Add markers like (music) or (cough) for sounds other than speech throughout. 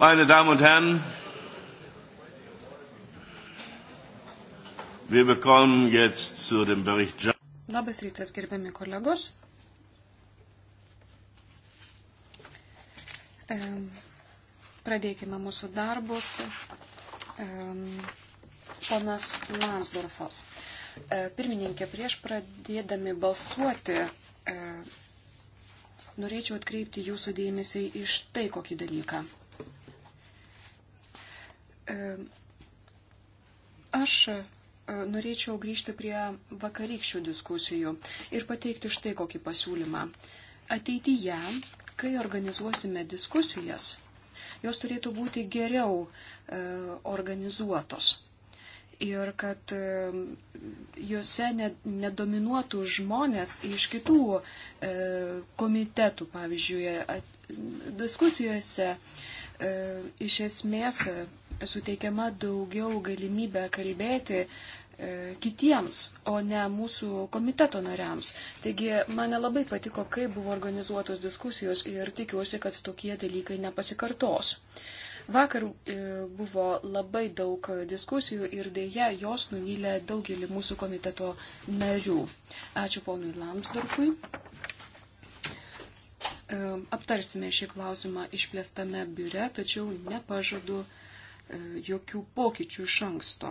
Meine Damen und Herren, wir bekommen jetzt zu dem Bericht. Labas rytas, gerbiami kolegos. Pradėkime mūsų darbus. Ponas Lansdorfas. E, pirmininkė, prieš pradėdami balsuoti e, norėčiau atkreipti jūsų dėmesį iš tai kokį dalyką. E, aš e, norėčiau grįžti prie vakarykščių diskusijų ir pateikti štai kokį pasiūlymą. Ateityje, kai organizuosime diskusijas, jos turėtų būti geriau e, organizuotos. Ir kad juose nedominuotų žmonės iš kitų komitetų, pavyzdžiui, diskusijose iš esmės suteikiama daugiau galimybę kalbėti e, kitiems, o ne mūsų komiteto nariams. Taigi, man labai patiko, kaip buvo organizuotos diskusijos ir tikiuosi, kad tokie dalykai nepasikartos. Vakar e, buvo labai daug diskusijų ir dėja jos nuvylė daugelį mūsų komiteto narių. Ačiū ponui Lamsdorfui. E, aptarsime šį klausimą išplėstame biure, tačiau nepažadu E, jokių pokyčių iš anksto.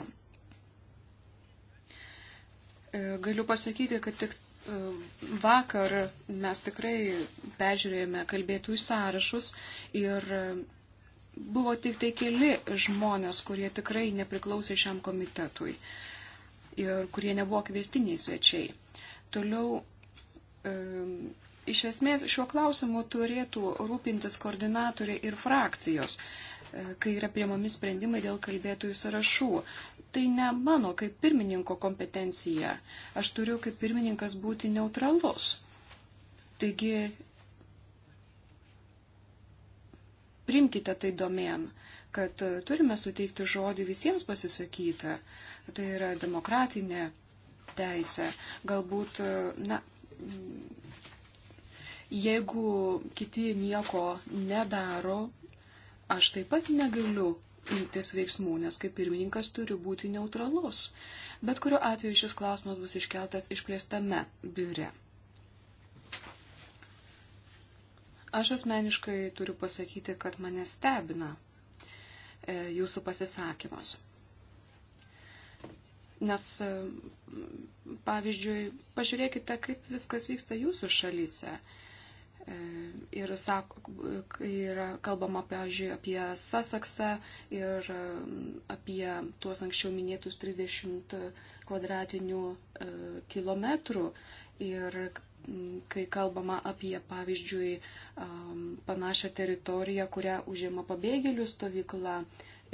E, galiu pasakyti, kad tik e, vakar mes tikrai peržiūrėjome kalbėtųjų sąrašus ir buvo tik tai keli žmonės, kurie tikrai nepriklausė šiam komitetui ir kurie nebuvo kvestiniai svečiai. Toliau, e, iš esmės, šiuo klausimu turėtų rūpintis koordinatoriai ir frakcijos. E, E, kai yra priemami sprendimai dėl kalbėtojų sąrašų. Tai ne mano kaip pirmininko kompetencija. Aš turiu kaip pirmininkas būti neutralus. Taigi, primkite tai domėm, kad turime suteikti žodį visiems pasisakyti. Tai yra demokratinė teisė. Galbūt, na, jeigu kiti nieko nedaro, aš taip pat negaliu imtis veiksmų, nes kaip pirmininkas turiu būti neutralus. Bet kuriuo atveju šis klausimas bus iškeltas išplėstame biure. Aš asmeniškai turiu pasakyti, kad mane stebina e, jūsų pasisakymas. Nes, e, pavyzdžiui, pažiūrėkite, kaip viskas vyksta jūsų šalyse. E, E, ir sako, kai yra kalbama, pavyzdžiui, apie Sasaksą ir apie tuos anksčiau minėtus 30 kvadratinių e, kilometrų. Ir kai kalbama apie, pavyzdžiui, panašią teritoriją, kurią užima pabėgėlių stovykla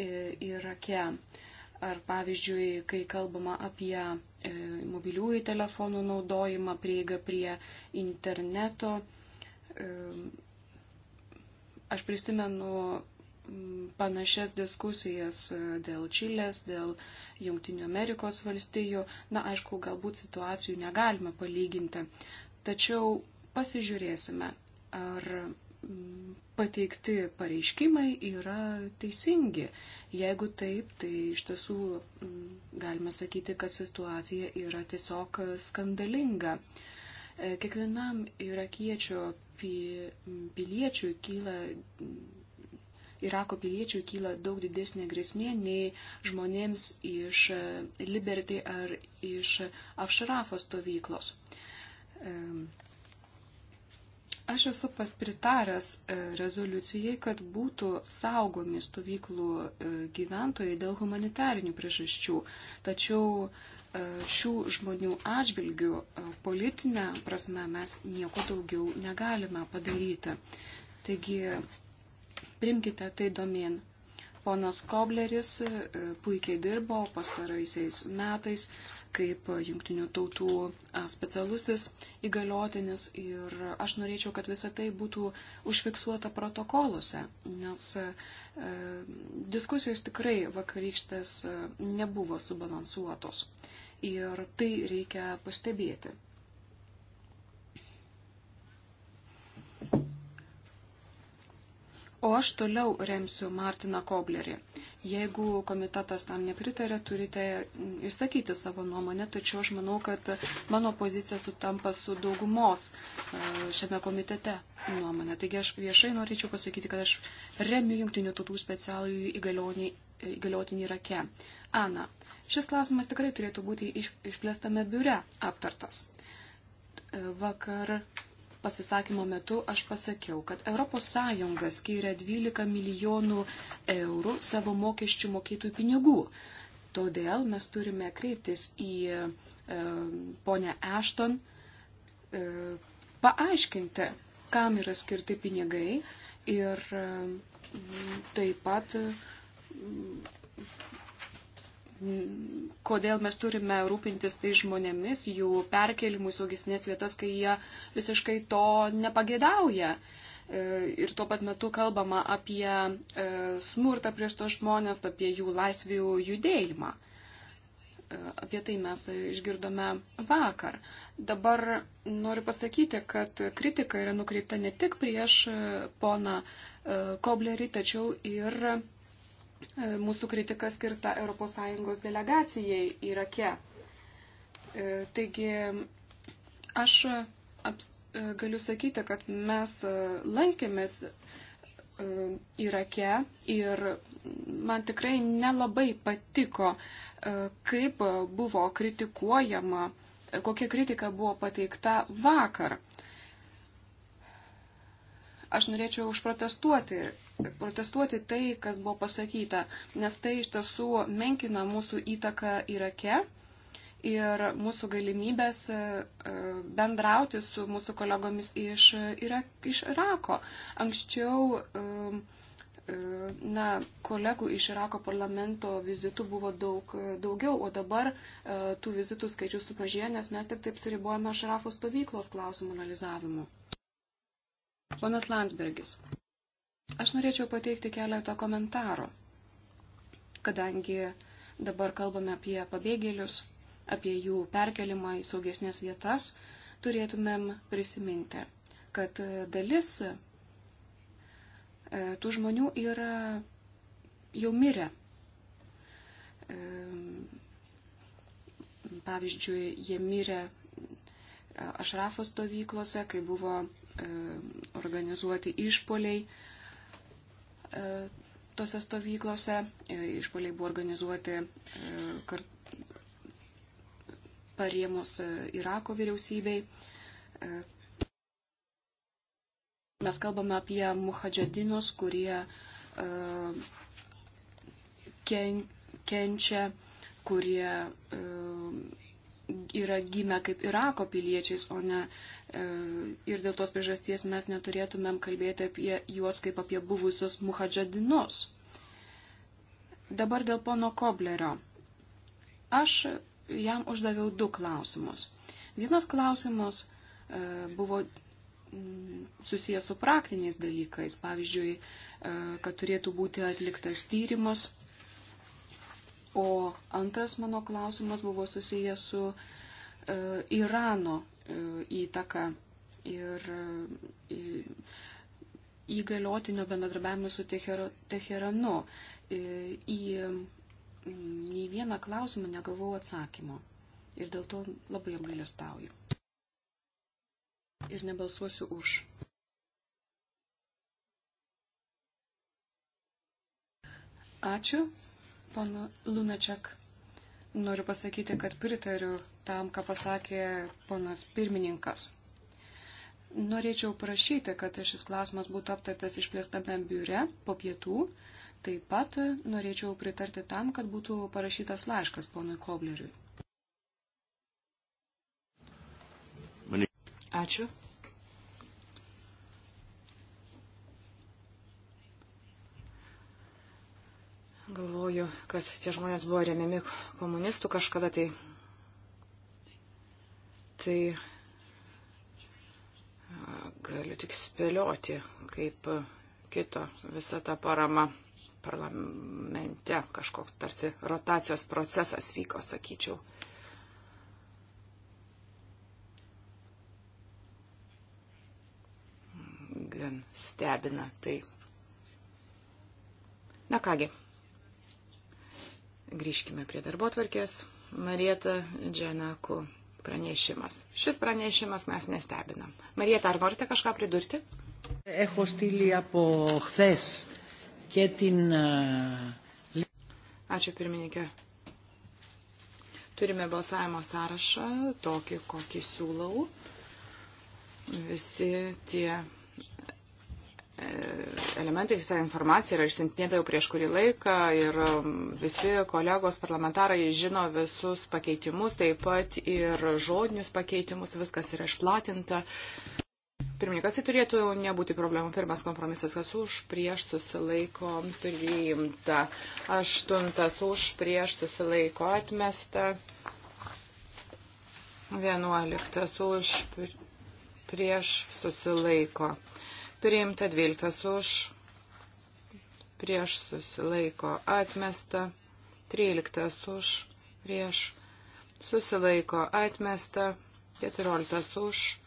e, Irake. Ar, pavyzdžiui, kai kalbama apie mobiliųjų telefonų naudojimą, prieigą prie interneto Aš prisimenu panašias diskusijas e, dėl Čilės, dėl Junktinių Amerikos valstijų. Na, aišku, galbūt situacijų negalima palyginti. Tačiau pasižiūrėsime, ar pateikti pareiškimai yra teisingi. Jeigu taip, tai iš tiesų galima sakyti, kad situacija yra tiesiog skandalinga. E, kiekvienam irakiečio piliečiui kyla, Irako piliečiui kyla daug didesnė grėsmė nei žmonėms iš e, Liberty ar iš Afšrafo stovyklos. E, Aš esu pat pritaręs e, rezoliucijai, kad būtų saugomi stovyklų e, gyventojai dėl humanitarinių priežasčių. Tačiau e, šių žmonių atžvilgių politinę prasme mes nieko daugiau negalime padaryti. Taigi, primkite tai domin. Ponas Kobleris puikiai dirbo pastaraisiais metais, kaip jungtinių tautų specialusis įgaliotinis. Ir aš norėčiau, kad visa tai būtų užfiksuota protokoluose, nes e, diskusijos tikrai vakarykštės e, nebuvo subalansuotos. Ir tai reikia pastebėti. O aš toliau remsiu Martiną Koblerį. Jeigu komitetas tam nepritarė, turite išsakyti savo nuomonę, tačiau aš manau, kad mano pozicija sutampa su daugumos e, šiame komitete nuomonė. Taigi aš viešai norėčiau pasakyti, kad aš remiu jungtinių tautų specialių įgaliotinį rake. Ana, šis klausimas tikrai turėtų būti išplėstame biure aptartas. E, vakar pasisakymo metu aš pasakiau, kad ES skiria 12 milijonų eurų savo mokesčių mokėtų pinigų. Todėl mes turime kreiptis į e, ponę Ešton, e, paaiškinti, kam yra skirti pinigai ir e, taip pat e, kodėl mes turime rūpintis tai žmonėmis, jų perkelimų į saugesnės vietas, kai jie visiškai to nepagėdauja. E, ir tuo pat metu kalbama apie e, smurtą prieš tos žmonės, apie jų laisvių judėjimą. E, apie tai mes išgirdome vakar. Dabar noriu pasakyti, kad kritika yra nukreipta ne tik prieš poną Koblerį, tačiau ir E, mūsų kritika skirta ES delegacijai Irake. E, taigi aš aps, e, galiu sakyti, kad mes lankėmės Irake ir man tikrai nelabai patiko, kaip buvo kritikuojama, kokia kritika buvo pateikta vakar. Aš norėčiau užprotestuoti protestuoti tai, kas buvo pasakyta, nes tai iš tiesų menkina mūsų įtaką Irake ir mūsų galimybės e, e, bendrauti su mūsų kolegomis iš, Irak, iš Irako. Anksčiau e, na, kolegų iš Irako parlamento vizitų buvo daug daugiau, o dabar tų vizitų skaičius sumažėjo, nes mes tik taip siribuojame Šarafo stovyklos klausimų analizavimu. Ponas Landsbergis. Aš norėčiau pateikti keletą komentarų, kadangi dabar kalbame apie pabėgėlius, apie jų perkelimą į saugesnės vietas, turėtumėm prisiminti, kad e, dalis e, tų žmonių yra jau mirę. E, pavyzdžiui, jie mirė Ašrafo stovyklose, kai buvo organizuoti išpoliai E, tose stovyklose. E, Išpoliai buvo organizuoti e, kart parėmus Irako vyriausybei. Mes kalbame apie muhadžadinus, kurie ken, kenčia, kurie yra gimę kaip Irako piliečiais, o ne E, ir dėl tos priežasties mes neturėtumėm kalbėti apie juos kaip apie buvusius muhadžadinus. Dabar dėl pono Koblerio. Aš jam uždaviau du klausimus. Vienas klausimas e, buvo mm, susijęs su praktiniais dalykais, pavyzdžiui, e, kad turėtų būti atliktas tyrimas. O antras mano klausimas buvo susijęs su Irano E, įtaką ir e, įgaliotinio bendradarbiavimo su Teheranu. E, į nei vieną klausimą negavau atsakymo ir dėl to labai apgailestauju. Ir nebalsuosiu už. Ačiū, pana Lunačiak. Noriu pasakyti, kad pritariu tam, ką pasakė ponas pirmininkas. Norėčiau prašyti, kad šis klausimas būtų aptartas išplėstame biure po pietų. Taip pat norėčiau pritarti tam, kad būtų parašytas laiškas ponui Kobleriui. Ačiū. Galvoju, kad tie žmonės buvo remiami komunistų kažkada tai. Tai galiu tik spėlioti, kaip kito visa ta parama parlamente. Kažkoks tarsi rotacijos procesas vyko, sakyčiau. Gan stebina tai. Na kągi. Grįžkime prie darbo tvarkės. Marieta Džanaku pranešimas. Šis pranešimas mes nestebinam. Marieta, ar norite kažką pridurti? Έχω στείλει από χθε και την. Ačiū pirmininkė. Turime balsavimo sąrašą, tokį, kokį siūlau. Visi tie elementais. Ta informacija yra išsintinėta jau prieš kurį laiką ir um, visi kolegos parlamentarai žino visus pakeitimus, taip pat ir žodinius pakeitimus, viskas yra išplatinta. Pirmininkas, tai turėtų nebūti problemų. Pirmas kompromisas, kas už, prieš susilaiko priimta. Aštuntas už, prieš susilaiko atmesta. Vienuoliktas už, prieš susilaiko atmesta priimta 12 už, prieš susilaiko atmesta, 13 už, prieš susilaiko atmesta, 14 už,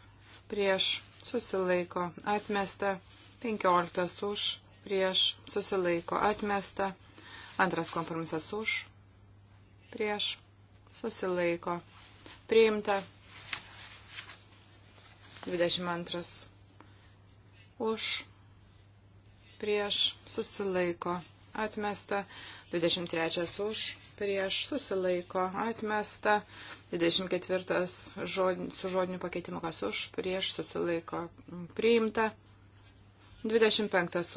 prieš susilaiko atmesta, 15 už, prieš susilaiko atmesta, antras kompromisas už, prieš susilaiko priimta, 22 už prieš susilaiko atmesta, 23 už prieš susilaiko atmesta, 24 žodin, su žodiniu pakeitimu kas už prieš susilaiko priimta, 25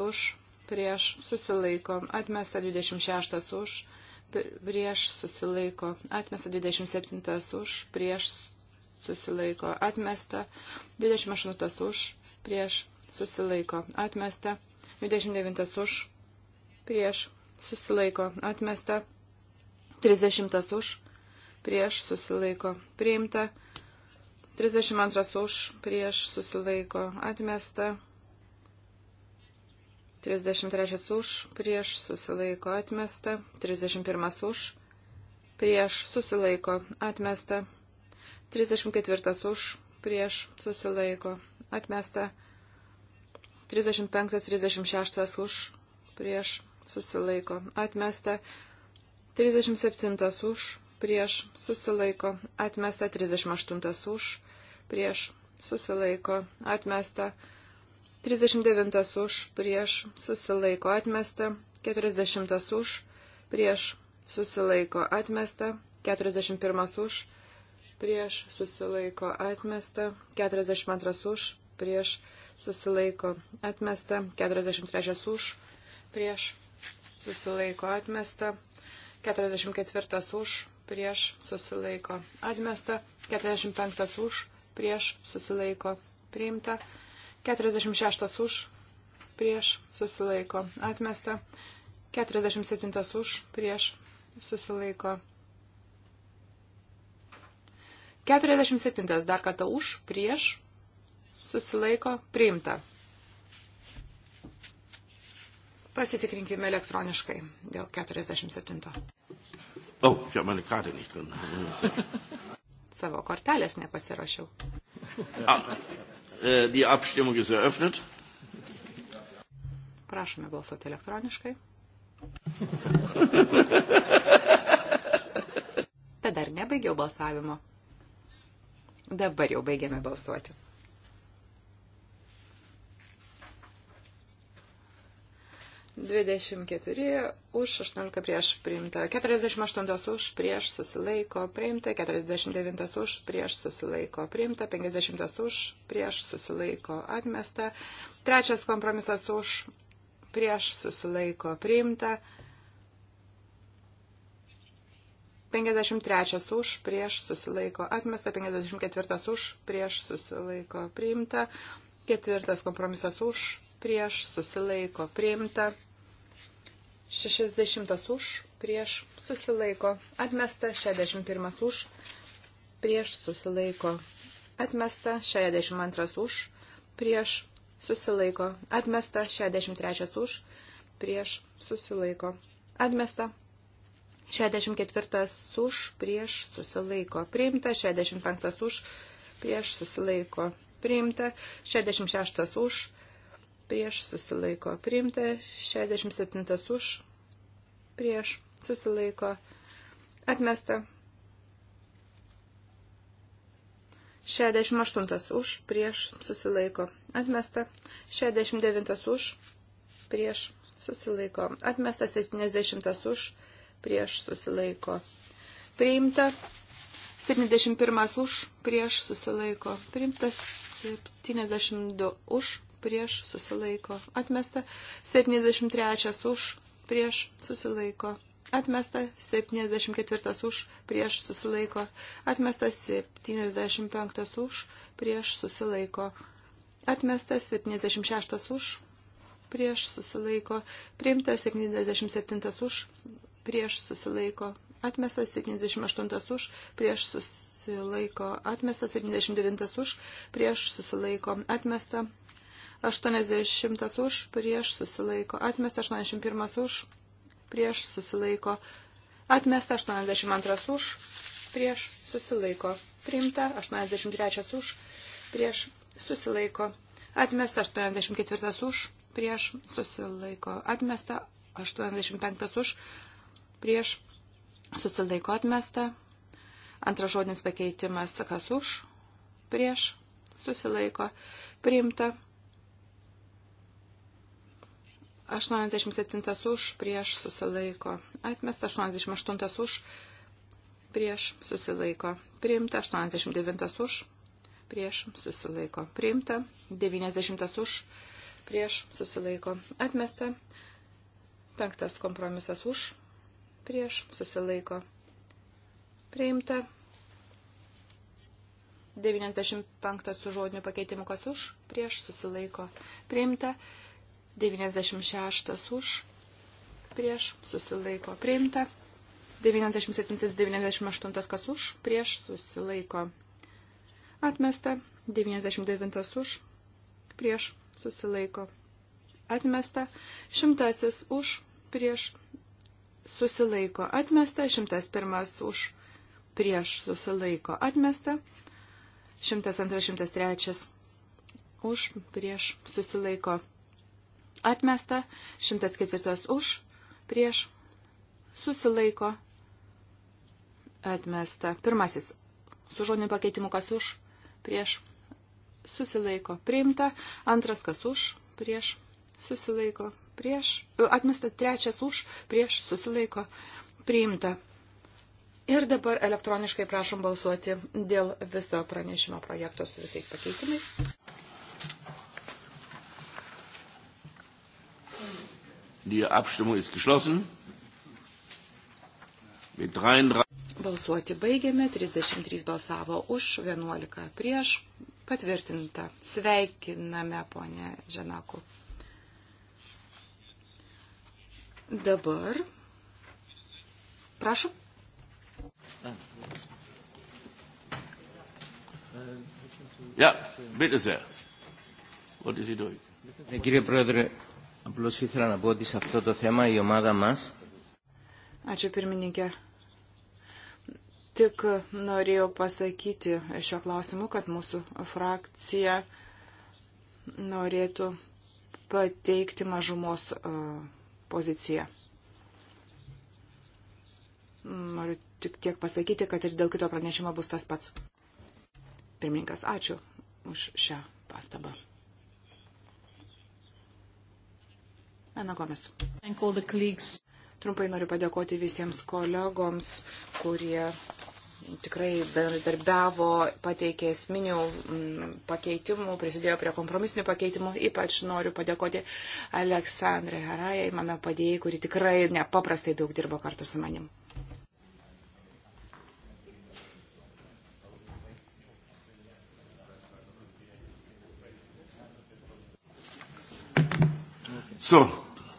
už prieš susilaiko atmesta, 26 už prieš susilaiko atmesta, 27 už prieš susilaiko atmesta, 28 už prieš susilaiko atmesta, 29 už, prieš susilaiko atmesta, 30 už, prieš susilaiko priimta, 32 už, prieš susilaiko atmesta, 33 už, prieš susilaiko atmesta, 31 už, prieš susilaiko atmesta, 34 už, prieš susilaiko atmesta, 35-36 už prieš susilaiko atmesta. 37 už prieš susilaiko atmesta. 38 už prieš susilaiko atmesta. 39 už prieš susilaiko atmesta. 40 už prieš susilaiko atmesta. 41 už prieš susilaiko atmesta. 42 už prieš susilaiko atmesta, 43 už prieš susilaiko atmesta, 44 už prieš susilaiko atmesta, 45 už prieš susilaiko priimta, 46 už prieš susilaiko atmesta, 47 už prieš susilaiko. 47 dar kartą už prieš susilaiko, priimta. Pasitikrinkime elektroniškai dėl 47. Oh, ich habe meine Karte nicht drin. (laughs) Savo kortelės nepasirašiau. Ah, äh, die Abstimmung ist eröffnet. Prašome balsuoti elektroniškai. Bet (laughs) dar nebaigiau balsavimo. Dabar jau baigiame balsuoti. 24 už 18 prieš priimta, 48 už prieš susilaiko priimta, 49 už prieš susilaiko priimta, 50 už prieš susilaiko atmesta, trečias kompromisas už prieš susilaiko priimta, 53 už prieš susilaiko atmesta, 54 už prieš susilaiko priimta, ketvirtas kompromisas už prieš susilaiko priimta. 60 už prieš susilaiko atmesta. 61 už prieš susilaiko atmesta. 62 už prieš susilaiko atmesta. 63 už prieš susilaiko atmesta. 64 už prieš susilaiko priimta, 65 už prieš susilaiko priimta, 66 už prieš susilaiko priimta, 67 už prieš susilaiko atmesta, 68 už prieš susilaiko atmesta, 69 už prieš susilaiko atmesta, 70 už prieš susilaiko priimta, 71 už prieš susilaiko priimtas, 72 už prieš susilaiko atmesta, 73 už prieš susilaiko atmesta, 74 už prieš susilaiko atmesta, 75 už prieš susilaiko atmesta, 76 už prieš susilaiko priimta, 77 už prieš susilaiko atmesta, 78 už prieš susilaiko susilaiko, atmestas 79 už, prieš susilaiko, atmesta 80 už, prieš susilaiko. Atmesta 81 už, prieš susilaiko. Atmesta 82 už, prieš susilaiko. Priimta 83 už, prieš susilaiko. Atmesta 84 už, prieš susilaiko. Atmesta 85 už, prieš susilaiko. Atmesta. Antras žodinis pakeitimas, kas už, prieš susilaiko. Priimta 87 už prieš susilaiko. Atmesta 88 už prieš susilaiko. Priimta 89 už prieš susilaiko. Priimta 90 už prieš susilaiko. Atmesta penktas kompromisas už prieš susilaiko. Priimta 95 su žodiniu pakeitimu kas už prieš susilaiko. Priimta 95. 96 už, prieš, susilaiko priimta. 97-98 kas už, prieš, susilaiko atmesta. 99 už, prieš, susilaiko atmesta. Šimtasis už, prieš, susilaiko atmesta. Šimtas pirmas už, prieš, susilaiko atmesta. Šimtas antras, šimtas trečias už, prieš, susilaiko atmesta atmesta, 104 už, prieš, susilaiko, atmesta. Pirmasis, su žodiniu pakeitimu, kas už, prieš, susilaiko, priimta. Antras, kas už, prieš, susilaiko, prieš, e, atmesta. Trečias už, prieš, susilaiko, priimta. Ir dabar elektroniškai prašom balsuoti dėl viso pranešimo projekto su visais pakeitimais. Die Abstimmung ist geschlossen. Mit 33. Balsuoti baigėme, 33 balsavo už, 11 prieš, patvirtinta. Sveikiname, ponė Žanaku. Dabar. Prašom. Ja, bitte sehr. What is he doing? Κύριε Πρόεδρε, Απλώς ήθελα να πω ότι σε αυτό το θέμα η ομάδα μας... Ačiū pirmininkė. Tik norėjau pasakyti šio klausimu, kad mūsų frakcija norėtų pateikti mažumos e, poziciją. Noriu tik tiek pasakyti, kad ir dėl kito pranešimo bus tas pats. Pirmininkas, ačiū už šią pastabą. Ana Gomes. Trumpai noriu padėkoti visiems kolegoms, kurie tikrai bendradarbiavo, pateikė esminių mm, pakeitimų, prisidėjo prie kompromisinių pakeitimų. Ypač noriu padėkoti Aleksandrai Harajai, mano padėjai, kuri tikrai nepaprastai daug dirbo kartu su manim. So,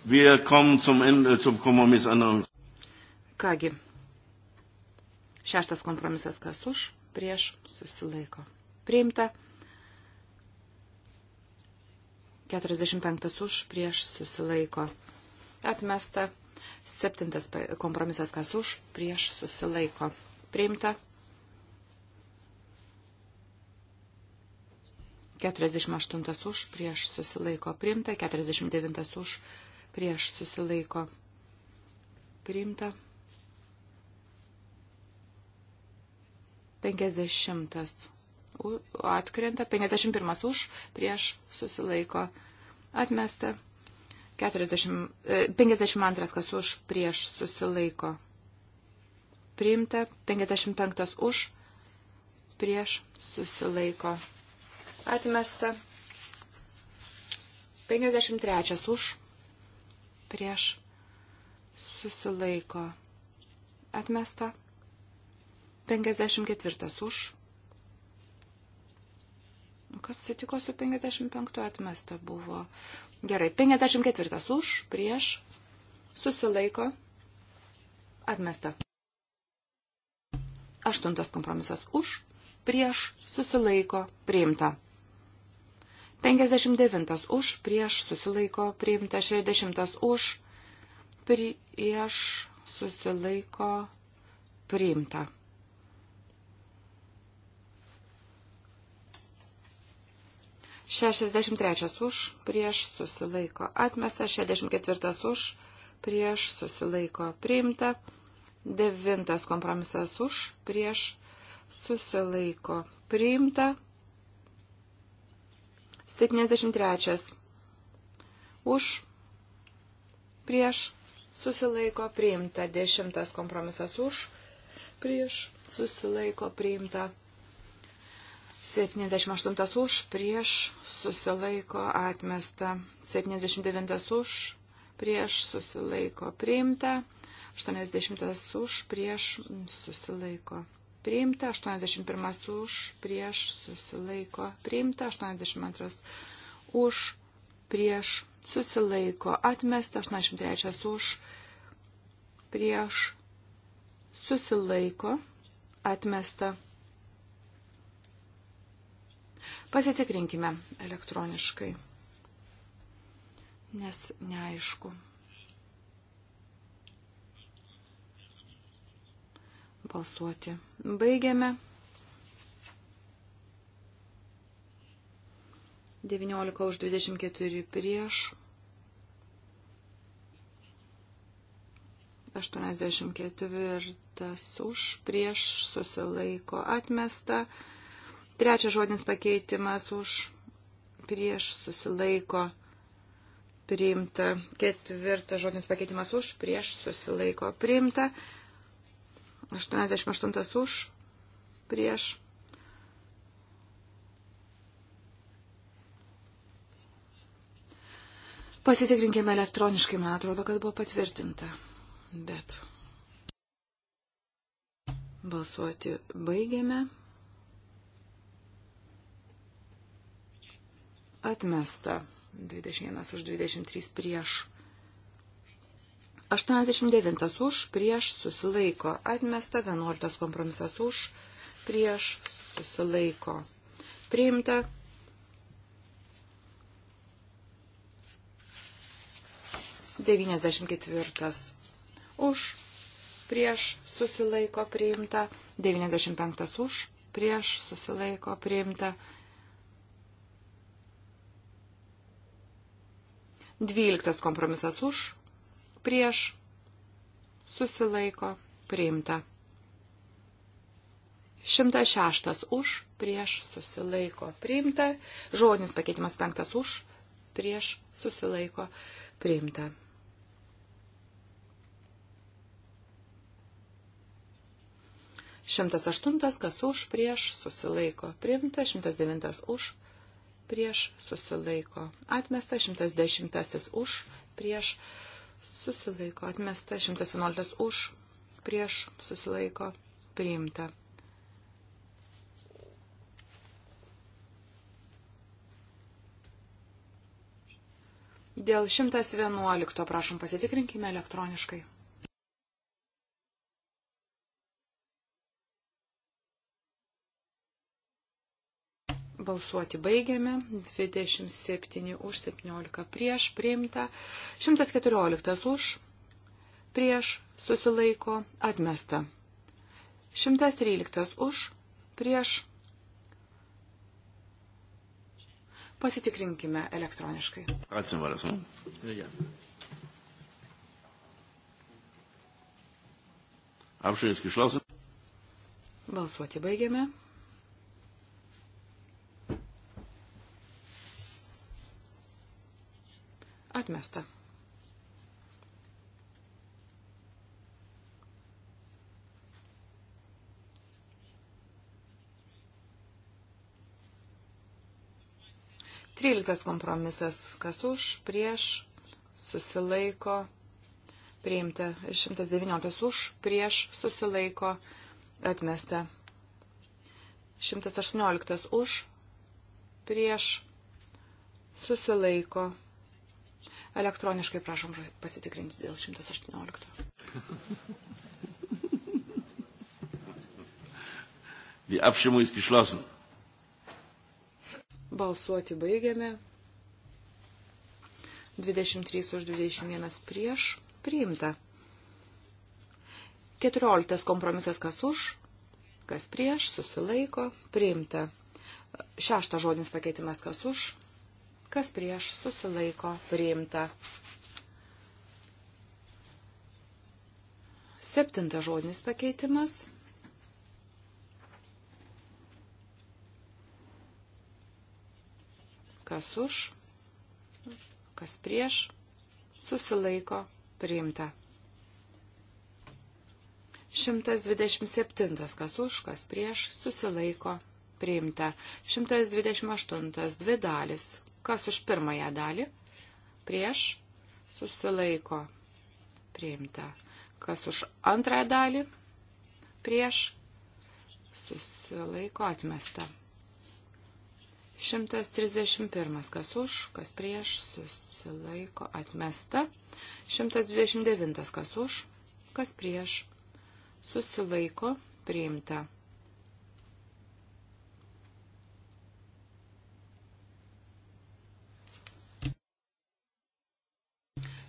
Wir kommen zum Ende, zum Kompromissänderung. Kągi, šeštas kompromisas kas už, prieš, susilaiko. Priimta. 45 už, prieš, susilaiko. Atmesta. Septintas kompromisas kas už, prieš, susilaiko. Priimta. 48 už, prieš, susilaiko. Priimta. 49 už, prieš prieš susilaiko priimta. 50 atkrenta, 51 už, prieš susilaiko atmesta, 40, 52 e, kas už, prieš susilaiko priimta, 55 už, prieš susilaiko atmesta, 53 už, prieš susilaiko atmesta. 54 už. Nu, kas atsitiko su 55 atmesta buvo. Gerai, 54 už, prieš, susilaiko, atmesta. Aštuntas kompromisas už, prieš, susilaiko, priimta. 59 už, prieš susilaiko priimta, 60 už, prieš susilaiko priimta. Šešiasdešimt trečias už, prieš susilaiko atmesta, šešiasdešimt ketvirtas už, prieš susilaiko priimta, devintas kompromisas už, prieš susilaiko priimta. 73. Už, prieš, susilaiko priimta. 10 kompromisas už, prieš, susilaiko priimta. 78 už, prieš, susilaiko atmesta. 79 už, prieš, susilaiko priimta. 80 už, prieš, susilaiko priimta, 81 už, prieš susilaiko priimta, 82 už, prieš susilaiko atmesta, 83 už, prieš susilaiko atmesta. Pasitikrinkime elektroniškai, nes neaišku. balsuoti. Baigiame. 19 už 24 prieš. 84 už prieš susilaiko atmesta. Trečias žodinis pakeitimas už prieš susilaiko priimta. Ketvirtas žodinis pakeitimas už prieš susilaiko priimta. 88 už, prieš. Pasitikrinkime elektroniškai, man atrodo, kad buvo patvirtinta. Bet balsuoti baigėme. Atmesta 21 už 23 prieš. 89 už, prieš susilaiko atmesta, 11 kompromisas už, prieš susilaiko priimta. Devyniasdešimt ketvirtas už, prieš susilaiko priimta, devyniasdešimt penktas už, prieš susilaiko priimta, dvyliktas kompromisas už, prieš, susilaiko, priimta. 106 už, prieš, susilaiko, priimta. Žodinis pakeitimas 5 už, prieš, susilaiko, priimta. Šimtas aštuntas, kas už, prieš, susilaiko, priimta. Šimtas devintas už, prieš, susilaiko, atmesta. Šimtas dešimtasis už, prieš, susilaiko susilaiko atmesta, 111 už, prieš susilaiko priimta. Dėl 111 prašom pasitikrinkime elektroniškai. Balsuoti baigiame. 27 už 17 prieš priimta. 114 už prieš susilaiko atmesta. 113 už prieš. Pasitikrinkime elektroniškai. Atsivaras. Apšalės išlausim. Balsuoti baigiame. Atmesta. Tryliktas kompromisas. Kas už, prieš, susilaiko, priimta. 119 už, prieš, susilaiko, atmesta. 118 už, prieš, susilaiko, Elektroniškai prašom pasitikrinti dėl 118. (laughs) Die Abstimmung ist geschlossen. Balsuoti baigiame. 23 už 21 prieš. Priimta. 14 kompromisas kas už, kas prieš, susilaiko. Priimta. Šeštas žodinis pakeitimas kas už, kas prieš susilaiko priimta. Septintas žodinis pakeitimas. Kas už, kas prieš, susilaiko priimta. 127. Kas už, kas prieš, susilaiko priimta. 128. Dvi dalis. Kas už pirmąją dalį? Prieš susilaiko priimta. Kas už antrąją dalį? Prieš susilaiko atmesta. 131. Kas už, kas prieš susilaiko atmesta. 129. Kas už, kas prieš susilaiko priimta.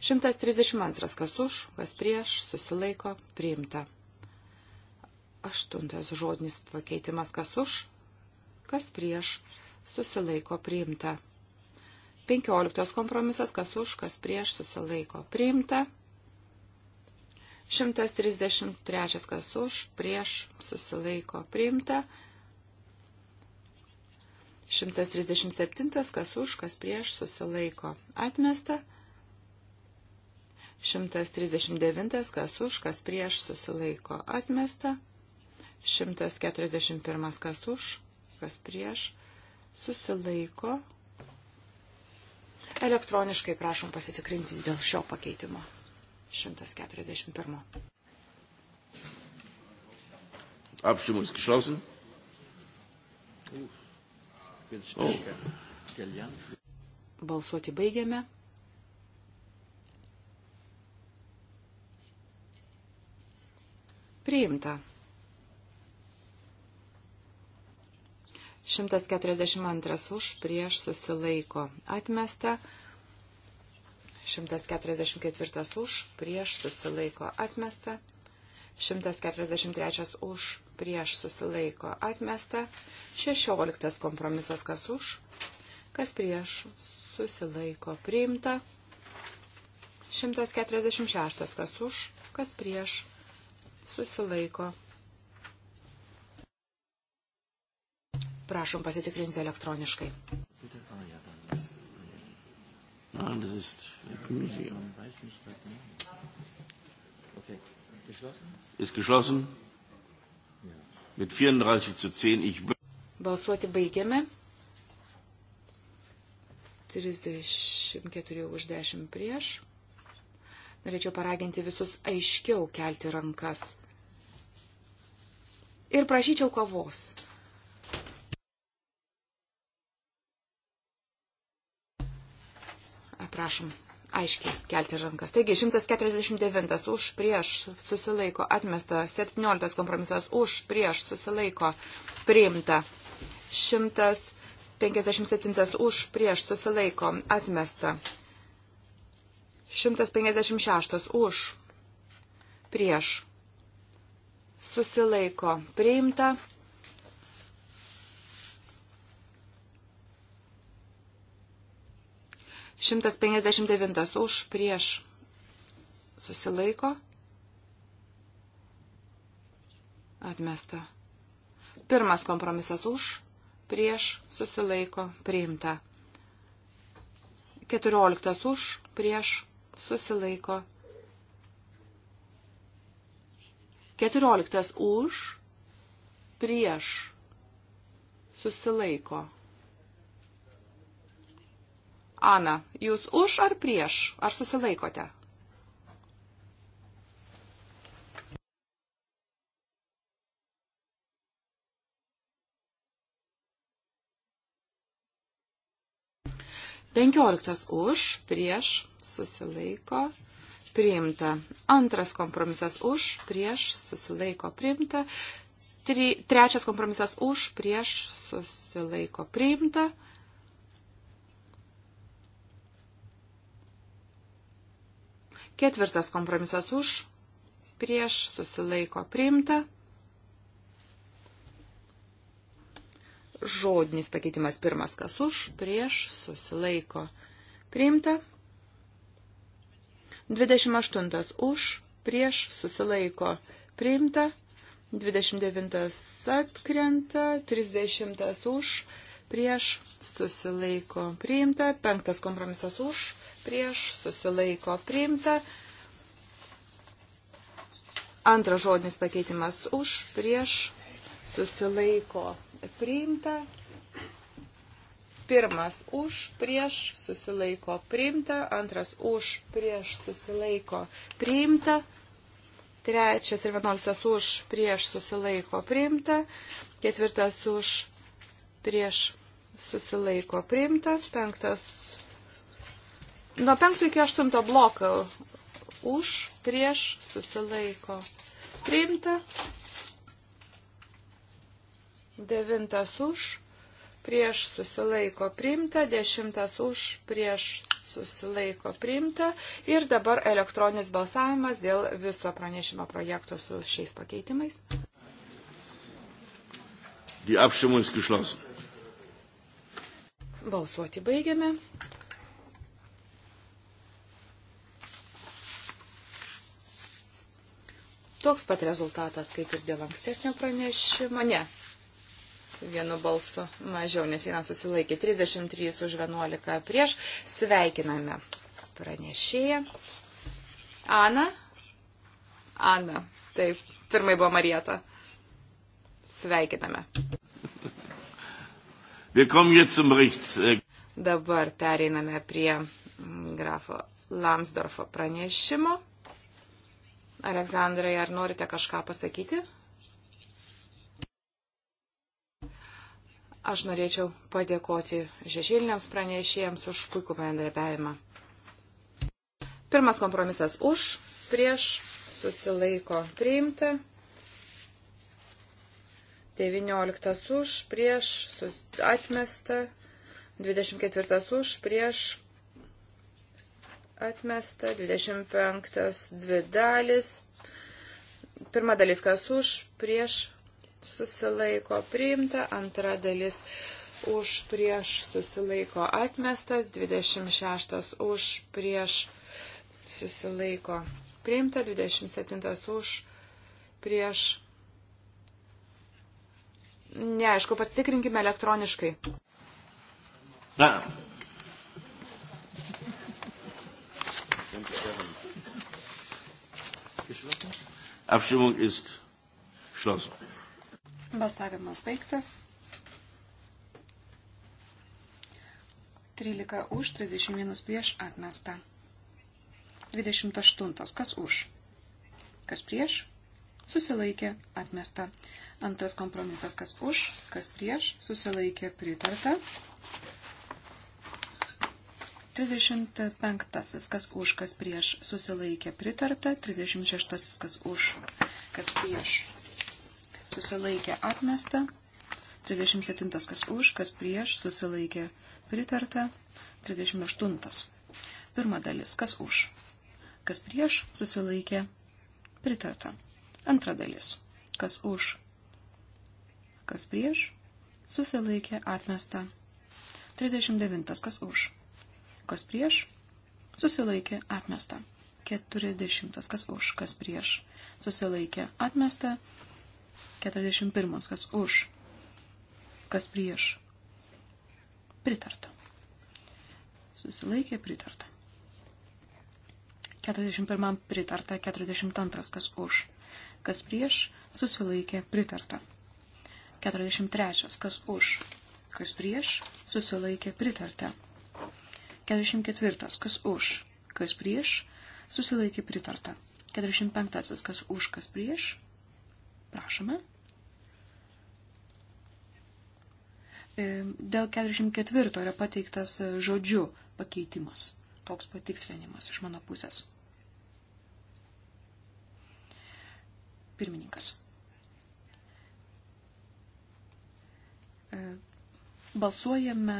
132. Kas už, kas prieš, susilaiko, priimta. Aštuntas žodinis pakeitimas. Kas už, kas prieš, susilaiko, priimta. 15 kompromisas, kas už, kas prieš, susilaiko, priimta. 133, kas už, prieš, susilaiko, priimta. 137, kas už, kas prieš, susilaiko, atmesta. 139, kas už, kas prieš susilaiko atmesta. 141, kas už, kas prieš susilaiko. Elektroniškai prašom pasitikrinti dėl šio pakeitimo. 141. Abstimmung ist geschlossen. Oh. Balsuoti baigiame. Priimta. 142 už prieš susilaiko atmesta. 144 už prieš susilaiko atmesta. 143 už prieš susilaiko atmesta. 16 kompromisas kas už, kas prieš susilaiko priimta. 146 kas už, kas prieš susilaiko. Prašom pasitikrinti elektroniškai. Nein, ah, das ist Gemüse. Ist geschlossen. Mit 34 zu 10. Ich Balsuoti baigiame. 34 už 10 prieš. Norėčiau paraginti visus aiškiau kelti rankas. Ir prašyčiau kavos. Prašom, aiškiai kelti rankas. Taigi 149 už prieš susilaiko atmesta, 17 kompromisas už prieš susilaiko priimta, 157 už prieš susilaiko atmesta. 156 už, prieš, susilaiko, priimta. Šimtas penkiasdešimt devintas už, prieš, susilaiko, atmesta. Pirmas kompromisas už, prieš, susilaiko, priimta. Keturioliktas už, prieš, susilaiko. 14 už, prieš, susilaiko. Ana, jūs už ar prieš? Ar susilaikote? 15 už, prieš, susilaiko, priimta. Antras kompromisas už, prieš, susilaiko, priimta. Tri, trečias kompromisas už, prieš, susilaiko, priimta. Ketvirtas kompromisas už, prieš, susilaiko, priimta. Žodinis pakeitimas pirmas, kas už, prieš, susilaiko. Priimta. 28 už, prieš, susilaiko. Priimta. 29 atkrenta, 30 už, prieš, susilaiko. Priimta. 5 kompromisas už, prieš, susilaiko. Priimta. Antras žodinis pakeitimas už, prieš, susilaiko priimta. Pirmas už, prieš, susilaiko, priimta. Antras už, prieš, susilaiko, priimta. Trečias ir vienuoliktas už, prieš, susilaiko, priimta. Ketvirtas už, prieš, susilaiko, priimta. Penktas. Nuo penkto iki aštunto bloko už, prieš, susilaiko, priimta. Devintas už, prieš susilaiko priimta, dešimtas už, prieš susilaiko priimta. Ir dabar elektroninis balsavimas dėl viso pranešimo projekto su šiais pakeitimais. Die Abstimmung ist geschlossen. Balsuoti baigiame. Toks pat rezultatas kaip ir dėl ankstesnio pranešimo. Ne, vienu balsu mažiau, nes vienas susilaikė 33 už 11 prieš. Sveikiname pranešėją. Ana. Ana. Taip, pirmai buvo Marieta. Sveikiname. (laughs) Äh, Dabar pereiname prie grafo Lamsdorfo pranešimo. Aleksandrai, ar norite kažką pasakyti? Aš norėčiau padėkoti žešiliniams pranešėjams už puikų bendrabiavimą. Pirmas kompromisas už, prieš, susilaiko priimta. 19 už, prieš, atmesta. 24 už, prieš, atmesta. 25 dvi dalis. Pirma dalis kas už, prieš, susilaiko priimta, antra dalis už prieš susilaiko atmesta, 26 už prieš susilaiko priimta, 27 už prieš. Neaišku, pasitikrinkime elektroniškai. Na. Abstimmung ist geschlossen. Balsavimas baigtas. 13 už, 31 prieš atmesta. 28. Kas už? Kas prieš? Susilaikė atmesta. Antras kompromisas. Kas už? Kas prieš? Susilaikė pritarta. 35. Kas už, kas prieš, susilaikė pritarta. 36. Kas už, kas prieš, susilaikė atmesta, 37 kas už, kas prieš, susilaikė pritarta, 38. Pirma dalis, kas už, kas prieš, susilaikė pritarta. Antra dalis, kas už, kas prieš, susilaikė atmesta. 39. Kas už? Kas prieš? Susilaikė atmesta. 40. Kas už? Kas prieš? Susilaikė atmesta. 41. Kas už? Kas prieš? Pritarta. Susilaikė pritarta. 41. Pritarta. 42. Kas už? Kas prieš? Susilaikė pritarta. 43. Kas už? Kas prieš? Susilaikė pritarta. 44. Kas už? Kas prieš? Susilaikė pritarta. 45. Kas už? Kas prieš? Prašome. E, dėl 44 yra pateiktas e, žodžiu pakeitimas. Toks patikslinimas iš mano pusės. Pirmininkas. E, balsuojame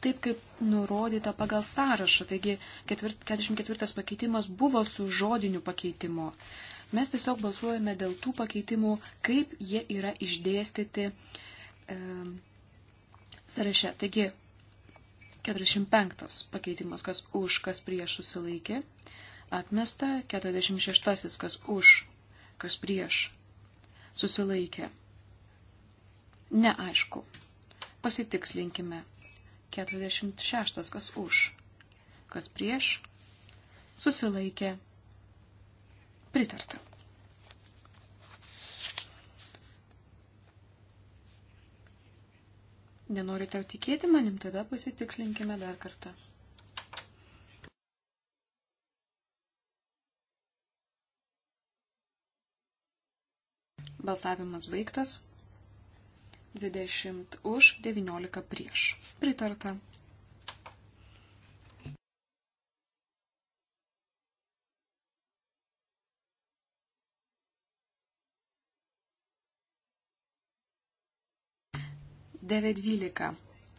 taip, kaip nurodyta pagal sąrašą. Taigi 44 pakeitimas buvo su žodiniu pakeitimu. Mes tiesiog balsuojame dėl tų pakeitimų, kaip jie yra išdėstyti e, sąraše. Taigi, 45 pakeitimas, kas už, kas prieš susilaikė, atmesta, 46 kas už, kas prieš susilaikė. Neaišku. Pasitikslinkime. 46 kas už, kas prieš susilaikė. Pritarta. Nenorite tikėti manim, tada pasitikslinkime dar kartą. Balsavimas baigtas. 20 už, 19 prieš. Pritarta. 912.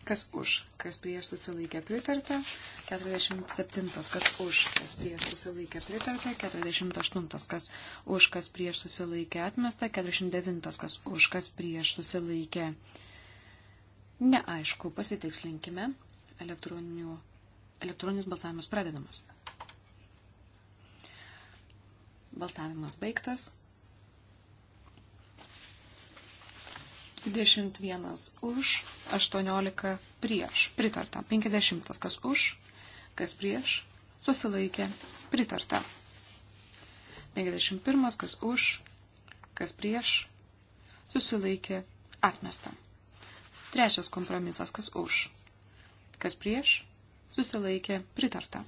Kas už, kas prieš susilaikė pritarta. 47. Kas už, kas prieš susilaikė pritarta. 48. Kas už, kas prieš susilaikė atmesta. 49. Kas už, kas prieš susilaikė. Neaišku, pasitikslinkime. Elektroninis balsavimas pradedamas. Baltavimas baigtas. 21 už, 18 prieš, pritarta. 50 kas už, kas prieš, susilaikė, pritarta. 51 kas už, kas prieš, susilaikė, atmesta. Trečias kompromisas kas už, kas prieš, susilaikė, pritarta.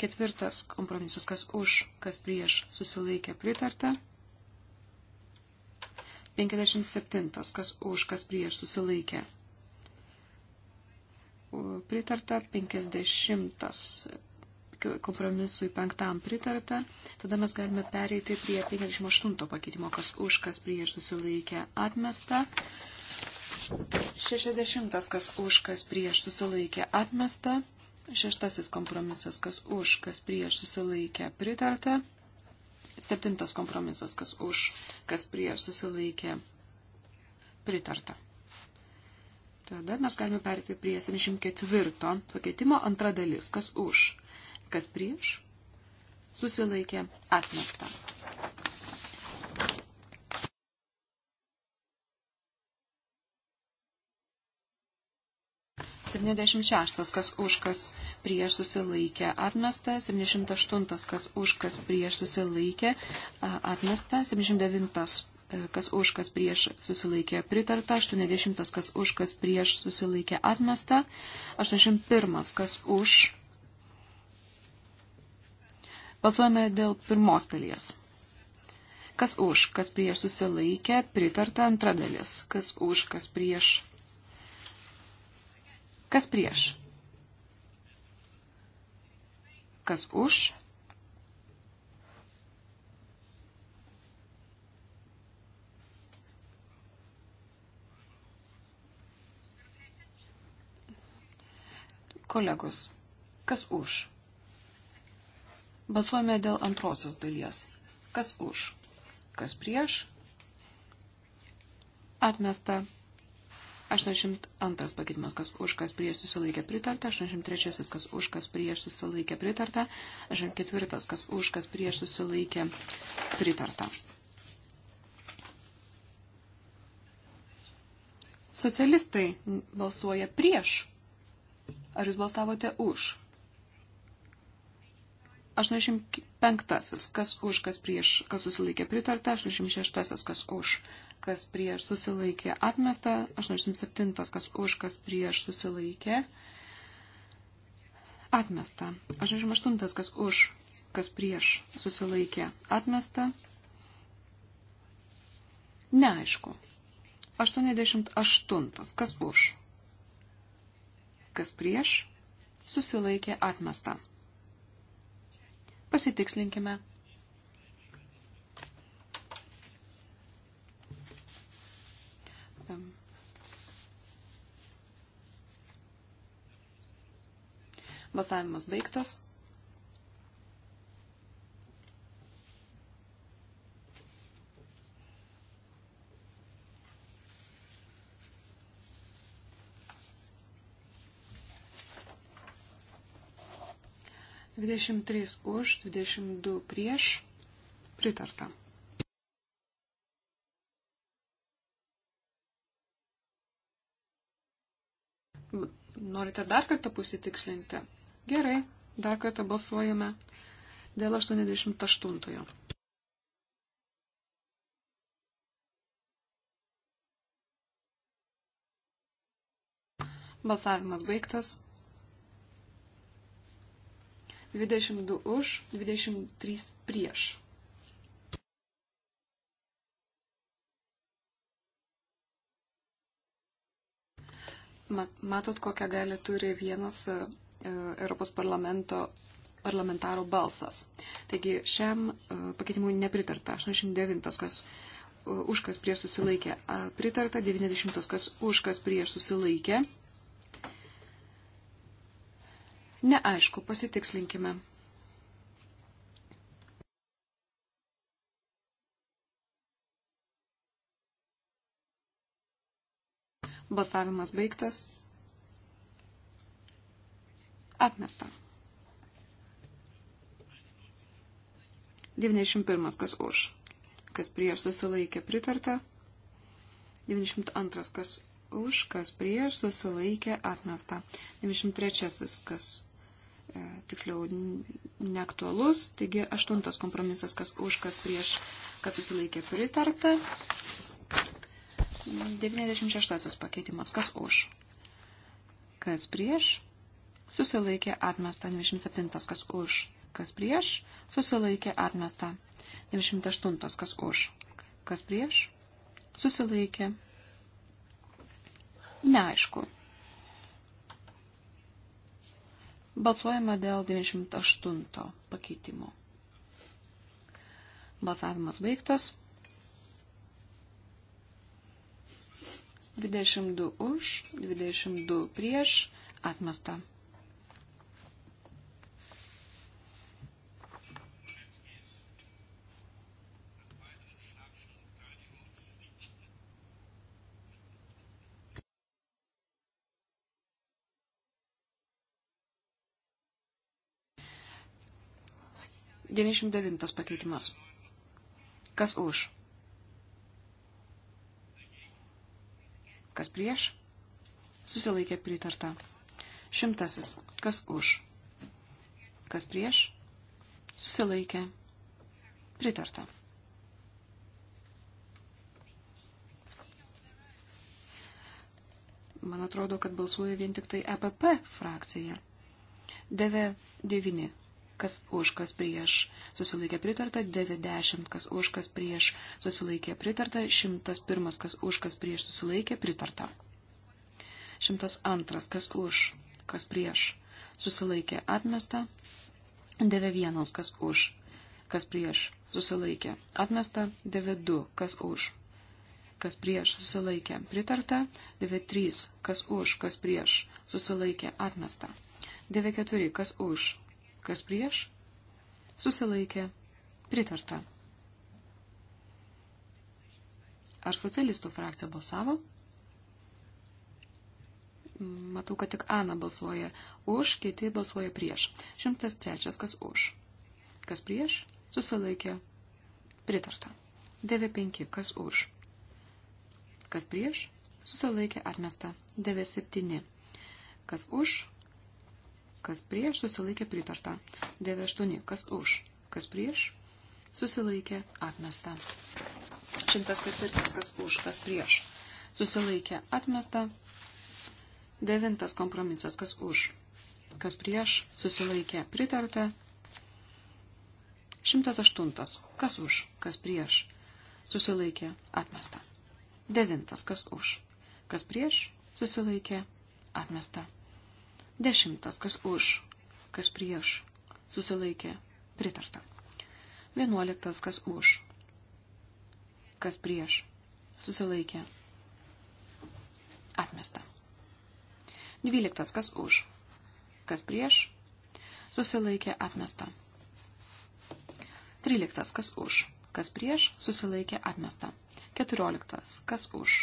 Ketvirtas kompromisas kas už, kas prieš, susilaikė, pritarta. 57. Kas už, kas prieš susilaikė. Pritarta 50. Kompromisui penktam pritarta. Tada mes galime pereiti prie 58 pakeitimo, kas už, kas prieš susilaikė atmesta. 60. Kas už, kas prieš susilaikė atmesta. Šeštasis kompromisas, kas už, kas prieš susilaikė pritarta. Septintas kompromisas, kas už, kas prieš susilaikė pritarta. Tada mes galime perėti prie 74 pakeitimo antra dalis, kas už, kas prieš susilaikė atmesta. 76. Kas už, kas prieš susilaikė atmesta. 78. E, kas už, kas prieš susilaikė atmesta. 79 kas už, kas prieš susilaikė pritarta, 80, kas už, kas prieš susilaikė atmesta, 81, kas už. Balsuojame dėl pirmos dalies. Kas už, kas prieš susilaikė, pritarta antra dalis. Kas už, kas prieš Kas prieš? Kas už? Kolegos, kas už? Balsuojame dėl antrosios dalies. Kas už? Kas prieš? Atmesta. 82 pakeitimas, kas už, kas prieš susilaikė pritarta, 83 kas už, kas prieš susilaikė pritarta, 84 kas už, kas prieš susilaikė pritarta. Socialistai balsuoja prieš. Ar jūs balsavote už? 85. Kas už, kas prieš, kas susilaikė pritarta, 86. Kas už, kas prieš susilaikė atmesta, 87, kas už, kas prieš susilaikė atmesta, 88, kas už, kas prieš susilaikė atmesta, neaišku, 88, kas už, kas prieš susilaikė atmesta. Pasitikslinkime Balsavimas baigtas. Dvidešimt trys už, dvidešimt du prieš. Pritarta. Norite dar kartą pasitikslinti? Gerai, dar kartą balsuojame dėl 88. Balsavimas baigtas. 22 už, 23 prieš. Matot, kokią galę turi vienas E, Europos parlamento parlamentaro balsas. Taigi šiam e, pakeitimui nepritarta. 89 kas e, už kas prieš susilaikė pritarta, 90 kas už kas prieš susilaikė. Neaišku, pasitikslinkime. Balsavimas baigtas. Atmesta. 91. Kas už? Kas prieš susilaikė pritarta? 92. Kas už? Kas prieš susilaikė atmesta? 93. Kas e, tiksliau neaktualus? Taigi 8. Kompromisas. Kas už? Kas prieš? Kas susilaikė pritarta? 96. Pakeitimas. Kas už? Kas prieš? susilaikė atmesta 97, kas už, kas prieš, susilaikė atmesta 98, kas už, kas prieš, susilaikė. Neaišku. Balsuojame dėl 98 pakeitimo. Balsavimas baigtas. 22 už, 22 prieš, atmesta. 99 pakeitimas. Kas už? Kas prieš? Susilaikė pritarta. Šimtasis. Kas už? Kas prieš? Susilaikė. Pritarta. Man atrodo, kad balsuoja vien tik tai EPP frakcija. Deve 9 kas už, kas prieš, susilaikė pritarta, 90, kas už, kas prieš, susilaikė pritarta, 101, kas už, kas prieš, susilaikė pritarta. 102, kas už, kas prieš, susilaikė atmesta, 91, kas už, kas prieš, susilaikė atmesta, 92, kas už, kas prieš, susilaikė pritarta, 93, kas už, kas prieš, susilaikė atmesta. 94, kas už, Kas prieš? Susilaikė. Pritarta. Ar socialistų frakcija balsavo? Matau, kad tik Ana balsuoja už, kiti balsuoja prieš. 103. Kas už? Kas prieš? Susilaikė. Pritarta. 95. Kas už? Kas prieš? Susilaikė atmesta. 97. Kas už? kas prieš, susilaikė pritarta. 98, kas už, kas prieš, susilaikė atmesta. 104, kas už, kas prieš, susilaikė atmesta. 9 kompromisas, kas už, kas prieš, susilaikė pritarta. 108. Kas už, kas prieš. Susilaikė, atmesta. 9. Kas už, kas prieš. Susilaikė, atmesta. Dešimtas, kas už, kas prieš, susilaikė, pritarta. Vienuoliktas, kas už, kas prieš, susilaikė, atmesta. Dvyliktas, kas už, kas prieš, susilaikė, atmesta. Tryliktas, kas už, kas prieš, susilaikė, atmesta. Keturioliktas, kas už,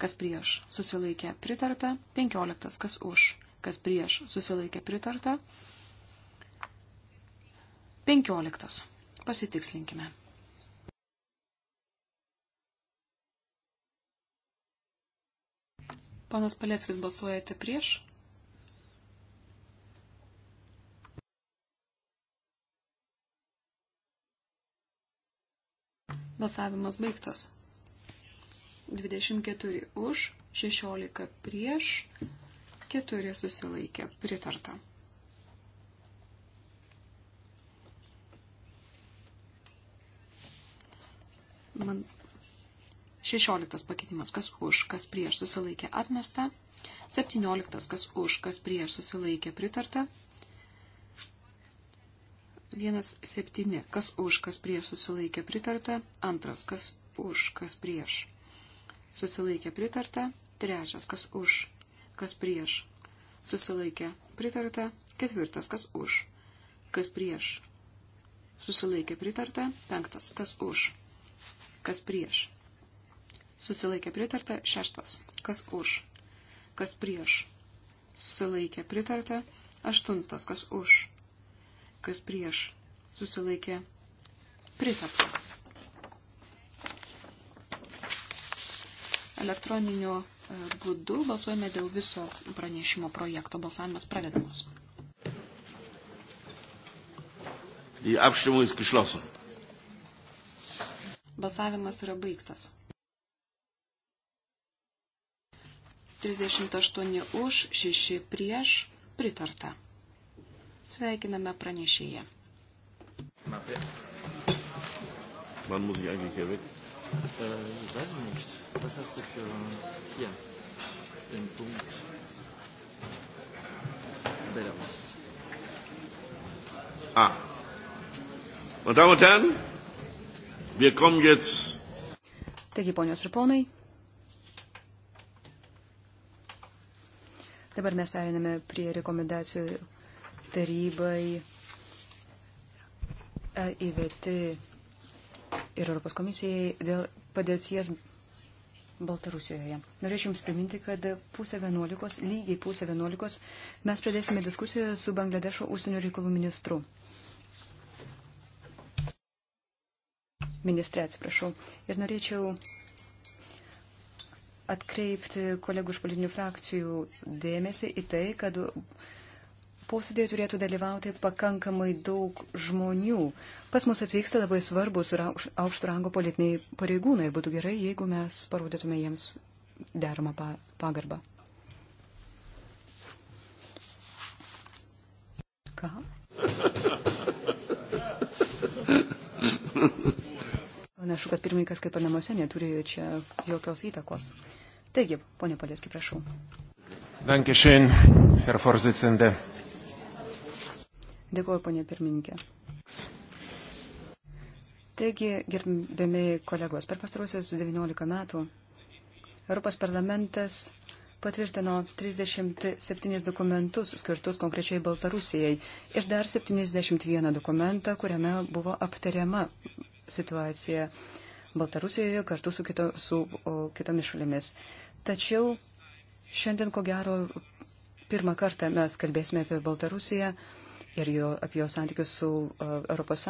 kas prieš, susilaikė, pritarta. Penkioliktas, kas už, kas prieš susilaikė pritarta. 15. Pasitikslinkime. Panas Paleckis balsuojate prieš. Balsavimas baigtas. 24 už, 16 prieš, 4 susilaikė, pritarta. Man 16 pakeitimas, kas už, kas prieš susilaikė, atmesta. 17 kas už, kas prieš susilaikė, pritarta. 1.7. Kas už, kas prieš susilaikė pritarta. 2. Kas už, kas prieš susilaikė pritarta. 3. Kas už, kas prieš, susilaikė, pritarta, ketvirtas, kas už, kas prieš, susilaikė, pritarta, penktas, kas už, kas prieš, susilaikė, pritarta, šeštas, kas už, kas prieš, susilaikė, pritarta, aštuntas, kas už, kas prieš, susilaikė, pritarta. Elektroninio būdu balsuojame dėl viso pranešimo projekto. Balsavimas pradedamas. Balsavimas yra baigtas. 38 už, 6 prieš, pritarta. Sveikiname pranešėją. Man muss ich eigentlich hier weg? Äh, weiß ich nicht. Was hast du für hier? Den Punkt. Balance. Ah. Meine Damen und Herren, wir kommen jetzt. Taigi, ponios ir ponai, dabar mes periname prie rekomendacijų tarybai EIVT ir Europos komisijai dėl padėties Baltarusijoje. Norėčiau Jums priminti, kad pusę vienuolikos, lygiai pusę vienuolikos, mes pradėsime diskusiją su Bangladešo užsienio reikalų ministru. Ministrė, atsiprašau. Ir norėčiau atkreipti kolegų iš politinių frakcijų dėmesį į tai, kad posėdėje turėtų dalyvauti pakankamai daug žmonių. Pas mus atvyksta labai svarbus ir aukšto rango politiniai pareigūnai. Būtų gerai, jeigu mes parodytume jiems deramą pa pagarbą. Ką? Panašu, kad pirmininkas kaip ir namuose neturėjo čia jokios įtakos. Taigi, ponė Palieski, prašau. Dankeschön, Herr Vorsitzende. Dėkuoju, ponė pirmininkė. Taigi, gerbėmiai kolegos, per pastaruosius 19 metų Europos parlamentas patvirtino 37 dokumentus skirtus konkrečiai Baltarusijai ir dar 71 dokumentą, kuriame buvo aptariama situacija Baltarusijoje kartu su, kito, su o, kitomis šalimis. Tačiau šiandien, ko gero, pirmą kartą mes kalbėsime apie Baltarusiją ir jo, apie jo santykius su ES,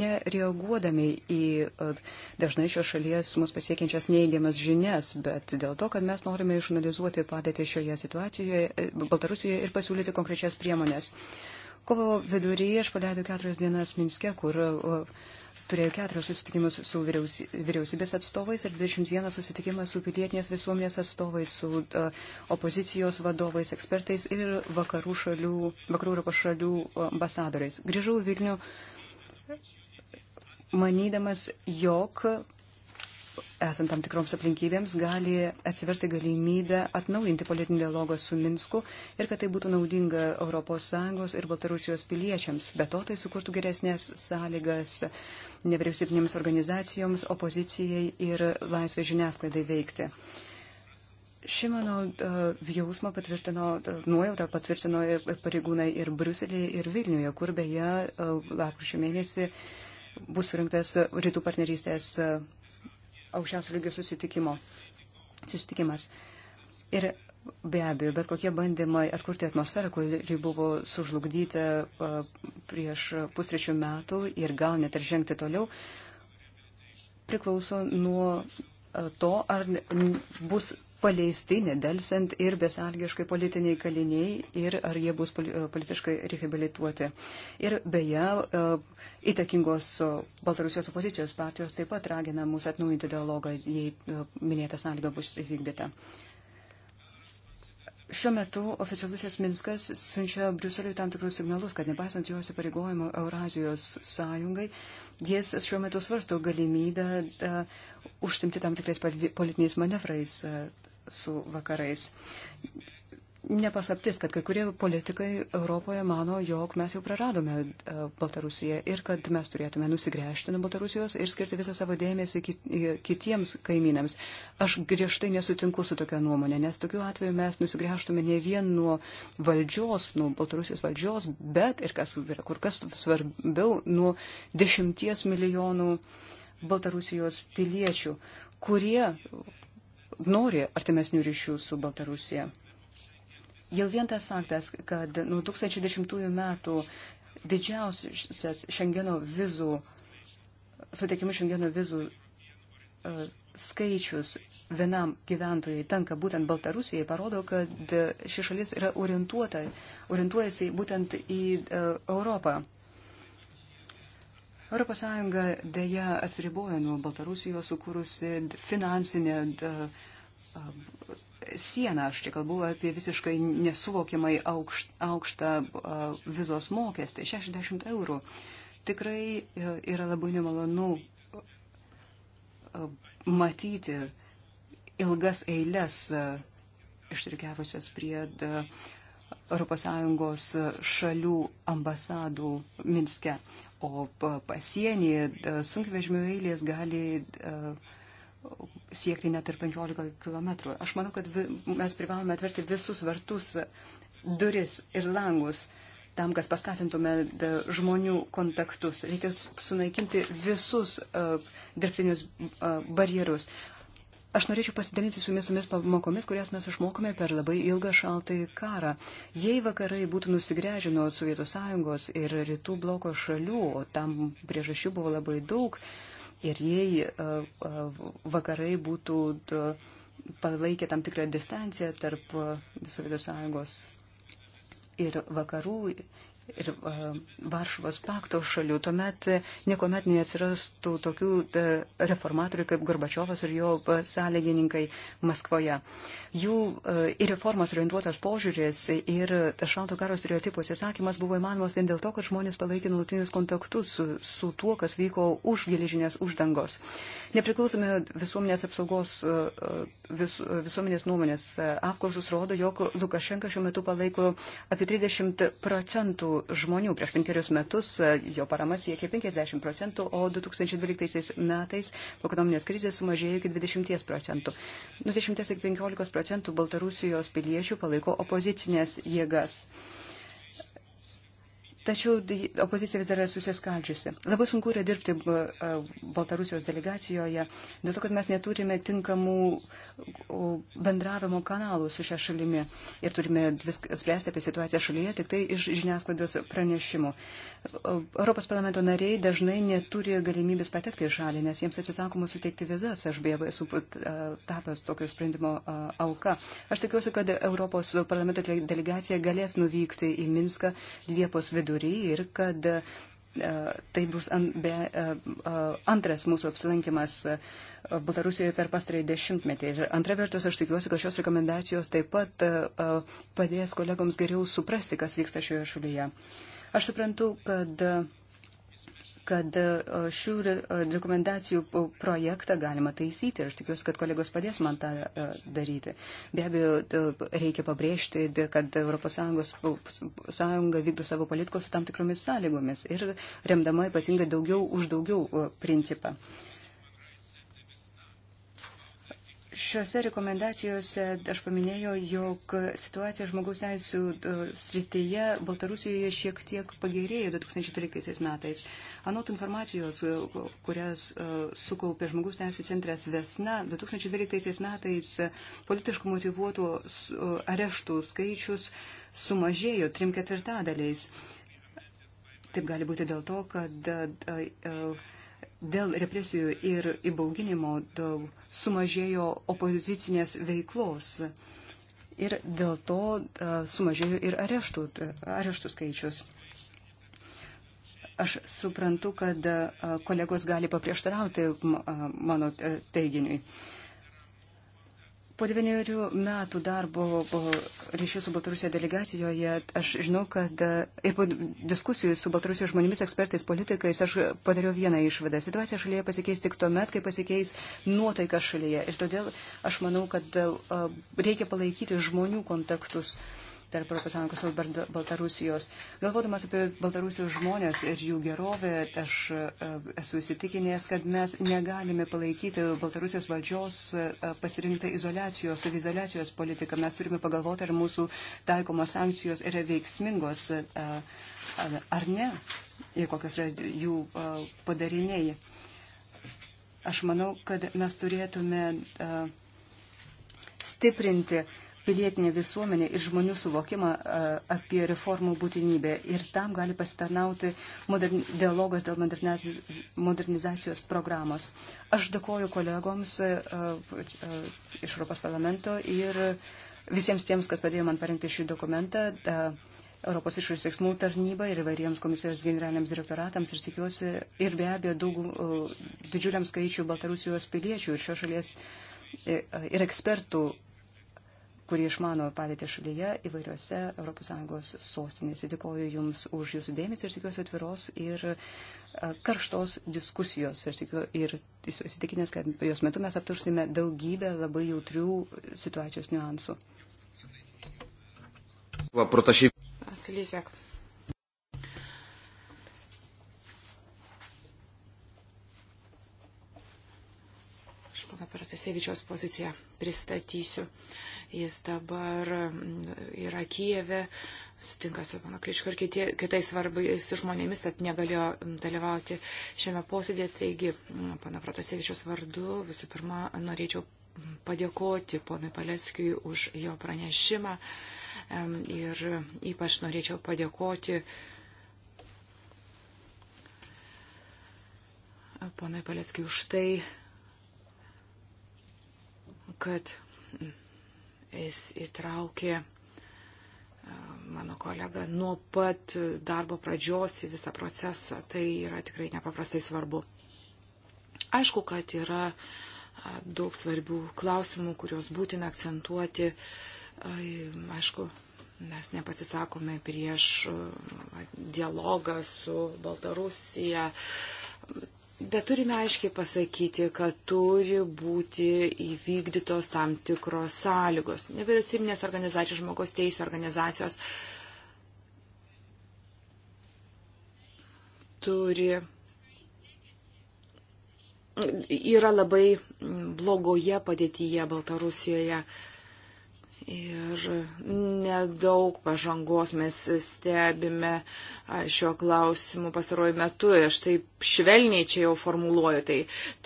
nereaguodami į e, dažnai šios šalies mus pasiekiančias neįgiamas žinias, bet dėl to, kad mes norime išanalizuoti padėtį šioje situacijoje e, Baltarusijoje ir pasiūlyti konkrečias priemonės. Kovo viduryje aš paleidau keturias dienas Minske, kur uh, turėjo keturis susitikimus su vyriausy, vyriausybės atstovais ir 21 susitikimą su pilietinės visuomenės atstovais, su uh, opozicijos vadovais, ekspertais ir vakarų, šalių, vakarų Europos šalių ambasadoriais. Grįžau į Vilnių manydamas, jog esant tam tikroms aplinkybėms, gali atsiverti galimybę atnaujinti politinį dialogą su Minsku ir kad tai būtų naudinga ES ir Baltarusijos piliečiams. Be to, tai sukurtų geresnės sąlygas nevyriausybinėms organizacijoms, opozicijai ir laisvai žiniasklaidai veikti. Šį mano e, jausmą patvirtino, e, nuojautą patvirtino pareigūnai ir Bruselėje, ir Vilniuje, kur beje e, lapkričio mėnesį bus surinktas rytų partnerystės aukščiausio lygio susitikimo. susitikimas. Ir Be abejo, bet kokie bandymai atkurti atmosferą, kuri buvo sužlugdyta prieš pusrečių metų ir gal net ir žengti toliau, priklauso nuo to, ar bus paleisti nedelsiant ir besalgiškai politiniai kaliniai ir ar jie bus politiškai rehabilituoti. Ir beje, įtakingos Baltarusijos opozicijos partijos taip pat ragina mus atnaujinti dialogą, jei minėta sąlyga bus įvykdyta. Šiuo metu oficialusis Minskas siunčia Briuseliui tam tikrus signalus, kad nepaisant jos įpareigojimo Eurazijos sąjungai, jis šiuo metu svarsto galimybę uh, užsimti tam tikrais politiniais manevrais uh, su vakarais nepasaptis, kad kai kurie politikai Europoje mano, jog mes jau praradome e, Baltarusiją ir kad mes turėtume nusigręžti nuo Baltarusijos ir skirti visą savo dėmesį e, kitiems kaimynams. Aš griežtai nesutinku su tokia nuomonė, nes tokiu atveju mes nusigręžtume ne vien nuo valdžios, nuo Baltarusijos valdžios, bet ir kas yra kur kas svarbiau, nuo dešimties milijonų Baltarusijos piliečių, kurie nori artimesnių ryšių su Baltarusija. Jau vien tas faktas, kad nuo 2010 metų didžiausias šengeno vizų, suteikimų šengeno vizų uh, skaičius vienam gyventojui tenka būtent Baltarusijai, parodo, kad ši šalis yra orientuota, orientuojasi būtent į uh, Europą. Europos Sąjunga dėja atsiriboja nuo Baltarusijos, sukūrusi finansinę uh, sieną. Aš čia kalbu apie visiškai nesuvokiamai aukštą, aukštą vizos mokestį - 60 eurų. Tikrai e, yra labai nemalonu matyti ilgas eilės ištrikiavusias prie ES šalių ambasadų Minske. O pasienyje sunkvežimių eilės gali uh, siekti net ir 15 km. Aš manau, kad vi, mes privalome atverti visus vartus, duris ir langus tam, kad paskatintume žmonių kontaktus. Reikia sunaikinti visus uh, dirbtinius uh, barjerus. Aš norėčiau pasidalinti su jumis tomis pamokomis, kurias mes išmokome per labai ilgą šaltąjį karą. Jei vakarai būtų nusigręžę nuo Sovietų sąjungos ir rytų bloko šalių, o tam priežasčių buvo labai daug, uh, Ir jei e, e, vakarai būtų e, palaikę tam tikrą distanciją tarp Sovietų sąjungos ir vakarų ir e, Varšuvos pakto šalių, tuomet niekuomet neatsirastų tokių e, reformatorių kaip Gorbačiovas ir jo e, sąlygininkai Maskvoje. Jų į reformas orientuotas požiūris ir šalto karo stereotipų atsisakymas buvo įmanomas vien dėl to, kad žmonės palaikė nulatinius kontaktus su, su tuo, kas vyko už geležinės uždangos. Nepriklausomi visuomenės apsaugos, vis, visuomenės nuomonės apklausus rodo, jog Lukašenka šiuo metu palaiko apie 30 procentų žmonių. Prieš penkerius metus e, jo parama siekė 50 procentų, o 2012 metais po ekonominės krizės sumažėjo iki 20 procentų. Nuo 10 iki 15 procentų Baltarusijos piliečių palaiko opozicinės jėgas. Uh, Tačiau opozicija vis dar yra susiskaldžiusi. Labai sunku yra dirbti Baltarusijos delegacijoje, dėl to, kad mes neturime tinkamų bendravimo kanalų su šia šalimi ir turime viską spręsti apie situaciją šalyje tik tai iš žiniasklaidos pranešimų. Europos parlamento nariai dažnai neturi galimybės patekti į šalį, nes jiems atsisakoma suteikti vizas. Aš beje esu tapęs tokio sprendimo auka. Aš tikiuosi, kad Europos parlamento delegacija galės nuvykti į Minską Liepos vidurį vidury ir kad e, tai bus an, be, e, e, antras mūsų apsilankimas Baltarusijoje per pastarąjį dešimtmetį. Ir antra vertus, aš tikiuosi, kad šios rekomendacijos taip pat padės kolegoms geriau suprasti, kas vyksta šioje šalyje. Aš suprantu, kad kad e, šių e, rekomendacijų projektą galima taisyti ir aš tikiuosi, kad kolegos padės man tą e, daryti. Be abejo, reikia pabrėžti, kad ES sąjunga vykdo savo politikos su tam tikromis sąlygomis ir remdama ypatingai daugiau už daugiau principą. Uh, Šiuose rekomendacijose aš paminėjau, jog situacija žmogaus teisų e, srityje Baltarusijoje šiek tiek pagerėjo 2013 metais. Anot informacijos, e, kurias e, sukaupė žmogaus teisų centras Vesna, 2012 metais politiškų motivuotų areštų skaičius sumažėjo trim ketvirtadaliais. Taip gali būti dėl to, kad. Uh, uh, dėl represijų ir įbauginimo sumažėjo opozicinės veiklos. Ir dėl to sumažėjo ir areštų, areštų skaičius. Aš suprantu, kad kolegos gali paprieštarauti mano teiginiui. Po devynerių metų darbo ryšių su Baltarusija delegacijoje, aš žinau, kad ir po diskusijų su Baltarusijos žmonėmis, ekspertais, politikais, aš padariau vieną išvadą. Situacija šalyje pasikeis tik tuo met, kai pasikeis nuotaika šalyje. Ir todėl aš manau, kad reikia palaikyti žmonių kontaktus tarp ES ir Baltarusijos. Galvodamas apie Baltarusijos žmonės ir jų gerovę, aš e, esu įsitikinęs, kad mes negalime palaikyti Baltarusijos valdžios e, pasirinktą izolacijos, savizolacijos politiką. Mes turime pagalvoti, ar mūsų taikomos sankcijos yra veiksmingos e, ar ne ir kokios yra jų padariniai. Aš manau, kad mes turėtume stiprinti pilietinę visuomenę ir žmonių suvokimą apie reformų būtinybę. Ir tam gali pasitarnauti modern, dialogas dėl modernizacijos programos. Aš dėkoju kolegoms iš Europos parlamento ir visiems tiems, kas padėjo man parengti šį dokumentą. Europos išorės veiksmų tarnyba ir įvairiems komisijos generaliniams direktoratams ir tikiuosi ir be abejo daug didžiuliam skaičiu Baltarusijos piliečių ir šios šalies e, ir ekspertų kurie išmano padėtį šalyje įvairiose ES sostinėse. Dėkoju Jums už Jūsų dėmesį ir tikiuosi atviros ir e, karštos diskusijos. Ir, tikiu, ir įsitikinęs, kad jos metu mes aptursime daugybę labai jautrių situacijos niuansų. Vasiliziek. Protasevičios poziciją pristatysiu. Jis dabar mm, yra Kijeve, sutinka su mano kličku ir kitie, kitais svarbiais žmonėmis, tad negalėjo mm, dalyvauti šiame posėdėje. Taigi, mm, pana Protasevičios vardu, visų pirma, norėčiau padėkoti ponui Paleckiui už jo pranešimą ir ypač norėčiau padėkoti ponui Paleckiui už tai, kad jis įtraukė e, mano kolega nuo pat darbo pradžios į visą procesą. Tai yra tikrai nepaprastai svarbu. Aišku, kad yra e, daug svarbių klausimų, kuriuos būtina akcentuoti. E, aišku, mes nepasisakome prieš dialogą su Baltarusija Bet turime aiškiai pasakyti, kad turi būti įvykdytos tam tikros sąlygos. Nevyriausybinės organizacijos, žmogaus teisų organizacijos turi yra labai blogoje padėtyje Baltarusijoje. Ir nedaug pažangos mes stebime šiuo klausimu pastaruoju metu. Aš taip švelniai čia jau formuluoju. Tai,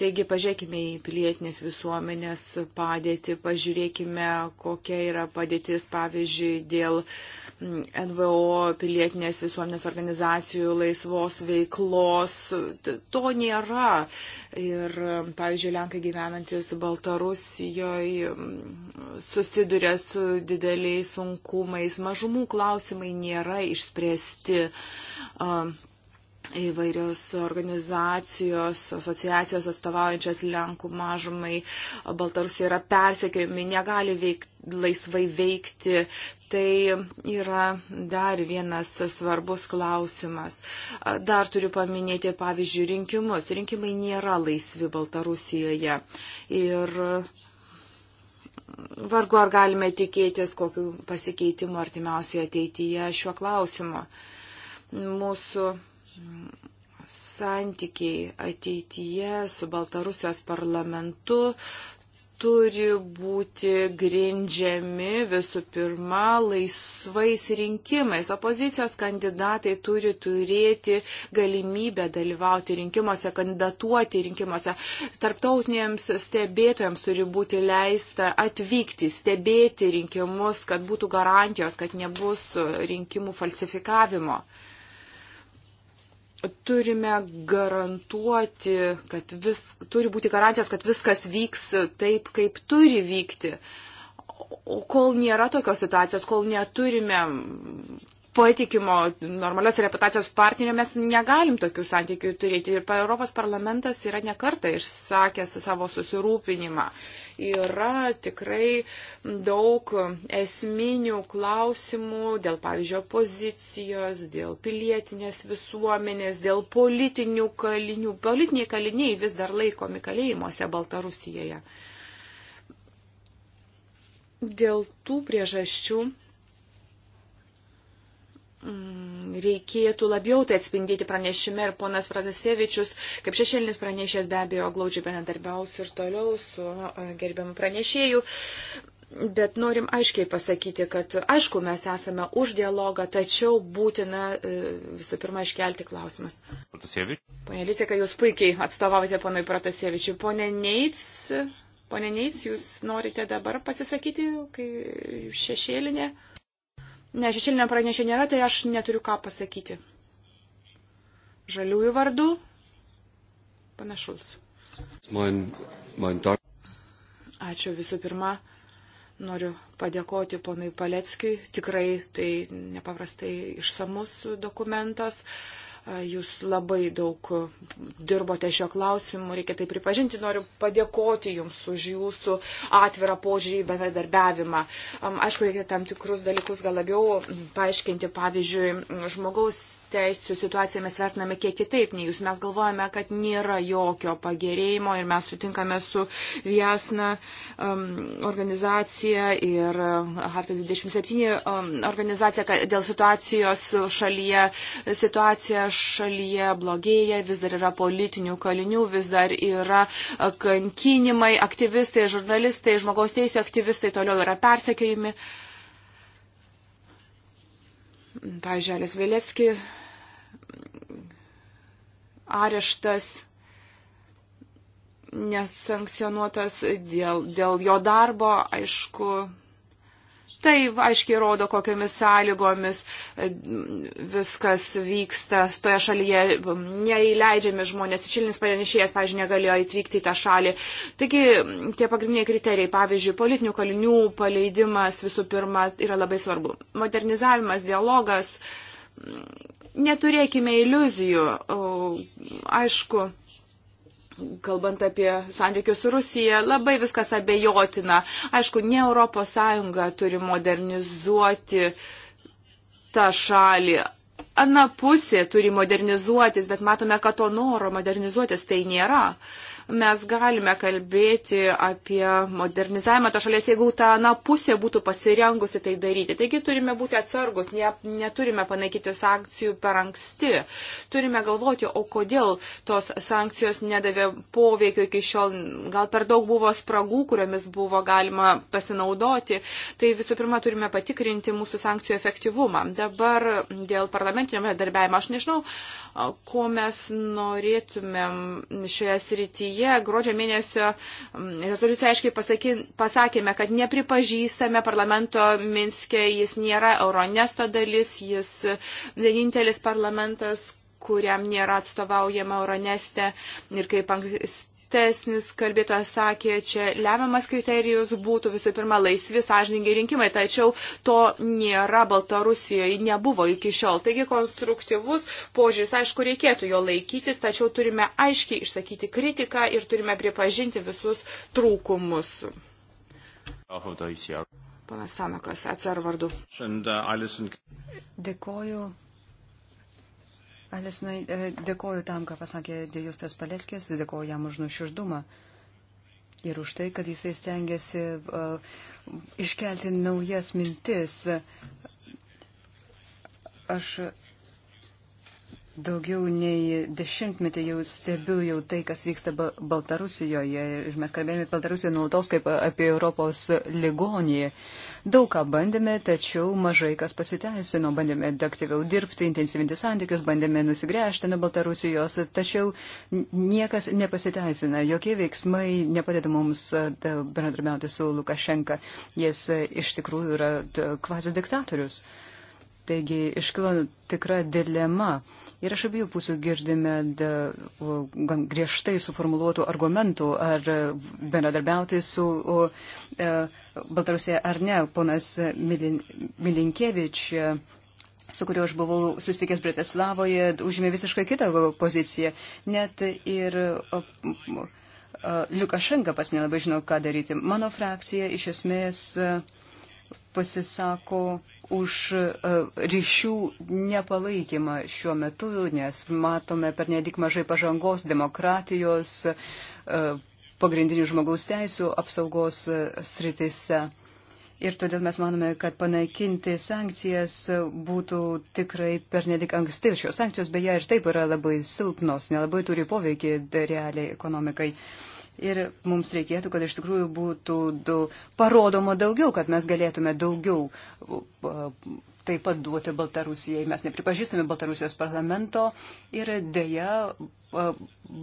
taigi pažiūrėkime į pilietinės visuomenės padėtį, pažiūrėkime, kokia yra padėtis, pavyzdžiui, dėl uh, NVO, pilietinės visuomenės organizacijų, laisvos veiklos. To nėra. Ir, pavyzdžiui, Lenkai gyvenantis Baltarusijoje mm, susiduria su dideliais sunkumais. Mažumų klausimai nėra išspręsti įvairios organizacijos, asociacijos atstovaujančias Lenkų mažumai Baltarusijoje yra persekiojami, negali veikti, laisvai veikti. Tai yra dar vienas svarbus klausimas. Dar turiu paminėti, pavyzdžiui, rinkimus. Rinkimai nėra laisvi Baltarusijoje. Ir vargu ar galime tikėtis kokiu pasikeitimu artimiausioje ateityje šiuo klausimu. Mūsų santykiai ateityje su Baltarusijos parlamentu turi būti grindžiami visų pirma laisvais rinkimais. Opozicijos kandidatai turi turėti galimybę dalyvauti rinkimuose, kandidatuoti rinkimuose. Tarptautiniams stebėtojams turi būti leista atvykti, stebėti rinkimus, kad būtų garantijos, kad nebus rinkimų falsifikavimo turime garantuoti, kad vis, turi būti garantijos, kad viskas vyks taip, kaip turi vykti. O kol nėra tokios situacijos, kol neturime patikimo normalios reputacijos partnerio mes negalim tokių santykių turėti. Ir Europos parlamentas yra nekarta išsakęs savo susirūpinimą. Yra tikrai daug esminių klausimų dėl, pavyzdžio, pozicijos, dėl pilietinės visuomenės, dėl politinių kalinių. Politiniai kaliniai vis dar laikomi kalėjimuose Baltarusijoje. Dėl tų priežasčių Mm, reikėtų labiau tai atspindėti pranešime ir ponas Pratasevičius, kaip šešėlinis pranešės, be abejo, glaudžiai bendradarbiaus ir toliau su gerbiamu pranešėju. Bet norim aiškiai pasakyti, kad aišku, mes esame už dialogą, tačiau būtina e, visų pirma iškelti klausimas. Pratasevičius. Pone Liseka, jūs puikiai atstovavote ponui Pratasevičiui. Pone Neits, pone Neits, jūs norite dabar pasisakyti, kai šešėlinė? Ne, šešėlinio pranešė nėra, tai aš neturiu ką pasakyti. Žaliųjų vardų panašus. Ačiū visų pirma. Noriu padėkoti ponui Paleckiui. Tikrai tai nepaprastai išsamus dokumentas. Uh, Jūs labai daug dirbote šio klausimu, reikia tai pripažinti, noriu padėkoti Jums už Jūsų atvirą požiūrį į bendradarbiavimą. Aišku, reikia tam tikrus dalykus gal labiau paaiškinti, pavyzdžiui, žmogaus teisų situaciją mes vertiname kiek kitaip nei jūs. Mes galvojame, kad nėra jokio pagerėjimo ir mes sutinkame su Viesna um, organizacija ir um, Hartas 27 um, organizacija, kad dėl situacijos šalyje, situacija šalyje blogėja, vis dar yra politinių kalinių, vis dar yra uh, kankinimai, aktyvistai, žurnalistai, žmogaus teisų aktyvistai toliau yra persekiojami. Uh, Pavyzdžiui, Alės Vėlėtski areštas nesankcionuotas dėl, dėl jo darbo, aišku, tai aiškiai rodo, kokiamis sąlygomis e, viskas vyksta toje šalyje. Neįleidžiami žmonės, šilinis pranešėjas, pavyzdžiui, negalėjo atvykti į tą šalį. Taigi tie pagrindiniai kriterijai, pavyzdžiui, politinių kalinių paleidimas visų pirma yra labai svarbu. Modernizavimas, dialogas. Neturėkime iliuzijų. Aišku, kalbant apie santykius su Rusija, labai viskas abejotina. Aišku, ne ES turi modernizuoti tą šalį. Ana pusė turi modernizuotis, bet matome, kad to noro modernizuotis tai nėra. Uh, mes galime kalbėti apie modernizavimą to šalies, jeigu ta na, pusė būtų pasirengusi tai daryti. Taigi turime būti atsargus, ne, neturime panaikyti sankcijų per anksti. Turime galvoti, o kodėl tos sankcijos nedavė poveikio iki šiol. Gal per daug buvo spragų, kuriomis buvo galima pasinaudoti. Tai visų pirma, turime patikrinti mūsų sankcijų efektyvumą. Dabar dėl parlamentinio darbiavimo aš nežinau, ko mes norėtumėm šioje srityje srityje gruodžio mėnesio rezoliucija aiškiai pasaky, pasakėme, kad nepripažįstame parlamento Minske, jis nėra Euronesto dalis, jis vienintelis parlamentas kuriam nėra atstovaujama Euroneste ir kaip ankstesnis kalbėtojas sakė, čia lemiamas kriterijus būtų visų pirma laisvi, sąžininkai rinkimai, tačiau to nėra Baltarusijoje, nebuvo iki šiol. Taigi konstruktyvus požiūris, aišku, reikėtų jo laikytis, tačiau turime aiškiai išsakyti kritiką ir turime pripažinti visus trūkumus. Panas Sanakas, atsar vardu. Uh, Dėkoju Alisonai, e, dėkoju tam, ką pasakė Dėjustas Paleskis, dėkoju jam už nuširdumą. Ir už tai, kad jisai stengiasi uh, iškelti naujas mintis. Aš uh, Daugiau nei dešimtmetį jau stebiu jau tai, kas vyksta Baltarusijoje. Ir mes kalbėjome apie Baltarusiją nuolatos kaip apie Europos ligonį. Daug ką bandėme, tačiau mažai kas pasiteisino. Bandėme aktyviau dirbti, intensyvinti santykius, bandėme nusigręžti nuo Baltarusijos, tačiau niekas nepasiteisina. Jokie veiksmai nepadeda mums bendradarbiauti su Lukašenka. Jis iš tikrųjų yra kvazi diktatorius. Taigi iškilo tikra dilema Ir iš abiejų pusių girdime gan griežtai suformuluotų argumentų, ar bendradarbiauti su e, Baltarusija ar ne. Ponas Milin, Milinkievič, e, su kuriuo aš buvau susitikęs Bratislavoje, užėmė visiškai kitą poziciją. Net ir. Liukašenka pas nelabai žino, ką daryti. Mano frakcija iš esmės e, pasisako už e, ryšių nepalaikymą šiuo metu, nes matome per nedik mažai pažangos demokratijos, e, pagrindinių žmogaus teisų apsaugos e, sritise. Ir todėl mes manome, kad panaikinti sankcijas būtų tikrai pernedik anksti. Šios sankcijos beje ir taip yra labai silpnos, nelabai turi poveikį realiai ekonomikai. Uh, Ir mums reikėtų, kad iš tikrųjų būtų du, parodoma daugiau, kad mes galėtume daugiau uh, taip pat duoti Baltarusijai. Mes nepripažįstame Baltarusijos parlamento ir dėja uh,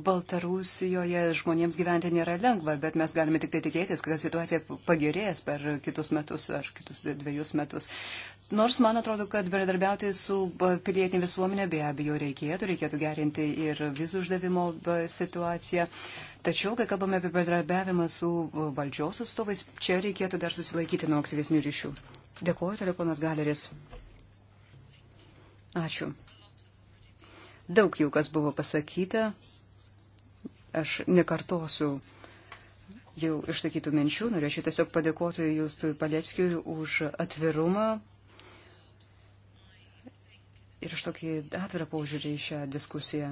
Baltarusijoje žmonėms gyventi nėra lengva, bet mes galime tik tai tikėtis, kad situacija pagerės per kitus metus ar kitus dviejus metus. Nors man atrodo, kad bendradarbiauti su pilietinė visuomenė be abejo reikėtų, reikėtų gerinti ir vizų uždavimo situaciją. Tačiau, kai kalbame apie bendradarbiavimą su valdžios atstovais, čia reikėtų dar susilaikyti nuo aktyvesnių ryšių. Dėkuoju, telefonas Galeris. Ačiū. Daug jau kas buvo pasakyta. Aš nekartosiu jau išsakytų minčių. Norėčiau tiesiog padėkoti Jūstui Paleckijui už atvirumą, ir iš tokį atvirą paužiūrį į šią diskusiją.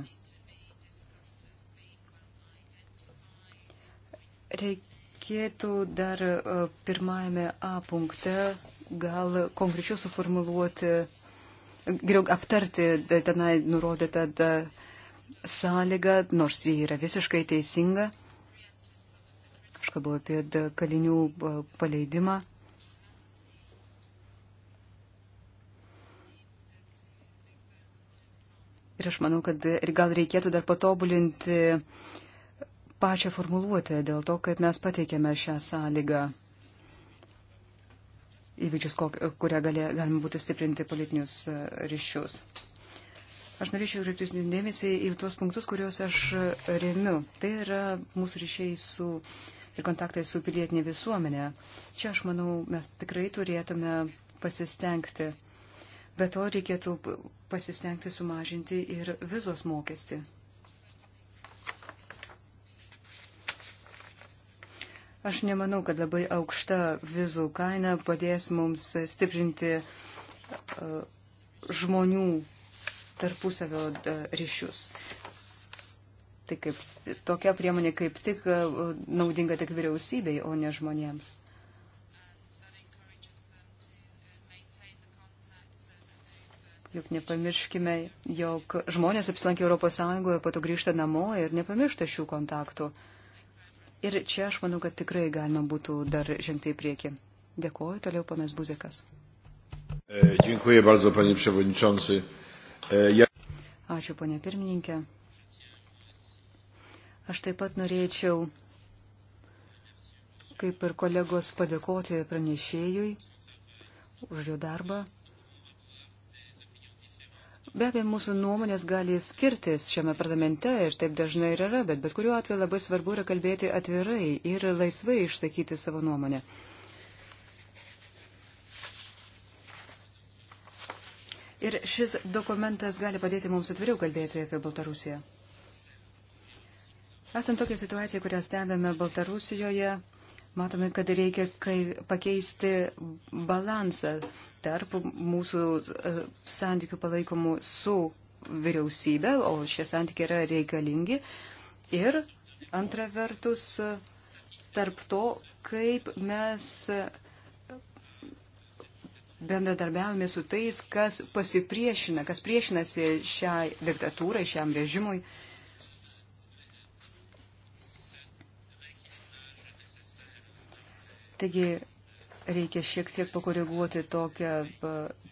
Reikėtų dar e, pirmajame A punkte gal konkrečiau suformuluoti, geriau aptarti tenai nurodytą e, sąlygą, nors jie yra visiškai teisinga. Aš kalbu apie kalinių e, paleidimą. Ir aš manau, kad ir gal reikėtų dar patobulinti pačią formuluotę dėl to, kaip mes pateikėme šią sąlygą įvykius, kuria galė, galima būtų stiprinti politinius e, ryšius. Aš norėčiau kreipti jūsų dėmesį į tuos punktus, kuriuos aš remiu. Tai yra mūsų ryšiai su ir kontaktai su pilietinė visuomenė. Čia aš manau, mes tikrai turėtume pasistengti. Be to reikėtų pasistengti sumažinti ir vizos mokestį. Aš nemanau, kad labai aukšta vizų kaina padės mums stiprinti e, žmonių tarpusavio e, ryšius. Tai kaip tokia priemonė kaip tik e, naudinga tik vyriausybei, o ne žmonėms. Juk nepamirškime, jog žmonės apsilankė Europos Sąjungoje, pato grįžta namo ir nepamiršta šių kontaktų. Ir čia aš manau, kad tikrai galima būtų dar žengti į priekį. Dėkuoju, toliau panas Buzekas. E, dziękuję bardzo, panie przewodniczący. E, ja... Ačiū, ponė pirmininkė. Aš taip pat norėčiau, kaip ir kolegos, padėkoti pranešėjui už jo darbą. Be abejo, mūsų nuomonės gali skirtis šiame parlamente ir taip dažnai ir yra, bet bet kuriuo atveju labai svarbu yra kalbėti atvirai ir laisvai išsakyti savo nuomonę. Ir šis dokumentas gali padėti mums atviriau kalbėti apie Baltarusiją. Esant tokią situaciją, kurią stebėme Baltarusijoje, matome, kad reikia kai, pakeisti balansą tarp mūsų e, santykių palaikomų su vyriausybė, o šie santykiai yra reikalingi, ir antra vertus tarp to, kaip mes bendradarbiavome su tais, kas pasipriešina, kas priešinasi šiai diktatūrai, šiam režimui. Taigi reikia šiek tiek pakoreguoti tokią,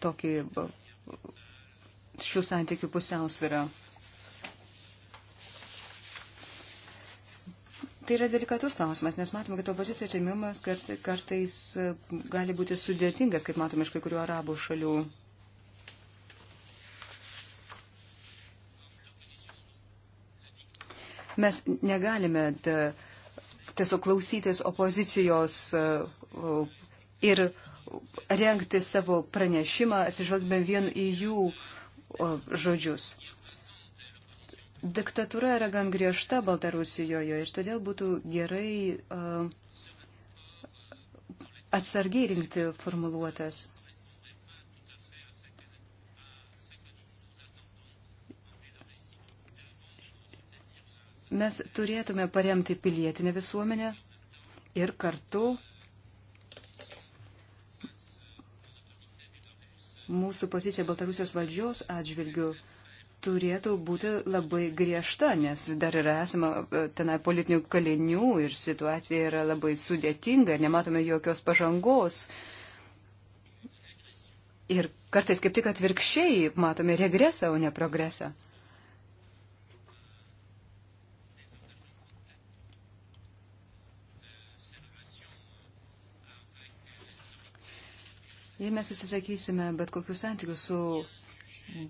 tokį šių santykių pusiausvyrą. Tai yra delikatus klausimas, nes matome, kad opozicijos atėmimas kartais e, gali būti sudėtingas, kaip matome iš kai kurių arabų šalių. Mes negalime tiesiog klausytis opozicijos e, ir rengti savo pranešimą, atsižvelgdami vien į jų žodžius. Diktatūra yra gan griežta Baltarusijoje ir todėl būtų gerai uh, atsargiai rinkti formuluotės. Mes turėtume paremti pilietinę visuomenę ir kartu mūsų pozicija Baltarusijos valdžios atžvilgių turėtų būti labai griežta, nes dar yra esama e, tenai politinių kalinių ir situacija yra labai sudėtinga, nematome jokios pažangos. Ir kartais kaip tik atvirkščiai matome regresą, o ne progresą. Jei mes atsisakysime bet kokius santykius su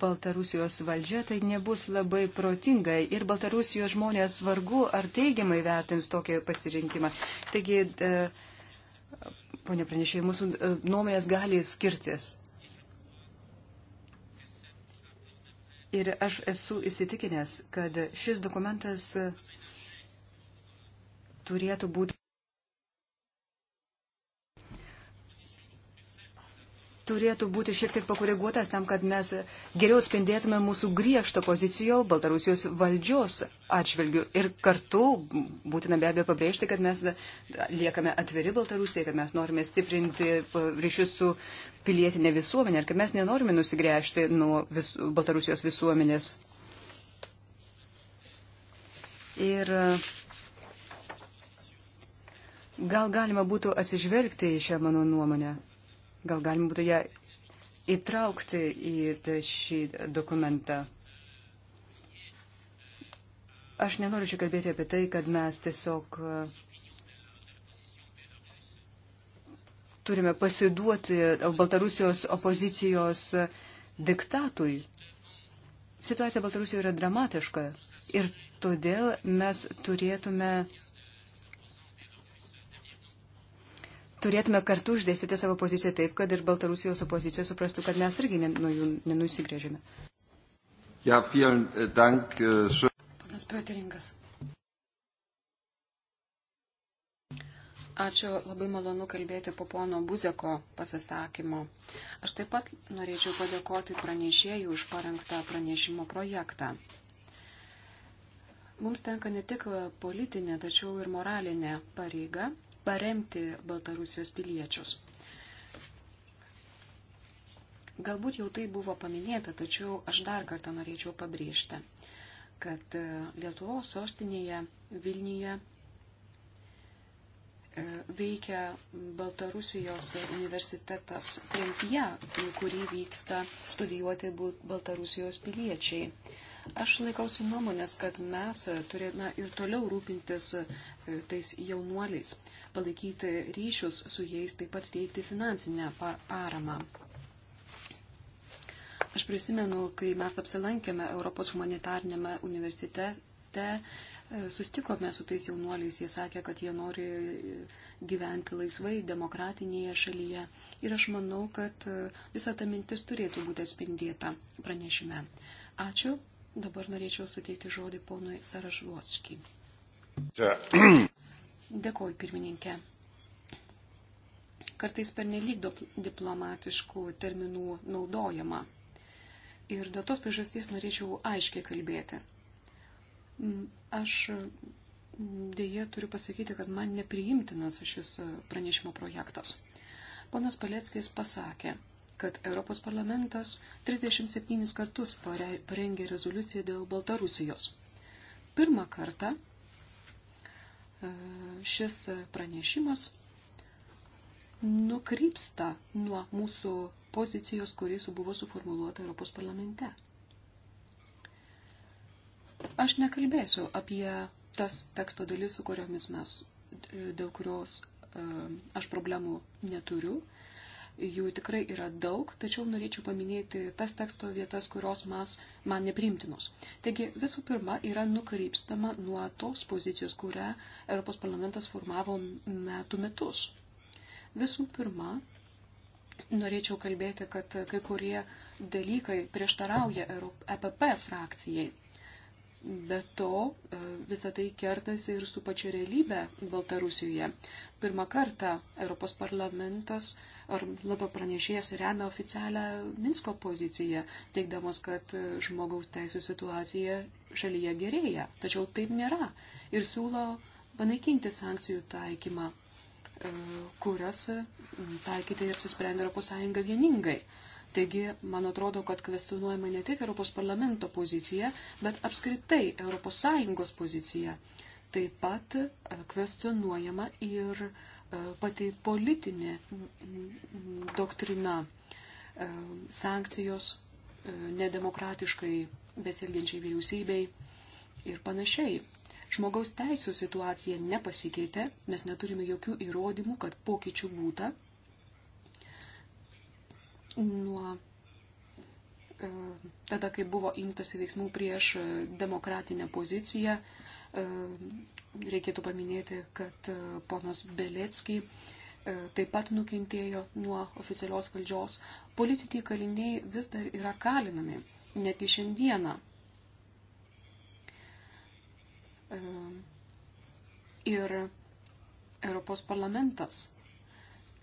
Baltarusijos valdžia, tai nebus labai protingai ir Baltarusijos žmonės vargu ar teigiamai vertins tokį pasirinkimą. Taigi, e, ponė pranešėjai, mūsų e, nuomonės gali skirtis. Ir aš esu įsitikinęs, kad šis dokumentas turėtų būti turėtų būti šiek tiek pakoreguotas tam, kad mes geriau spindėtume mūsų griežtą poziciją Baltarusijos valdžios atžvilgių. Ir kartu būtina be abejo pabrėžti, kad mes liekame atviri Baltarusijai, kad mes norime stiprinti ryšius su pilietinė visuomenė ir kad mes nenorime nusigręžti nuo vis, Baltarusijos visuomenės. Ir gal galima būtų atsižvelgti į šią mano nuomonę. Gal galima būtų ją įtraukti į šį dokumentą. Aš nenoriu čia kalbėti apie tai, kad mes tiesiog e, turime pasiduoti Baltarusijos opozicijos e, diktatui. Situacija Baltarusijoje yra dramatiška ir todėl mes turėtume turėtume kartu uždėstyti savo poziciją taip, kad ir Baltarusijos opozicija suprastų, kad mes irgi nuo jų nenusigrėžėme. Ja, vielen äh, dank. Äh, Panas Piotringas. Ačiū, labai malonu kalbėti po pono Buzeko pasisakymo. Aš taip pat norėčiau padėkoti pranešėjų už parengtą pranešimo projektą. Mums tenka ne tik politinė, tačiau ir moralinė pareiga paremti Baltarusijos piliečius. Galbūt jau tai buvo paminėta, tačiau aš dar kartą norėčiau pabrėžti, kad e, Lietuvos sostinėje Vilniuje e, veikia Baltarusijos universitetas tremtyje, kurį vyksta studijuoti Baltarusijos piliečiai. Aš laikausi nuomonės, kad mes turėtume ir toliau rūpintis e, tais jaunuoliais palaikyti ryšius su jais, taip pat teikti finansinę paramą. Aš prisimenu, kai mes apsilankėme Europos humanitarnėme universitete, e, sustikome su tais jaunuoliais, jie sakė, kad jie nori e, gyventi laisvai, demokratinėje šalyje. Ir aš manau, kad e, visa ta mintis turėtų būti atspindėta pranešime. Ačiū. Dabar norėčiau suteikti žodį ponui Sarašvočkiai. (clears throat) Dėkuoju, pirmininkė. Kartais per nelik diplomatiškų terminų naudojama. Ir dėl tos priežasties norėčiau aiškiai kalbėti. Mm, aš mm, dėje turiu pasakyti, kad man nepriimtinas šis e, pranešimo projektas. Ponas Paleckis pasakė, kad Europos parlamentas 37 kartus parengė rezoliuciją dėl Baltarusijos. Pirmą kartą šis pranešimas nukrypsta nuo mūsų pozicijos, kuris buvo suformuoluota Europos parlamente. Aš nekalbėsiu apie tas teksto dalis, su kuriomis mes, dėl kurios e, aš problemų neturiu, jų tikrai yra daug, tačiau norėčiau paminėti tas teksto vietas, kurios mas, man neprimtinos. Taigi visų pirma yra nukrypstama nuo tos pozicijos, kurią Europos parlamentas formavo metų metus. Visų pirma, norėčiau kalbėti, kad kai kurie dalykai prieštarauja EPP e frakcijai. Be to, e, visą tai kertasi ir su pačia realybė Baltarusijoje. Pirmą kartą Europos parlamentas ar labo pranešėjas remia oficialią Minsko poziciją, teikdamas, kad žmogaus teisų situacija šalyje gerėja. Tačiau taip nėra. Ir siūlo panaikinti sankcijų taikymą, e, kurias taikyti ir apsisprendė ES vieningai. Taigi, man atrodo, kad kvestionuojama ne tik Europos parlamento pozicija, bet apskritai ES pozicija. Taip pat e, kvestionuojama ir uh, E, pati politinė doktrina e, sankcijos e, nedemokratiškai besielgiančiai vyriausybei ir panašiai. Žmogaus teisų situacija nepasikeitė, mes neturime jokių įrodymų, kad pokyčių būta. Nuo tada, kai buvo imtasi veiksmų prieš demokratinę poziciją, reikėtų paminėti, kad e, ponas Belecki e, taip pat nukentėjo nuo oficialios valdžios. Politiniai kaliniai vis dar yra kalinami, netgi šiandieną. E, ir Europos parlamentas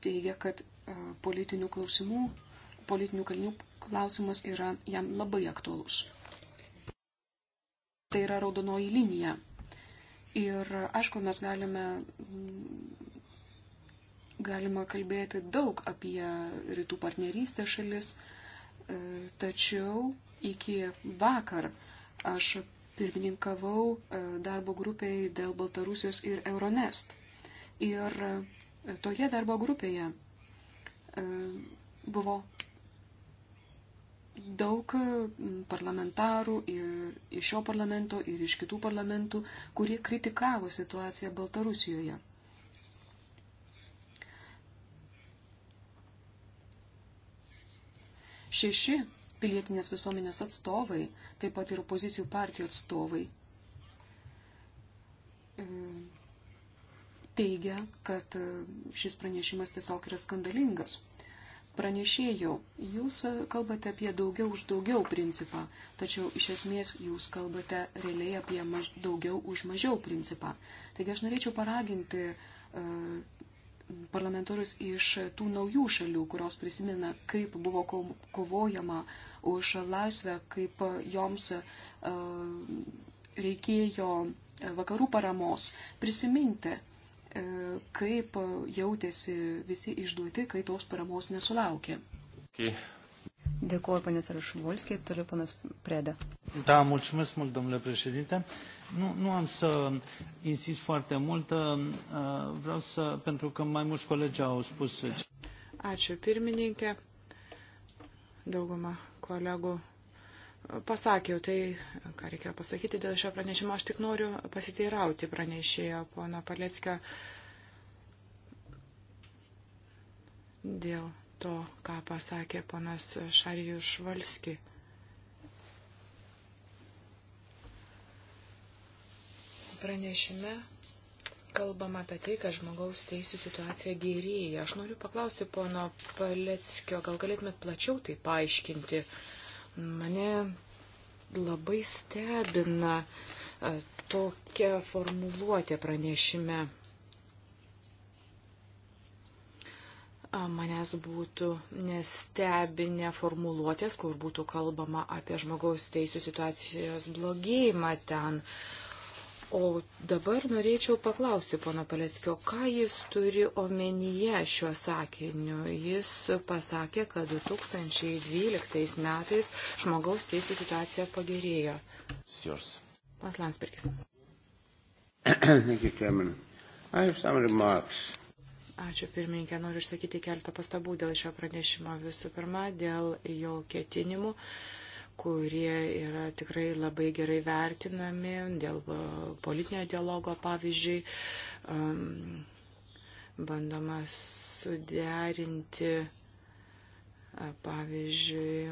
teigia, kad politinių klausimų, politinių kalinių klausimas yra jam labai aktuolus. Tai yra raudonoji linija Ir aišku, mes galime, mm, galima kalbėti daug apie rytų partnerystę šalis, e, tačiau iki vakar aš pirmininkavau e, darbo grupiai dėl Baltarusijos ir Euronest. Ir e, toje darbo grupėje buvo daug e, parlamentarų ir iš šio parlamento, ir iš kitų parlamentų, kurie kritikavo situaciją Baltarusijoje. Šeši pilietinės visuomenės atstovai, taip pat ir opozicijų partijų atstovai, e, teigia, kad e, šis pranešimas tiesiog yra skandalingas pranešėjų. Jūs kalbate apie daugiau už daugiau principą, tačiau iš esmės jūs kalbate realiai apie maž, daugiau už mažiau principą. Taigi aš norėčiau paraginti uh, parlamentarus iš tų naujų šalių, kurios prisimena, kaip buvo kovojama už laisvę, kaip joms e, reikėjo vakarų paramos, prisiminti, E, kaip jautėsi visi išduoti, kai tos paramos nesulaukė. Okay. Dėkuoju, panas Rašvolskiai, toliau panas Preda. Da, mulțumesc mult, domnule președinte. Nu, nu am să insist foarte mult, e, vreau să, pentru că mai mulți colegi au spus. Ačiū pirmininkė, dauguma kolegų pasakiau tai, ką reikėjo pasakyti dėl šio pranešimo. Aš tik noriu pasiteirauti pranešėjo pono Paleckio dėl to, ką pasakė ponas Šarijus Švalski. Pranešime kalbam apie tai, kad žmogaus teisų situacija gerėja. Aš noriu paklausti pono Paleckio, gal galėtumėt plačiau tai paaiškinti? Uh, Mane labai stebina e, tokia formuluotė pranešime. Manęs būtų nestebinę formuluotės, kur būtų kalbama apie žmogaus teisų situacijos blogėjimą ten. Uh, O dabar norėčiau paklausti pono Paleckio, ką jis turi omenyje šiuo sakiniu. Jis pasakė, kad 2012 metais žmogaus teisų situacija pagerėjo. Yours. Pas Landsbergis. Ačiū pirmininkė, noriu išsakyti keletą pastabų dėl šio pranešimo. Visų pirma, dėl jo ketinimų. Uh, kurie yra tikrai labai gerai vertinami dėl e, politinio dialogo, pavyzdžiui, um, bandoma suderinti pavyzdžiui,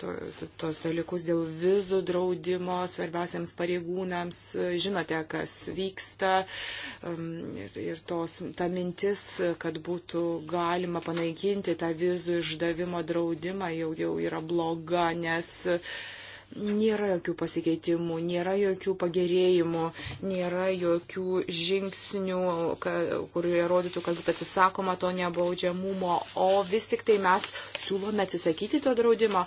to, to, tos dalykus dėl vizų draudimo svarbiausiams pareigūnams, žinote, kas vyksta ir, ir tos, ta mintis, kad būtų galima panaikinti tą vizų išdavimo draudimą jau, jau yra bloga, nes nėra jokių pasikeitimų, nėra jokių pagerėjimų, nėra jokių žingsnių, kurie rodytų, kad būtų atsisakoma to nebaudžiamumo, o vis tik tai mes siūlome atsisakyti to draudimo.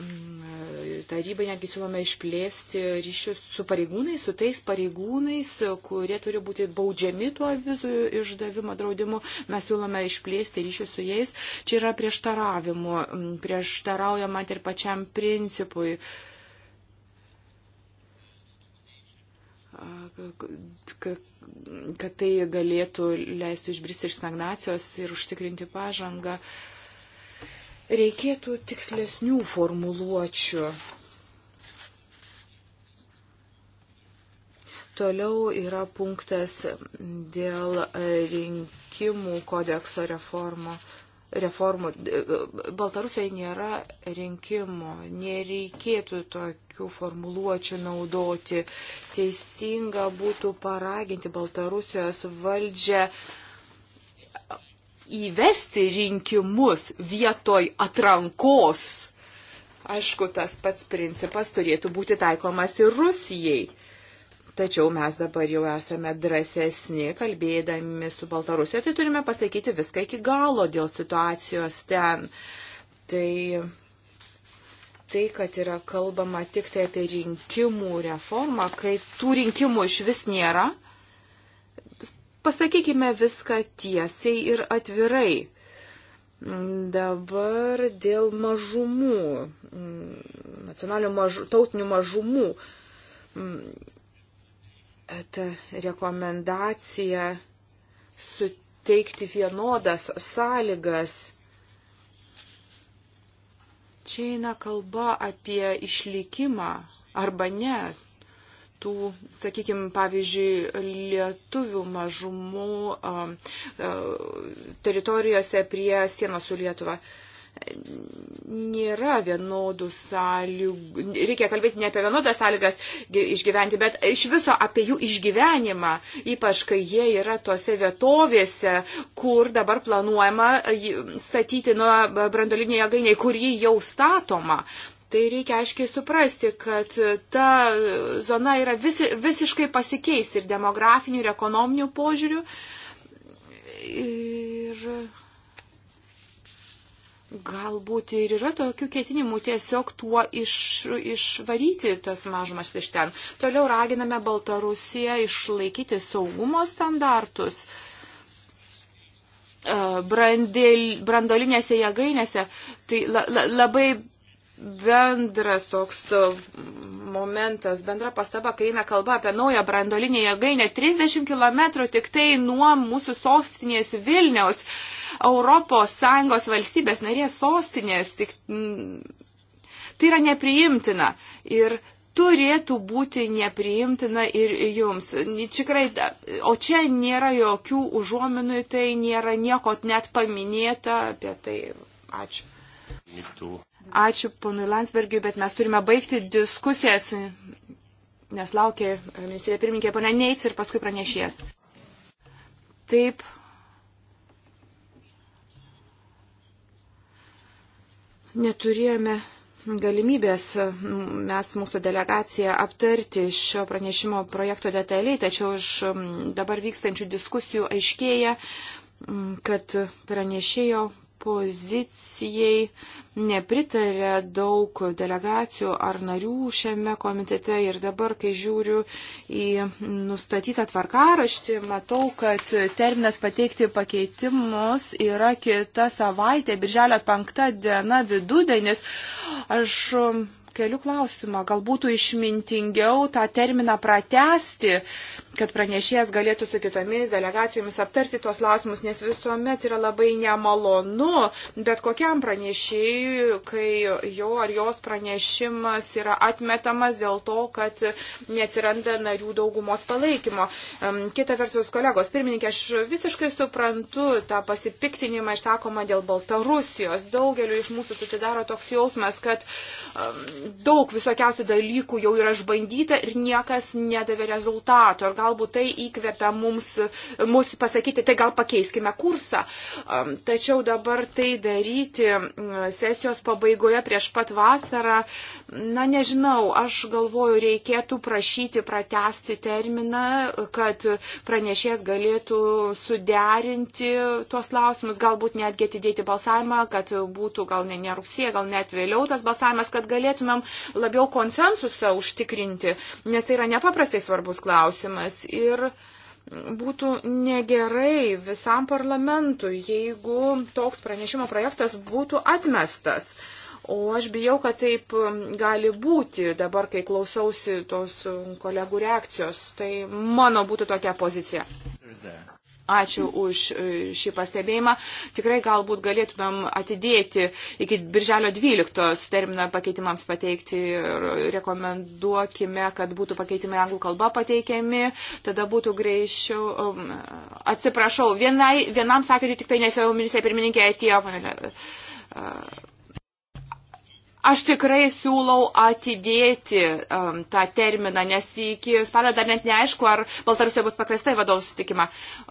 Mm, tarybai netgi siūlome išplėsti ryšius su pareigūnais, su tais pareigūnais, kurie turi būti baudžiami tuo vizų išdavimo draudimu. Mes siūlome išplėsti ryšius su jais. Čia yra prieštaravimų, mm, prieštaraujama ir pačiam principui. Uh, kad tai galėtų leisti išbristi iš stagnacijos ir užtikrinti pažangą. Reikėtų tikslesnių formuluočių. Toliau yra punktas dėl rinkimų kodekso reformo, reformų. Baltarusijoje nėra rinkimo, nereikėtų tokių formuluočių naudoti. Teisinga būtų paraginti Baltarusijos valdžią įvesti rinkimus vietoj atrankos. Aišku, tas pats principas turėtų būti taikomas ir Rusijai. Tačiau mes dabar jau esame drąsesni, kalbėdami su Baltarusija, tai turime pasakyti viską iki galo dėl situacijos ten. Tai tai, kad yra kalbama tik tai apie rinkimų reformą, kai tų rinkimų iš vis nėra, pasakykime viską tiesiai ir atvirai. Dabar dėl mažumų, nacionalinių maž, tautinių mažumų ta rekomendacija suteikti vienodas sąlygas. Čia eina kalba apie išlikimą arba ne tų, sakykime, pavyzdžiui, lietuvių mažumų um, uh, teritorijose prie sienos su Lietuva nėra vienodų sąlygų, reikia kalbėti ne apie vienodas sąlygas išgyventi, bet iš viso apie jų išgyvenimą, ypač kai jie yra tose vietovėse, kur dabar planuojama statyti nuo brandolinėje gainiai, kur jį jau statoma. Tai reikia aiškiai suprasti, kad ta zona yra visi, visiškai pasikeis ir demografinių, ir ekonominių požiūrių. Ir Galbūt ir yra tokių ketinimų tiesiog tuo iš, išvaryti tas mažumas iš ten. Toliau raginame Baltarusiją išlaikyti saugumo standartus e, brandėl, brandolinėse jėgainėse. Tai la, la, labai bendras toks momentas, bendra pastaba, kai eina kalba apie naują brandolinę jėgainę 30 km tik tai nuo mūsų sostinės Vilniaus. Uh, ES valstybės narės sostinės. Tik, mm, tai yra nepriimtina. Ir turėtų būti nepriimtina ir jums. Tikrai, o čia nėra jokių užuominų, tai nėra nieko net paminėta apie tai. Ačiū. Ačiū ponui Landsbergiui, bet mes turime baigti diskusijas, nes laukia ministrė pirmininkė pana Neits ir paskui pranešės. Taip, neturėjome galimybės mes mūsų delegaciją aptarti šio pranešimo projekto detaliai, tačiau iš dabar vykstančių diskusijų aiškėja, kad pranešėjo pozicijai nepritarė daug delegacijų ar narių šiame komitete ir dabar, kai žiūriu į nustatytą tvarkaraštį, matau, kad terminas pateikti pakeitimus yra kita savaitė, birželio penkta diena vidudienis. Aš keliu klausimą, gal būtų išmintingiau tą terminą pratesti kad pranešėjas galėtų su kitomis delegacijomis aptarti tuos klausimus, nes visuomet yra labai nemalonu, bet kokiam pranešėjui, kai jo ar jos pranešimas yra atmetamas dėl to, kad neatsiranda narių daugumos palaikymo. Kita vertus, kolegos, pirmininkė, aš visiškai suprantu tą pasipiktinimą išsakomą dėl Baltarusijos. Daugeliu iš mūsų susidaro toks jausmas, kad daug visokiausių dalykų jau yra išbandyta ir niekas nedavė rezultatų. Ar galbūt tai įkvepia mums, mums pasakyti, tai gal pakeiskime kursą. Tačiau dabar tai daryti sesijos pabaigoje prieš pat vasarą, na nežinau, aš galvoju, reikėtų prašyti pratesti terminą, kad pranešės galėtų suderinti tuos klausimus, galbūt netgi atidėti balsavimą, kad būtų gal ne, ne rugsėje, gal net vėliau tas balsavimas, kad galėtumėm labiau konsensusą užtikrinti, nes tai yra nepaprastai svarbus klausimas sprendimas ir būtų negerai visam parlamentui, jeigu toks pranešimo projektas būtų atmestas. O aš bijau, kad taip um, gali būti dabar, kai klausiausi tos um, kolegų reakcijos. Tai mano būtų tokia pozicija. Ačiū už e, šį pastebėjimą. Tikrai galbūt galėtumėm atidėti iki birželio 12 terminą pakeitimams pateikti ir rekomenduokime, kad būtų pakeitimai anglų kalba pateikiami, tada būtų greičiau. Um, atsiprašau, vienai, vienam sakiniu tik tai, nes jau ministrė pirmininkė atėjo. Panelė. Aš tikrai siūlau atidėti um, tą terminą, nes iki spalio dar net neaišku, ar Baltarusijoje bus pakviesta į vadovų sutikimą.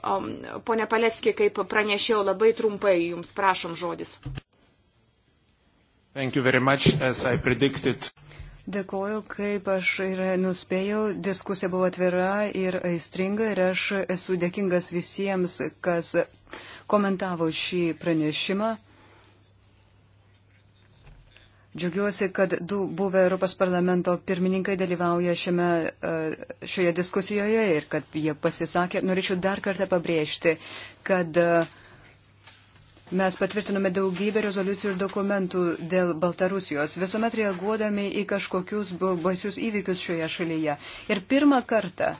Um, pone Palecki, kaip pranešėjau, labai trumpai jums prašom žodis. Much, Dėkoju, kaip aš ir nuspėjau, diskusija buvo atvira ir aistringa ir aš esu dėkingas visiems, kas komentavo šį pranešimą. Džiaugiuosi, kad du buvę Europos parlamento pirmininkai dalyvauja šiame, e, šioje diskusijoje ir kad jie pasisakė. Norėčiau dar kartą pabrėžti, kad e, mes patvirtinome daugybę rezoliucijų ir dokumentų dėl Baltarusijos, visuomet reaguodami į kažkokius baisius įvykius šioje šalyje. Ir pirmą kartą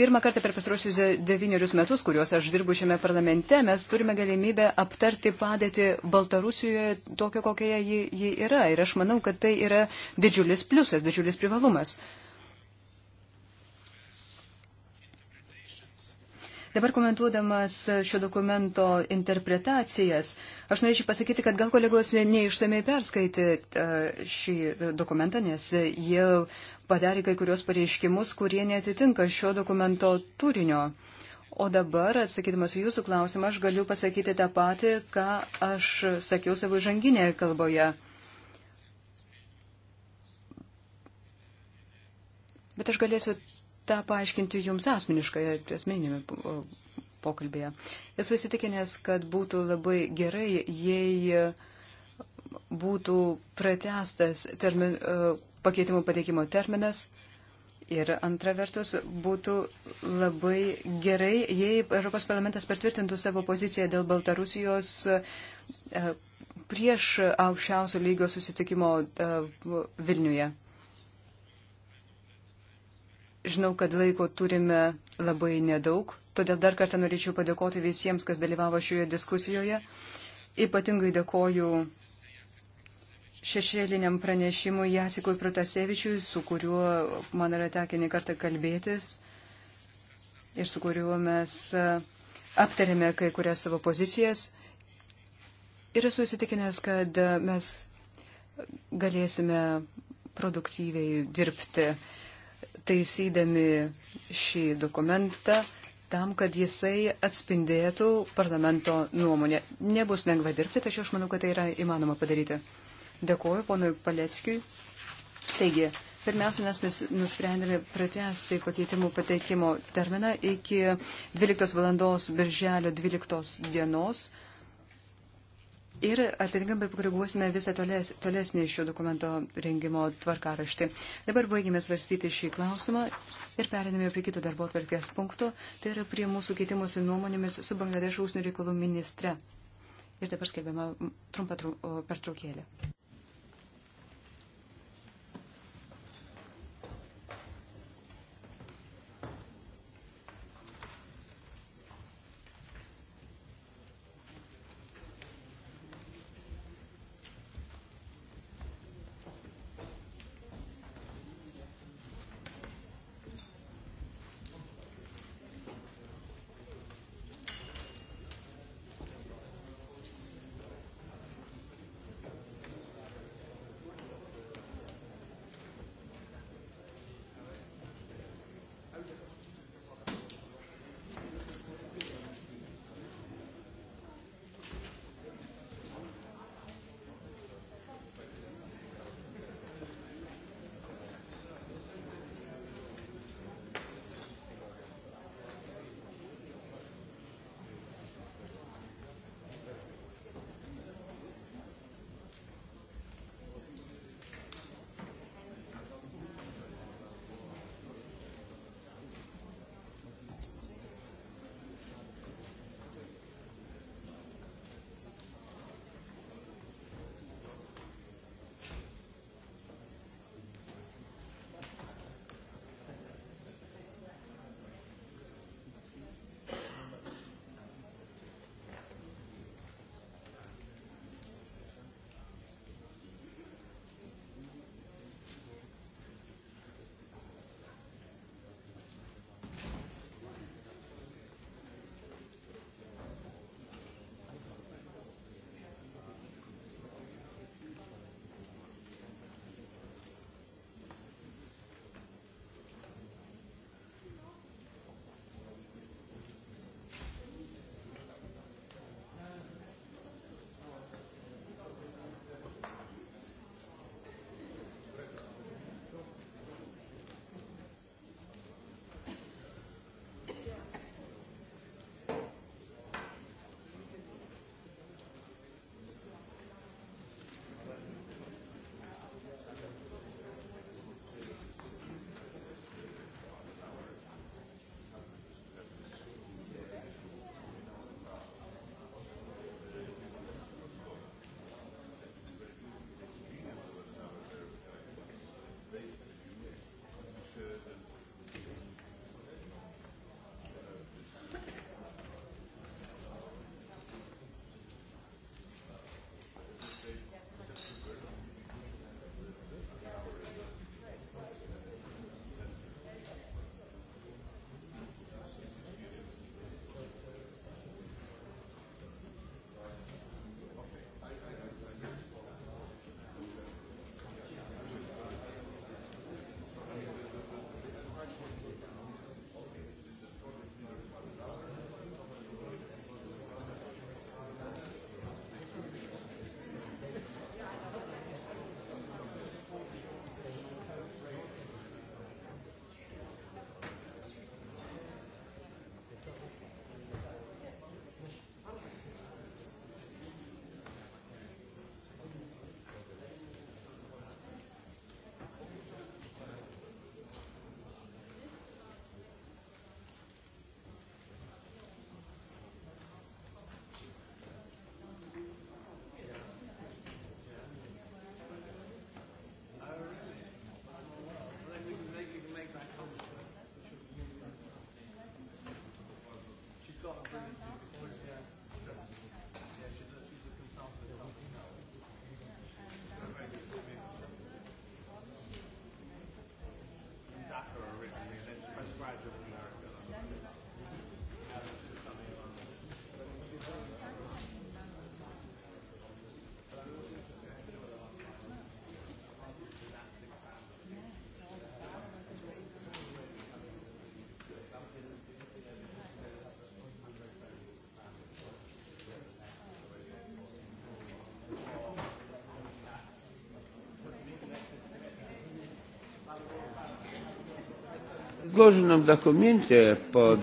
Pirmą kartą per pastarosius devynerius metus, kuriuos aš dirbu šiame parlamente, mes turime galimybę aptarti padėtį Baltarusijoje tokią, kokia ji, ji yra. Ir aš manau, kad tai yra didžiulis pliusas, didžiulis privalumas. Dabar komentuodamas šio dokumento interpretacijas, aš norėčiau pasakyti, kad gal kolegos neišsamei perskaitė e, šį e, dokumentą, nes jie padarė kai kurios pareiškimus, kurie netitinka šio dokumento turinio. O dabar, atsakydamas jūsų klausimą, aš galiu pasakyti tą patį, ką aš sakiau savo žanginėje kalboje. Bet aš galėsiu tą paaiškinti jums asmeniškai, asmeninėme pokalbėje. Esu įsitikinęs, kad būtų labai gerai, jei būtų pratestas termin, pakeitimų pateikimo terminas. Ir antra vertus, būtų labai gerai, jei Europos parlamentas patvirtintų savo poziciją dėl Baltarusijos e, prieš aukščiausio lygio susitikimo e, Vilniuje. Žinau, kad laiko turime labai nedaug, todėl dar kartą norėčiau padėkoti visiems, kas dalyvavo šioje diskusijoje. Ypatingai dėkoju šešėliniam pranešimui Jasikui Protasevičiui, su kuriuo man yra tekę nekartą kalbėtis ir su kuriuo mes e, aptarėme kai kurias savo pozicijas. Ir esu įsitikinęs, kad e, mes galėsime produktyviai dirbti, taisydami šį dokumentą tam, kad jisai atspindėtų parlamento nuomonę. Nebus lengva dirbti, tačiau aš manau, kad tai yra įmanoma padaryti. Dėkuoju ponui Paleckiui. Taigi, pirmiausia, mes nusprendėme pratesti pakeitimų pateikimo terminą iki 12 valandos birželio 12 dienos. Ir atitinkamai pakoreguosime visą toles, tolesnį šio dokumento rengimo tvarkaraštį. Dabar baigėme svarstyti šį klausimą ir periname prie kito darbo atvarkės punkto, tai yra prie mūsų keitimuose nuomonėmis su Bangladešo užsienio reikalų ministre. Ir dabar skelbiama trumpa pertraukėlė. encore un peu mieux. przedłożonym dokumencie pod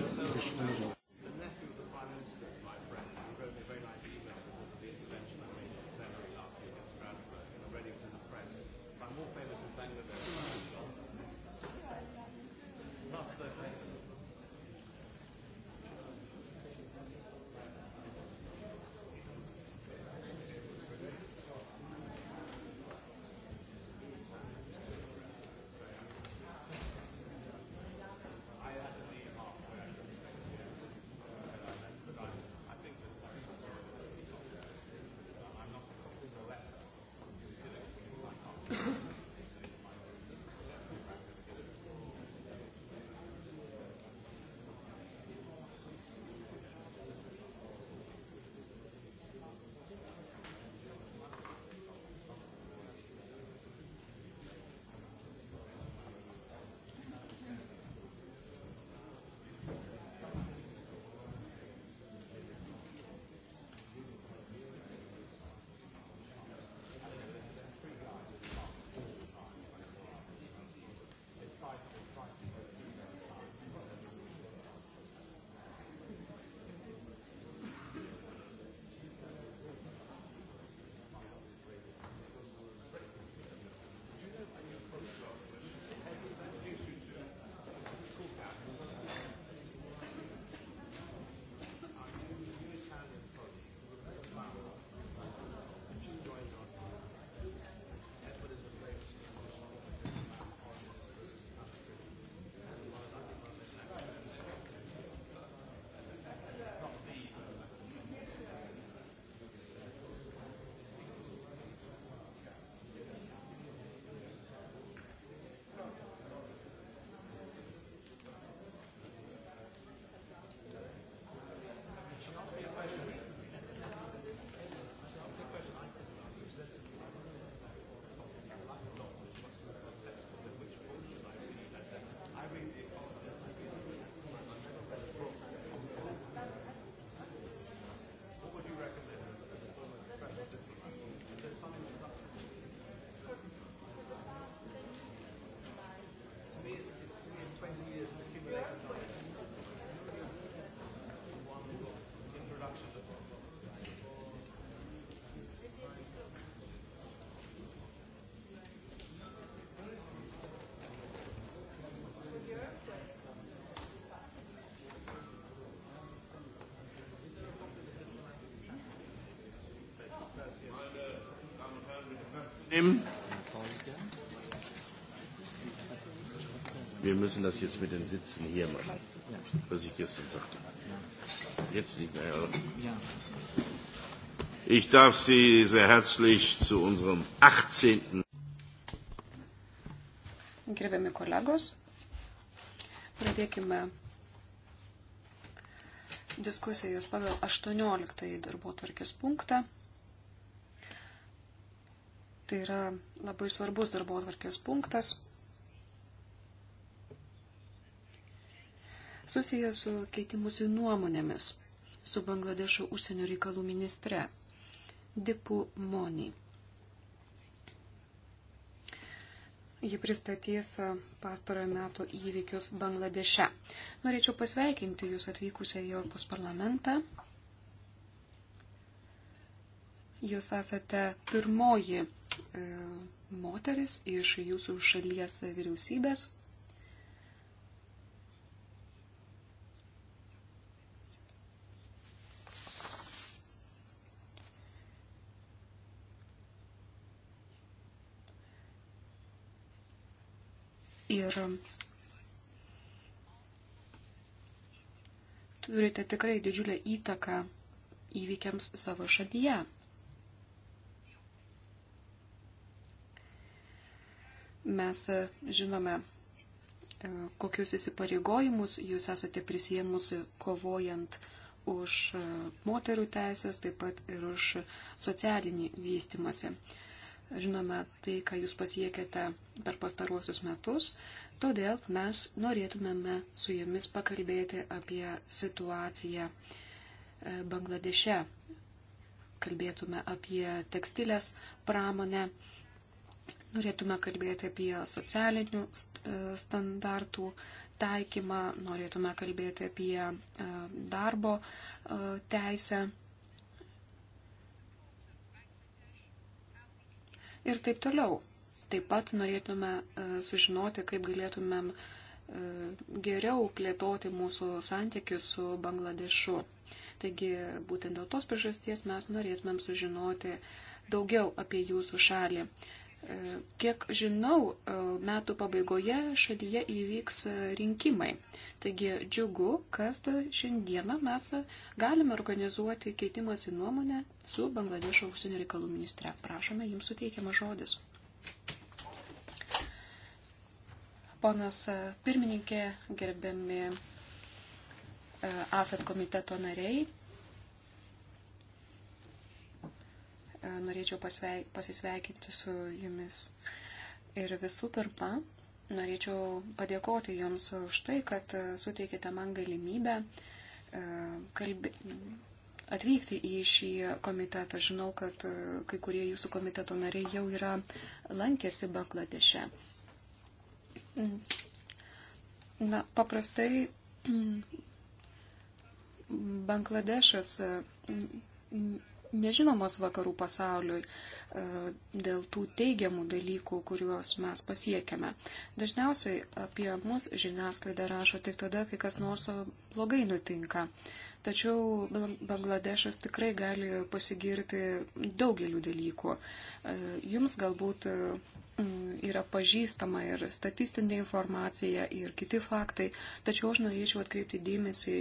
nehmen. Wir müssen das jetzt mit den Sitzen hier machen, was ich gestern sagte. Jetzt nicht mehr. Oder? Ich darf Sie sehr herzlich zu unserem 18. Gerbiami kolegos, pradėkime diskusijos pagal 18 darbo tvarkės punktą. Tai yra labai svarbus darbo atvarkės punktas. Susijęs su keitimusi nuomonėmis su Bangladešo užsienio reikalų ministre Dipu Moni. Ji pristatys pastarojo meto įvykius Bangladeše. Norėčiau pasveikinti Jūs atvykusią į Europos parlamentą. Jūs esate pirmoji E, moteris iš jūsų šalies vyriausybės. Ir turite tikrai didžiulę įtaką įvykiams savo šalyje. Mes e, žinome, e, kokius įsipareigojimus jūs esate prisijėmusi kovojant už e, moterų teisės, taip pat ir už socialinį vystimąsi. Žinome tai, ką jūs pasiekėte per pastaruosius metus, todėl mes norėtumėme su jumis pakalbėti apie situaciją Bangladeše. Kalbėtume apie tekstilės pramonę, Norėtume kalbėti apie socialinių e, standartų taikymą, norėtume kalbėti apie e, darbo e, teisę ir taip toliau. Taip pat norėtume sužinoti, kaip galėtumėm geriau plėtoti mūsų santykius su Bangladešu. Taigi būtent dėl tos priežasties mes norėtumėm sužinoti daugiau apie jūsų šalį. Kiek žinau, e, metų pabaigoje šalyje įvyks rinkimai. Taigi džiugu, kad šiandieną mes galime organizuoti keitimąsi nuomonę su Bangladešo užsienio reikalų ministre. Prašome, jums suteikiamas žodis. Ponas pirmininkė, gerbiami e, AFET komiteto nariai, E, norėčiau pasveik, pasisveikinti su jumis. Ir visų pirma, norėčiau padėkoti jums už tai, kad e, suteikite man galimybę e, kalbė... atvykti į šį komitetą. Žinau, kad kai kurie jūsų komiteto nariai jau yra lankėsi Bangladeše. Na, paprastai mm, Bangladešas mm, nežinomas vakarų pasauliui e, dėl tų teigiamų dalykų, kuriuos mes pasiekėme. Dažniausiai apie mus žiniasklaida rašo tik tada, kai kas nors blogai nutinka. Tačiau Bangladešas tikrai gali pasigirti daugeliu dalykų. E, jums galbūt e, yra pažįstama ir statistinė informacija, ir kiti faktai, tačiau aš norėčiau atkreipti dėmesį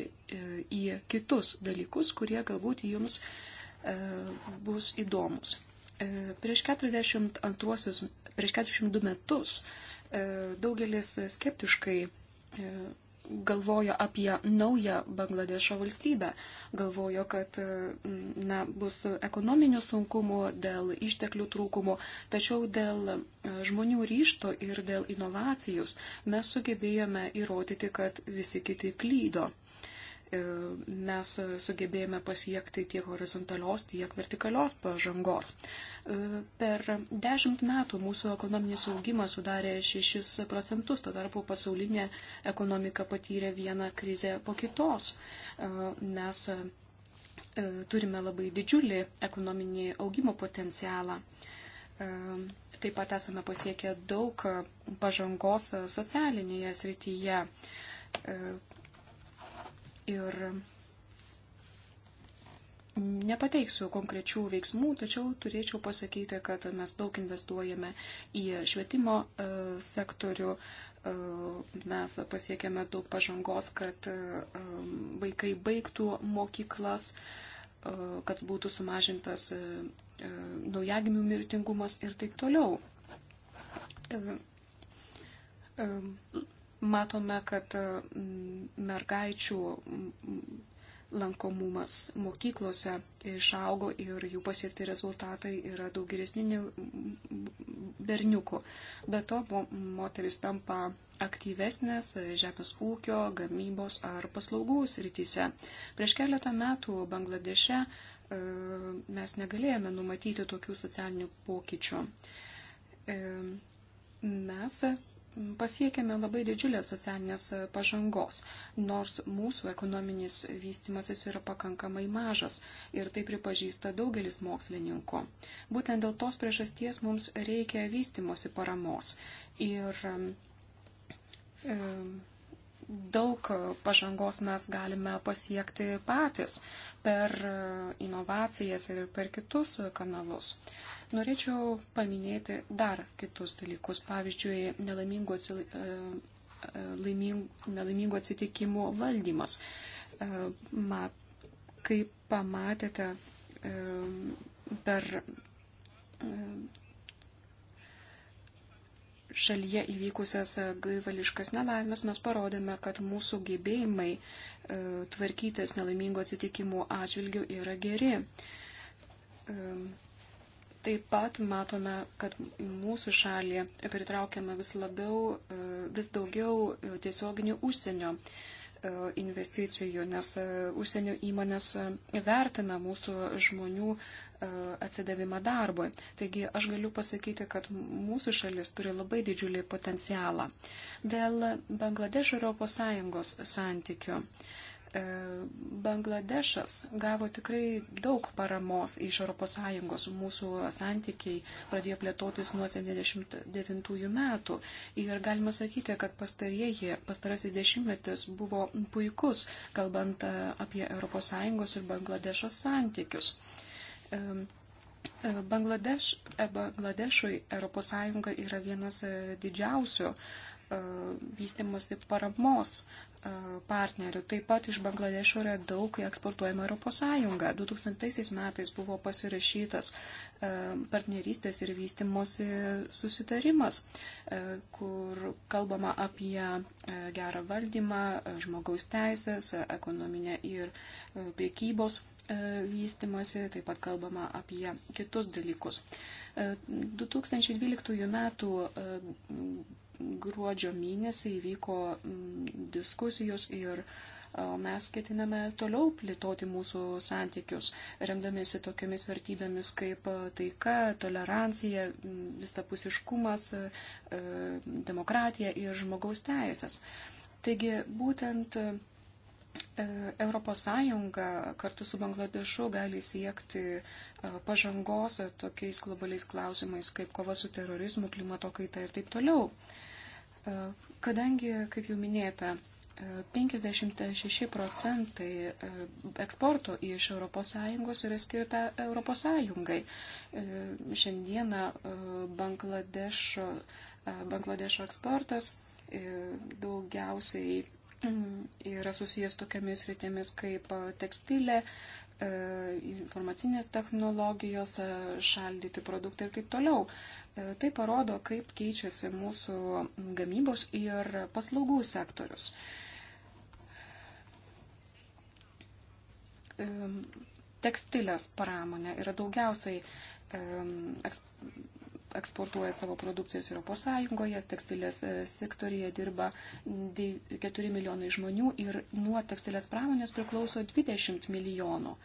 į kitus dalykus, kurie galbūt jums uh, E, bus įdomus. E, prieš 42, prieš 42 metus e, daugelis skeptiškai galvojo apie naują Bangladešo valstybę, galvojo, kad na, bus ekonominių sunkumų dėl išteklių trūkumų, tačiau dėl žmonių ryšto ir dėl inovacijos mes sugebėjome įrodyti, kad visi kiti klydo. E, mes sugebėjome pasiekti tiek horizontalios, tiek vertikalios pažangos. E, per dešimt metų mūsų ekonominis augimas sudarė 6 procentus, to tarpu pasaulinė ekonomika patyrė vieną krizę po kitos. E, mes turime labai didžiulį ekonominį augimo potencialą. Taip pat esame pasiekę daug pažangos socialinėje srityje ir nepateiksiu konkrečių veiksmų, tačiau turėčiau pasakyti, kad mes daug investuojame į švietimo e, sektorių, e, mes pasiekėme daug pažangos, kad e, vaikai baigtų mokyklas, kad būtų sumažintas naujagimių mirtingumas ir taip toliau matome, kad mm, mergaičių mm, lankomumas mokyklose išaugo ir jų pasiekti rezultatai yra daug geresni mm, berniukų. Be to, moteris tampa aktyvesnės žemės ūkio, gamybos ar paslaugų srityse. Prieš keletą metų Bangladeše e, mes negalėjome numatyti tokių socialinių pokyčių. E, mes pasiekėme labai didžiulės socialinės pažangos, nors mūsų ekonominis vystimasis yra pakankamai mažas ir tai pripažįsta daugelis mokslininkų. Būtent dėl tos priežasties mums reikia vystimosi paramos ir e, daug pažangos mes galime pasiekti patys per inovacijas ir per kitus kanalus. E, Norėčiau paminėti dar kitus dalykus, pavyzdžiui, nelaimingų, e, e, laimingų, nelaimingų atsitikimų valdymas. E, ma, kaip pamatėte per šalyje įvykusias gaivališkas nelaimės mes parodėme, kad mūsų gebėjimai tvarkytis nelaimingo atsitikimų atžvilgių yra geri. Taip pat matome, kad mūsų šalį pritraukiama vis labiau, e, vis daugiau e, tiesioginių užsienio e, investicijų, nes užsienio įmonės vertina mūsų žmonių atsidavimą darbui. Taigi aš galiu pasakyti, kad mūsų šalis turi labai didžiulį potencialą. Dėl Bangladešo Europos Sąjungos santykių. Uh, E, Bangladešas gavo tikrai daug paramos iš ES. Mūsų santykiai pradėjo plėtotis nuo 79 metų. Ir galima sakyti, kad pastarasis dešimtmetis buvo puikus, kalbant e, apie ES ir Bangladešo santykius. E, Bangladeš, Bangladešui ES yra vienas didžiausių vystimosi paramos E, partnerių. Taip pat iš Bangladešo yra daug eksportuojama Europos Sąjunga. 2000 metais buvo pasirašytas e, partnerystės ir vystimosi susitarimas, e, kur kalbama apie gerą valdymą, žmogaus teisės, ekonominę ir priekybos vystimasi, taip pat kalbama apie kitus dalykus. 2012 metų gruodžio mėnesį įvyko mm, diskusijos ir mes ketiname toliau plėtoti mūsų santykius, remdamiesi tokiamis vertybėmis kaip taika, tolerancija, mm, vistapusiškumas, demokratija ir žmogaus teisės. Taigi būtent ES kartu su Bangladešu gali siekti pažangos tokiais globaliais klausimais kaip kova su terorizmu, klimato kaita ir taip toliau. E, kadangi, kaip jau minėta, e, 56 procentai e, eksporto iš ES yra skirta ES. Šiandieną Bangladešo, Bangladešo eksportas daugiausiai mm, yra susijęs tokiamis rytėmis kaip tekstilė, E, informacinės technologijos, e, šaldyti produktai ir taip toliau. E, tai parodo, kaip keičiasi mūsų gamybos ir paslaugų sektorius. Tekstilės pramonė yra daugiausiai eksportuoja savo produkcijas Europos Sąjungoje, tekstilės e, sektorija dirba 4 milijonai žmonių ir nuo tekstilės pramonės priklauso 20 milijonų e,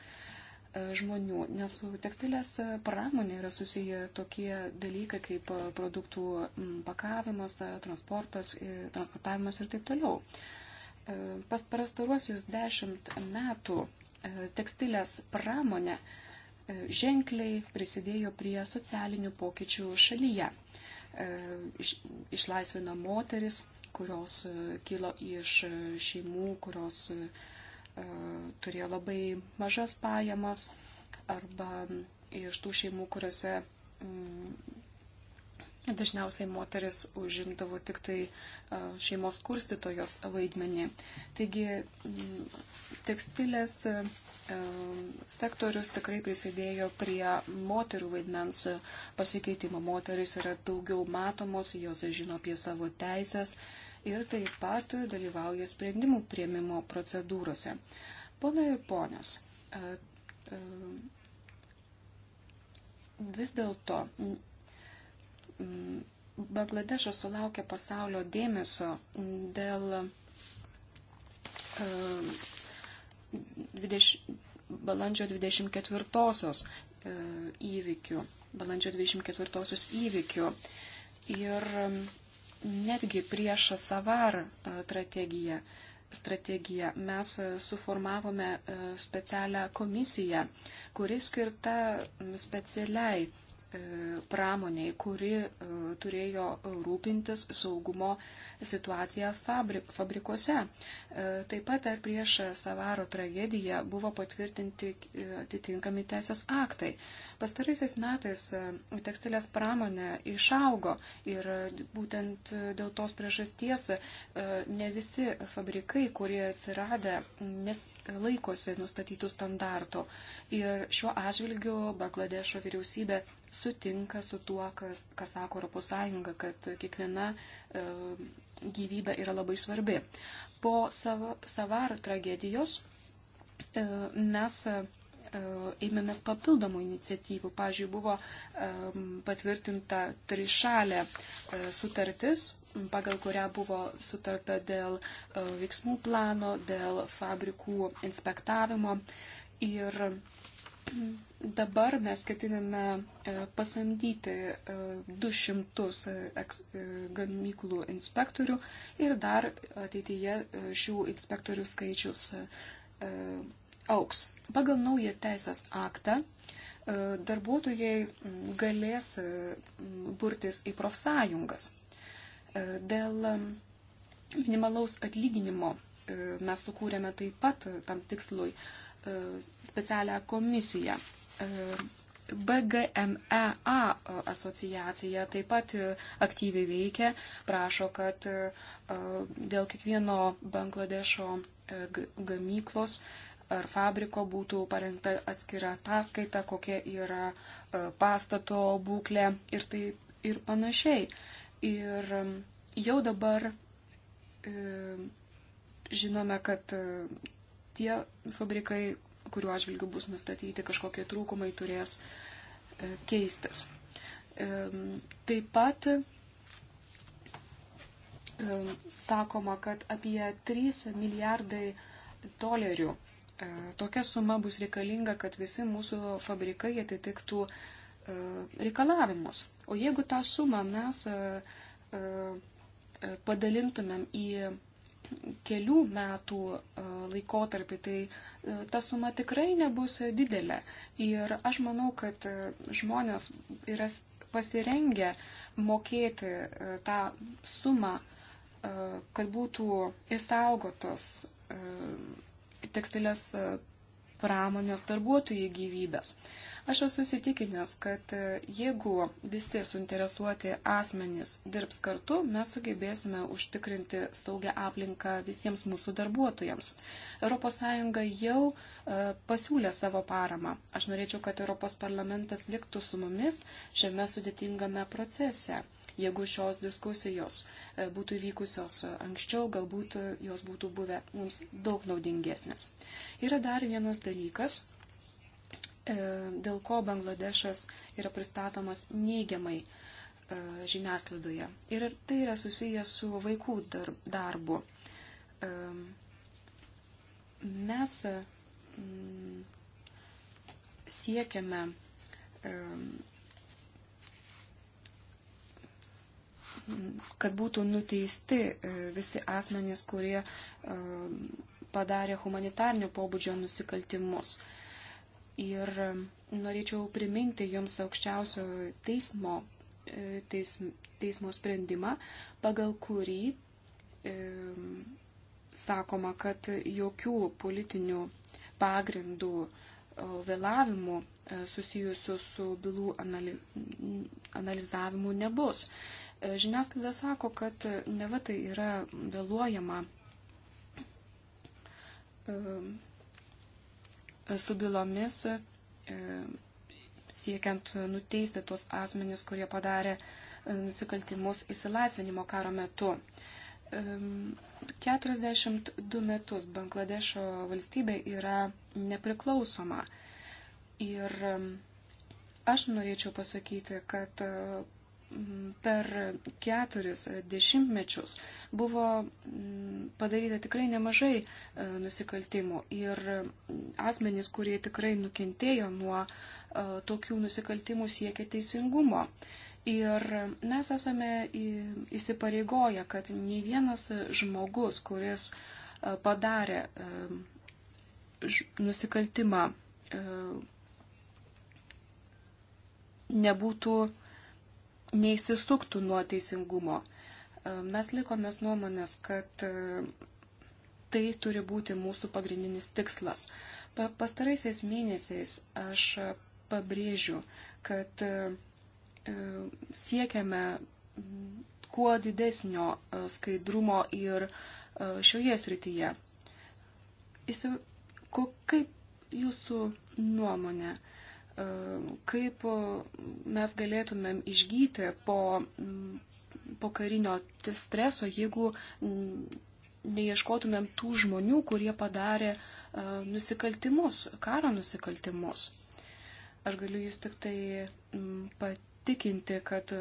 žmonių, nes su tekstilės e, pramonė yra susiję tokie dalykai kaip produktų pakavimas, transportas, transportavimas ir taip toliau. Pastaruosius dešimt metų tekstilės pramonė E, ženkliai prisidėjo prie socialinių pokyčių šalyje. E, išlaisvino moteris, kurios e, kilo iš šeimų, kurios turėjo labai mažas pajamas arba iš tų šeimų, kuriuose Dažniausiai moteris užimdavo tik tai šeimos kurstytojos vaidmenį. Taigi tekstilės sektorius tikrai prisidėjo prie moterų vaidmens pasikeitimo. Moteris yra daugiau matomos, jos žino apie savo teisės ir taip pat dalyvauja sprendimų prieimimo procedūrose. Ponai ir ponios, vis dėlto Bangladešas sulaukė pasaulio dėmesio dėl 20, e, balandžio 24-osios e, įvykių, balandžio 24-osios įvykių. Ir e, netgi prieš savar strategiją, strategiją mes suformavome specialią komisiją, kuri skirta specialiai E, pramoniai, kuri e, turėjo rūpintis saugumo situaciją fabrikuose. E, taip pat dar prieš Savaro tragediją buvo patvirtinti atitinkami teisės aktai. Pastaraisiais metais tekstilės pramonė išaugo ir būtent dėl tos priežasties ne visi fabrikai, kurie atsiradę, nes laikosi nustatytų standartų. Ir šiuo atžvilgiu Bangladešo vyriausybė sutinka su tuo, kas, kas sako ES, kad kiekviena e, gyvybė yra labai svarbi. Po sava, Savar tragedijos e, mes e, ėmėmės papildomų iniciatyvų. Pavyzdžiui, buvo e, patvirtinta trišalė e, sutartis, pagal kurią buvo sutarta dėl veiksmų plano, dėl fabrikų inspektavimo. Ir Dabar mes ketiname e, pasamdyti 200 e, e, gamyklų inspektorių ir dar ateityje šių inspektorių skaičius auks. Pagal naują teisės aktą darbuotojai galės burtis į profsąjungas. Dėl minimalaus atlyginimo mes sukūrėme taip pat tam tikslui E, specialią komisiją. E, BGMEA asociacija taip pat e, aktyviai veikia, prašo, kad dėl kiekvieno Bangladešo gamyklos ar fabriko būtų parengta atskira ataskaita, kokia yra pastato būklė ir, tai, ir panašiai. Ir jau dabar žinome, kad tie fabrikai, kuriuo atžvilgiu bus nustatyti kažkokie trūkumai, turės e, keistis. Taip pat sakoma, kad apie 3 milijardai dolerių. E, tokia suma bus reikalinga, kad visi mūsų fabrikai atitiktų e, reikalavimus. O jeigu tą sumą mes padalintumėm į kelių metų e, laikotarpį, tai e, ta suma tikrai nebus didelė. Ir aš manau, kad e, žmonės yra pasirengę mokėti tą sumą, kad būtų įsaugotos tekstilės pramonės darbuotojų gyvybės. Aš esu įsitikinęs, kad e, jeigu visi suinteresuoti asmenys dirbs kartu, mes sugebėsime užtikrinti saugią aplinką visiems mūsų darbuotojams. ES jau e, pasiūlė savo paramą. Aš norėčiau, kad Europos parlamentas liktų su mumis šiame sudėtingame procese jeigu šios diskusijos e, būtų vykusios anksčiau, galbūt jos būtų buvę mums daug naudingesnės. Yra dar vienas dalykas, E, dėl ko Bangladešas yra pristatomas neigiamai e, žiniasklaidoje. Ir tai yra susijęs su vaikų darbu. E, mes siekiame kad būtų nuteisti visi asmenys, kurie padarė humanitarnio pobūdžio nusikaltimus. Uh, Ir um, norėčiau priminti Jums aukščiausio teismo, e, teism, teismo sprendimą, pagal kurį e, sakoma, kad jokių politinių pagrindų vėlavimų e, susijusių su bylų anali, analizavimu nebus. E, žiniasklaida sako, kad neva tai yra vėluojama e, su bylomis e, siekiant nuteisti tuos asmenys, kurie padarė e, nusikaltimus įsilaisvinimo karo metu. 42 e, metus Bangladešo valstybė yra nepriklausoma. Ir aš norėčiau pasakyti, kad per keturis dešimtmečius buvo mm, padaryta tikrai nemažai e, nusikaltimų ir mm, asmenys, kurie tikrai nukentėjo nuo e, tokių nusikaltimų, siekia teisingumo. Ir mes esame įsipareigoję, kad nei vienas žmogus, kuris e, padarė nusikaltimą, nebūtų neįsisuktų nuo teisingumo. E, mes likomės nuomonės, kad e, tai turi būti mūsų pagrindinis tikslas. Pastaraisiais mėnesiais aš pabrėžiu, kad e, siekiame kuo didesnio skaidrumo ir šioje srityje. Kaip jūsų nuomonė? kaip mes galėtumėm išgyti po, po karinio streso, jeigu neieškotumėm tų žmonių, kurie padarė e, nusikaltimus, karo nusikaltimus. Aš galiu jūs tik tai patikinti, kad e,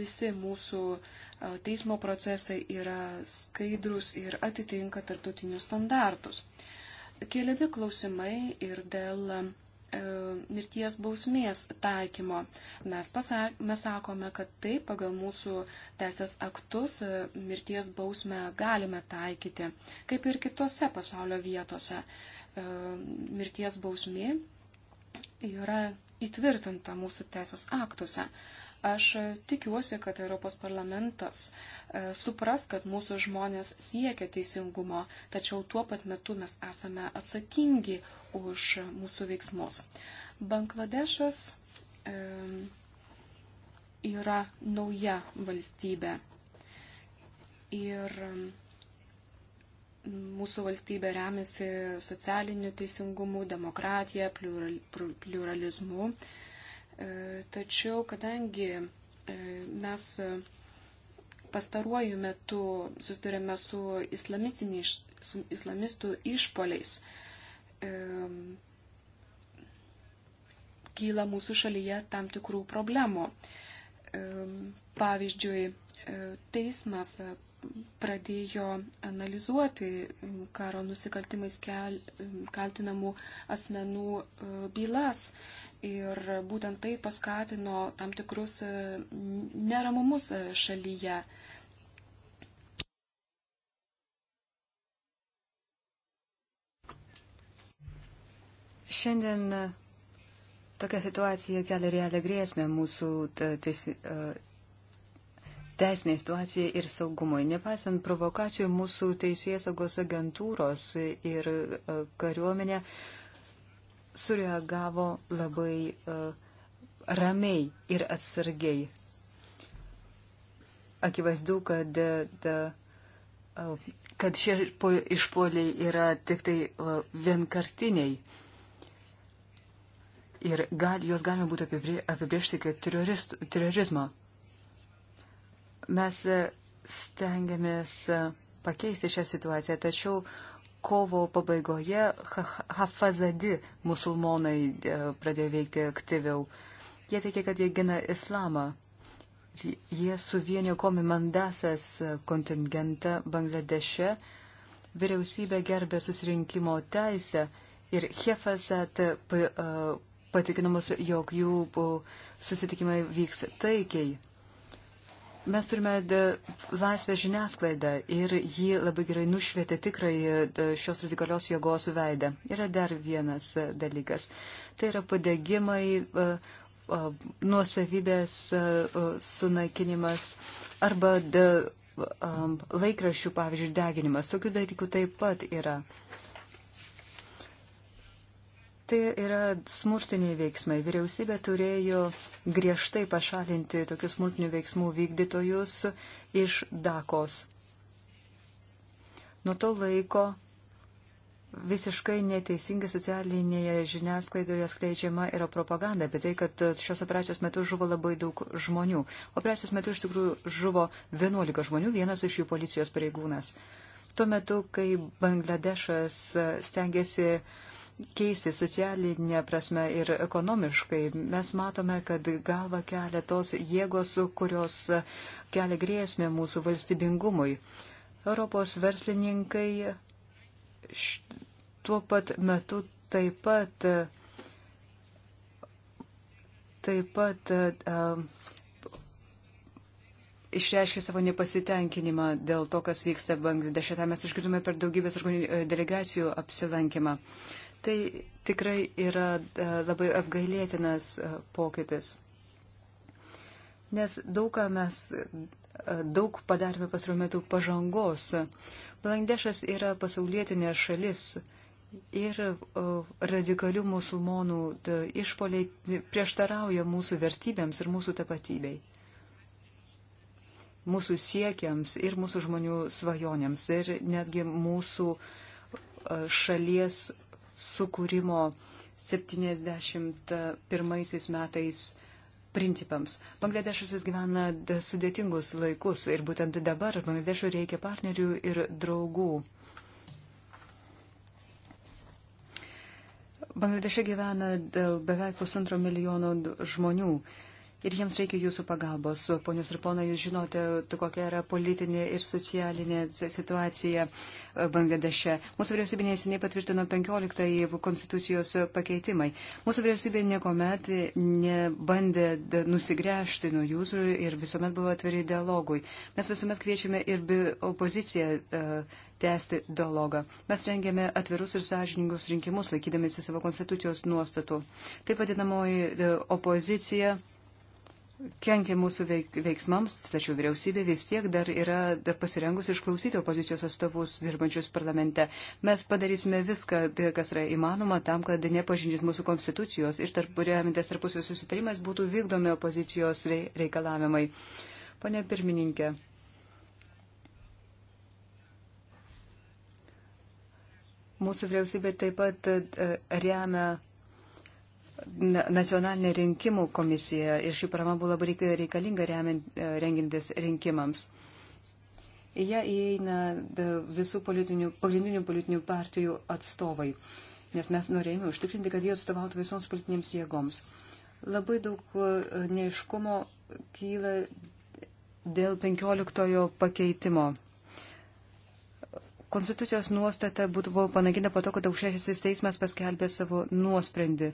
visi mūsų e, teismo procesai yra skaidrus ir atitinka tarptautinius standartus. Keliami klausimai ir dėl E, mirties bausmės taikymo. Mes, pasak, mes sakome, kad taip pagal mūsų teisės aktus e, mirties bausmę galime taikyti, kaip ir kitose pasaulio vietose. E, mirties bausmė yra įtvirtinta mūsų teisės aktuose. Aš tikiuosi, kad Europos parlamentas e, supras, kad mūsų žmonės siekia teisingumo, tačiau tuo pat metu mes esame atsakingi už mūsų veiksmus. Bangladešas e, yra nauja valstybė. Ir mūsų valstybė remiasi socialiniu teisingumu, demokratija, pluralizmu. Plural, E, tačiau kadangi e, mes pastaruoju metu susidurėme su, su islamistų išpoliais, e, kyla mūsų šalyje tam tikrų problemų. Pavyzdžiui, teismas pradėjo analizuoti karo nusikaltimais kel, kaltinamų asmenų e, bylas. Ir būtent tai paskatino tam tikrus e, neramumus e, šalyje. Šiandien tokia situacija kelia realią grėsmę mūsų teis, teisiniai situacijai ir saugumui. Nepaisant provokacijų, mūsų teisės saugos agentūros ir e, kariuomenė sureagavo labai e, ramiai ir atsargiai. Akivaizdu, kad, e, da, kad šie išpoliai yra tik tai vienkartiniai. Ir gal, juos galima būtų apibriežti kaip terorist, terorizmo Mes e, stengiamės e, pakeisti šią situaciją, tačiau kovo pabaigoje Hafazadi musulmonai e, pradėjo veikti aktyviau. Jie teikia, kad jie gina islamą. Jie suvienijo komi mandasas kontingentą Bangladeše, vyriausybė gerbė susirinkimo teisę ir Hefazat patikinamus, jog jų susitikimai vyks taikiai. Mes turime laisvę žiniasklaidą ir ji labai gerai nušvietė tikrai šios radikalios jėgos veidą. Yra dar vienas e, dalykas. Tai yra padėgymai, e, nuosavybės e, sunaikinimas arba laikraščių, pavyzdžiui, deginimas. Tokių dalykų taip pat yra. Tai yra smurtiniai veiksmai. Vyriausybė turėjo griežtai pašalinti tokius smurtinių veiksmų vykdytojus iš Dakos. Nuo to laiko visiškai neteisingai socialinėje žiniasklaidoje skleidžiama yra propaganda apie tai, kad šios operacijos metu žuvo labai daug žmonių. Operacijos metu iš tikrųjų žuvo 11 žmonių, vienas iš jų policijos pareigūnas. Tuo metu, kai Bangladešas stengiasi uh, keisti socialinė prasme ir ekonomiškai, mes matome, kad galva kelia tos jėgos, kurios kelia grėsmę mūsų valstybingumui. Europos verslininkai tuo pat metu taip pat, taip pat uh, išreiškė savo nepasitenkinimą dėl to, kas vyksta Bangladeše. Ta mes išgirdome per daugybės delegacijų apsilankimą. Uh, Tai tikrai yra e, labai apgailėtinas e, pokytis. Nes daug ką mes e, daug padarėme pastaruoju metu pažangos. Bangladešas yra pasaulietinė šalis ir radikalių musulmonų išpoliai prieštarauja mūsų vertybėms ir mūsų tapatybei, mūsų siekiams ir mūsų žmonių svajonėms ir netgi mūsų šalies sukūrimo 71 metais principams. Bangladešas gyvena sudėtingus laikus ir būtent dabar Bangladešui reikia partnerių ir draugų. Bangladeše gyvena beveik pusantro milijono žmonių ir jiems reikia jūsų pagalbos. Ponios ir ponai, jūs žinote, kokia yra politinė ir socialinė situacija e, Bangladeše. Mūsų vyriausybė neseniai patvirtino 15 konstitucijos pakeitimai. Mūsų vyriausybė niekuomet nebandė nusigręžti nuo jūsų ir visuomet buvo atviri dialogui. Mes visuomet kviečiame ir opoziciją e, tęsti dialogą. Mes rengėme atvirus ir sąžiningus rinkimus, laikydamėsi savo konstitucijos nuostatų. Taip vadinamoji e, opozicija kenkia mūsų veik, veiksmams, tačiau vyriausybė vis tiek dar yra pasirengusi išklausyti opozicijos atstovus dirbančius parlamente. Mes padarysime viską, tai, kas yra įmanoma, tam, kad nepažindžiant mūsų konstitucijos ir tarp, remintas tarpusio susitarimas būtų vykdomi opozicijos reikalavimai. Pane pirmininkė. Mūsų vyriausybė taip pat e, remia nacionalinė rinkimų komisija ir ši parama buvo labai reikalinga e, rengintis rinkimams. Į ją įeina visų politinių, pagrindinių politinių partijų atstovai, nes mes norėjome užtikrinti, kad jie atstovautų visoms politinėms jėgoms. Labai daug e, neiškumo kyla dėl 15 pakeitimo. Konstitucijos nuostata buvo panaginta po to, kad aukščiausiasis teismas paskelbė savo nuosprendį.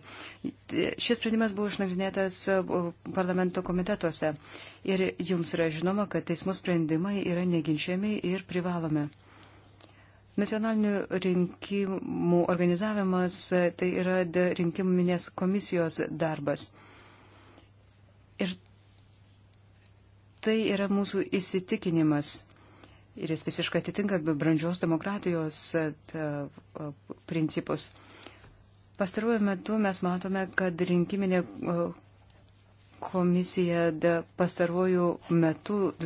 Šis sprendimas buvo išnagrinėtas parlamento komitetuose. Ir jums yra žinoma, kad teismų sprendimai yra neginčiami ir privalomi. Nacionalinių rinkimų organizavimas tai yra rinkiminės komisijos darbas. Ir tai yra mūsų įsitikinimas ir jis visiškai atitinka brandžios demokratijos e, e, principus. Pastaruoju metu mes matome, kad rinkiminė e, komisija pastaruoju metu e,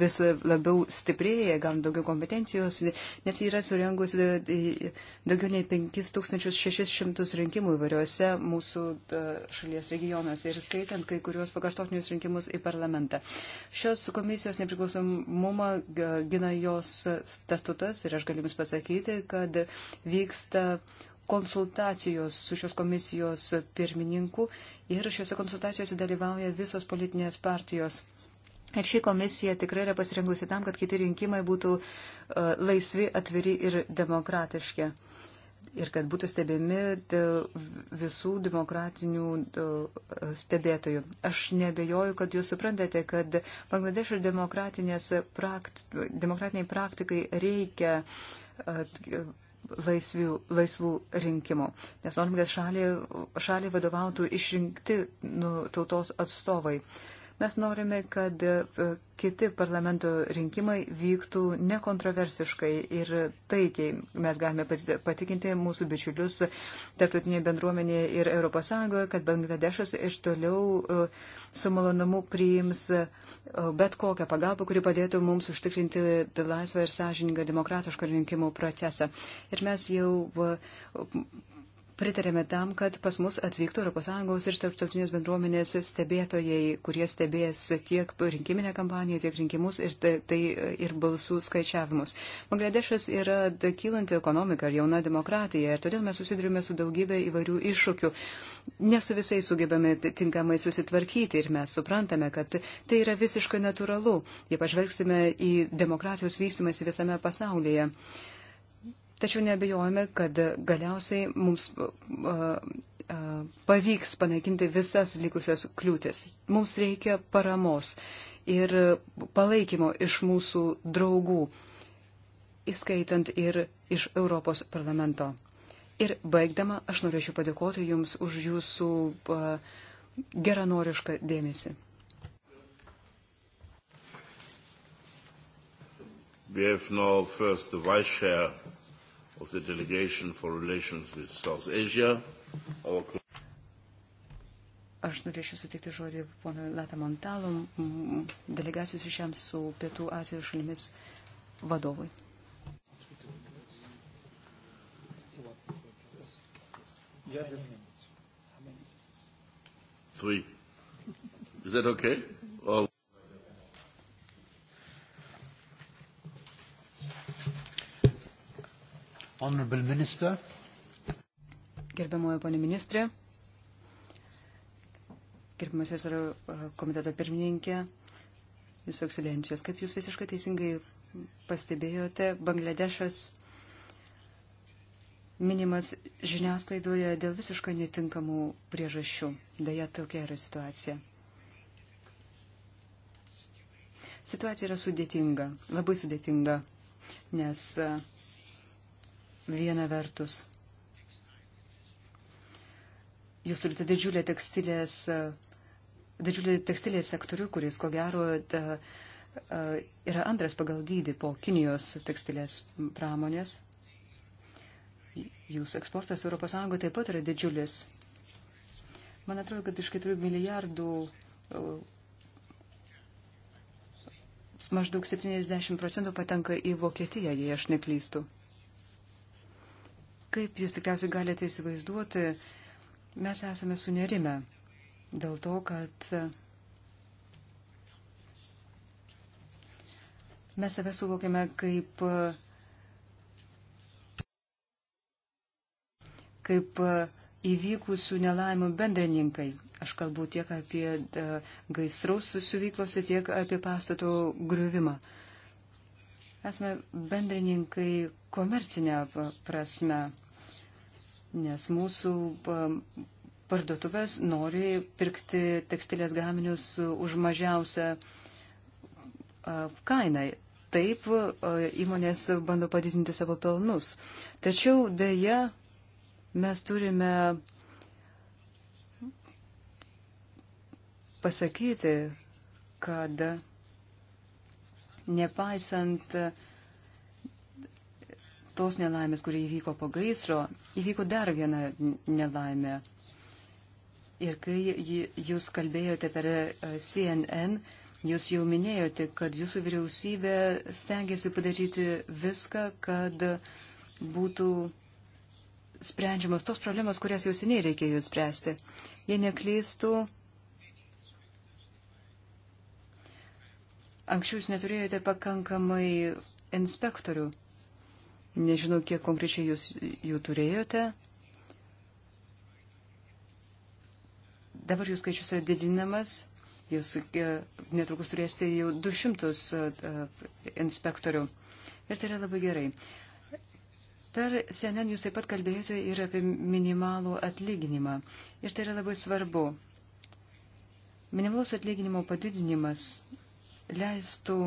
vis labiau stiprėja, gauna daugiau kompetencijos, nes yra surengusi daugiau nei 5600 rinkimų įvairiuose mūsų šalies regionuose ir skaitant kai kuriuos pakartotinius rinkimus į parlamentą. Šios komisijos nepriklausomumą gina jos statutas ir aš galiu Jums pasakyti, kad vyksta konsultacijos su šios komisijos pirmininku ir šiuose konsultacijose dalyvauja visos politinės partijos. Ir ši komisija tikrai yra pasirengusi tam, kad kiti rinkimai būtų uh, laisvi, atviri ir demokratiški. Ir kad būtų stebimi e, visų demokratinių e, stebėtojų. Aš nebejoju, kad jūs suprantate, kad Bangladešo demokratiniai praktikai reikia uh, laisvių, laisvų rinkimų, nes norime, kad šaliai šalį vadovautų išrinkti nu, tautos atstovai. Uh, Mes norime, kad e, kiti parlamento rinkimai vyktų nekontroversiškai ir taikiai. Mes galime patikinti mūsų bičiulius tarptautinėje bendruomenėje ir ES, kad Bangladešas iš toliau e, su malonumu priims e, bet kokią pagalbą, kuri padėtų mums užtikrinti laisvą ir sąžiningą demokratišką rinkimų procesą. Ir mes jau pritarėme tam, kad pas mus atvyktų ES ir tarptautinės bendruomenės stebėtojai, kurie stebės tiek rinkiminę kampaniją, tiek rinkimus ir, tai, ir balsų skaičiavimus. Bangladešas yra kylanti ekonomika ir jauna demokratija ir todėl mes susidurime su daugybė įvairių iššūkių. Ne su visais sugebame tinkamai susitvarkyti ir mes suprantame, kad tai yra visiškai natūralu, jei pažvelgsime į demokratijos vystimąsi visame pasaulyje. Tačiau nebejojame, kad galiausiai mums pavyks panaikinti visas likusias kliūtis. Mums reikia paramos ir palaikymo iš mūsų draugų, įskaitant ir iš Europos parlamento. Ir baigdama, aš norėčiau padėkoti Jums už Jūsų geranorišką dėmesį. We have now first the vice chair of the Delegation for Relations with South Asia. Our... Aš norėčiau sutikti žodį ponui Latamontalum, delegacijos ryšiams su Pietų Azijos šalimis vadovui. Yeah, Three. Is that okay? Or... Honorable Minister. Gerbiamojo ponė ministrė, gerbiamas Esoro e, komiteto pirmininkė, Jūsų ekscelencijos, kaip Jūs visiškai teisingai pastebėjote, Bangladešas minimas žiniasklaidoje dėl visiškai netinkamų priežasčių. Deja, tokia yra situacija. Situacija yra sudėtinga, labai sudėtinga, nes uh, Viena vertus, jūs turite didžiulę tekstilės, didžiulį tekstilės sektorių, kuris ko gero da, yra antras pagal dydį po Kinijos tekstilės pramonės. Jūsų eksportas ES taip pat yra didžiulis. Man atrodo, kad iš 4 milijardų maždaug 70 procentų patenka į Vokietiją, jei aš neklystu. Kaip jūs tikriausiai galite įsivaizduoti, mes esame sunerime dėl to, kad mes save suvokiame kaip, kaip įvykusių nelaimų bendrininkai. Aš kalbu tiek apie e, gaisrus susivyklose, tiek apie pastato griuvimą. Esame bendrininkai komercinę prasme nes mūsų parduotuvės nori pirkti tekstilės gaminius už mažiausią kainą. Taip įmonės bando padidinti savo pelnus. Tačiau dėja mes turime pasakyti, kad nepaisant uh, tos nelaimės, kurie įvyko po gaisro, įvyko dar viena nelaimė. Ir kai jūs kalbėjote per e, CNN, jūs jau minėjote, kad jūsų vyriausybė stengiasi padaryti viską, kad būtų sprendžiamas tos problemos, kurias jau seniai reikėjo spręsti. Jei neklystų, anksčiau jūs neturėjote pakankamai inspektorių. Nežinau, kiek konkrečiai jūs jų turėjote. Dabar jų skaičius yra didinamas. Jūs e, netrukus turėsite jau 200 e, e, inspektorių. Ir tai yra labai gerai. Per CNN jūs taip pat kalbėjote ir apie minimalų atlyginimą. Ir tai yra labai svarbu. Minimalus atlyginimo padidinimas leistų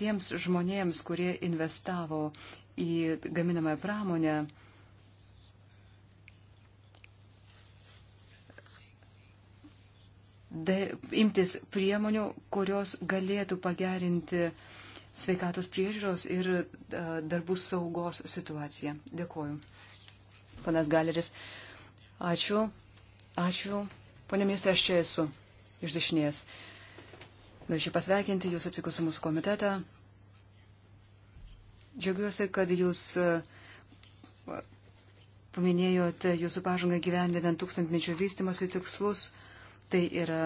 tiems žmonėms, kurie investavo į gaminamąją pramonę, de, imtis priemonių, kurios galėtų pagerinti sveikatos priežiūros ir e, darbų saugos situaciją. Dėkuoju. Panas Galeris, ačiū, ačiū. Pone ministrė, aš čia esu iš dešinės. Norėčiau pasveikinti Jūs atvykus į mūsų komitetą. Džiaugiuosi, kad jūs e, paminėjote jūsų pažangą gyvendinant tūkstantmečio vystimosi tikslus. Tai yra,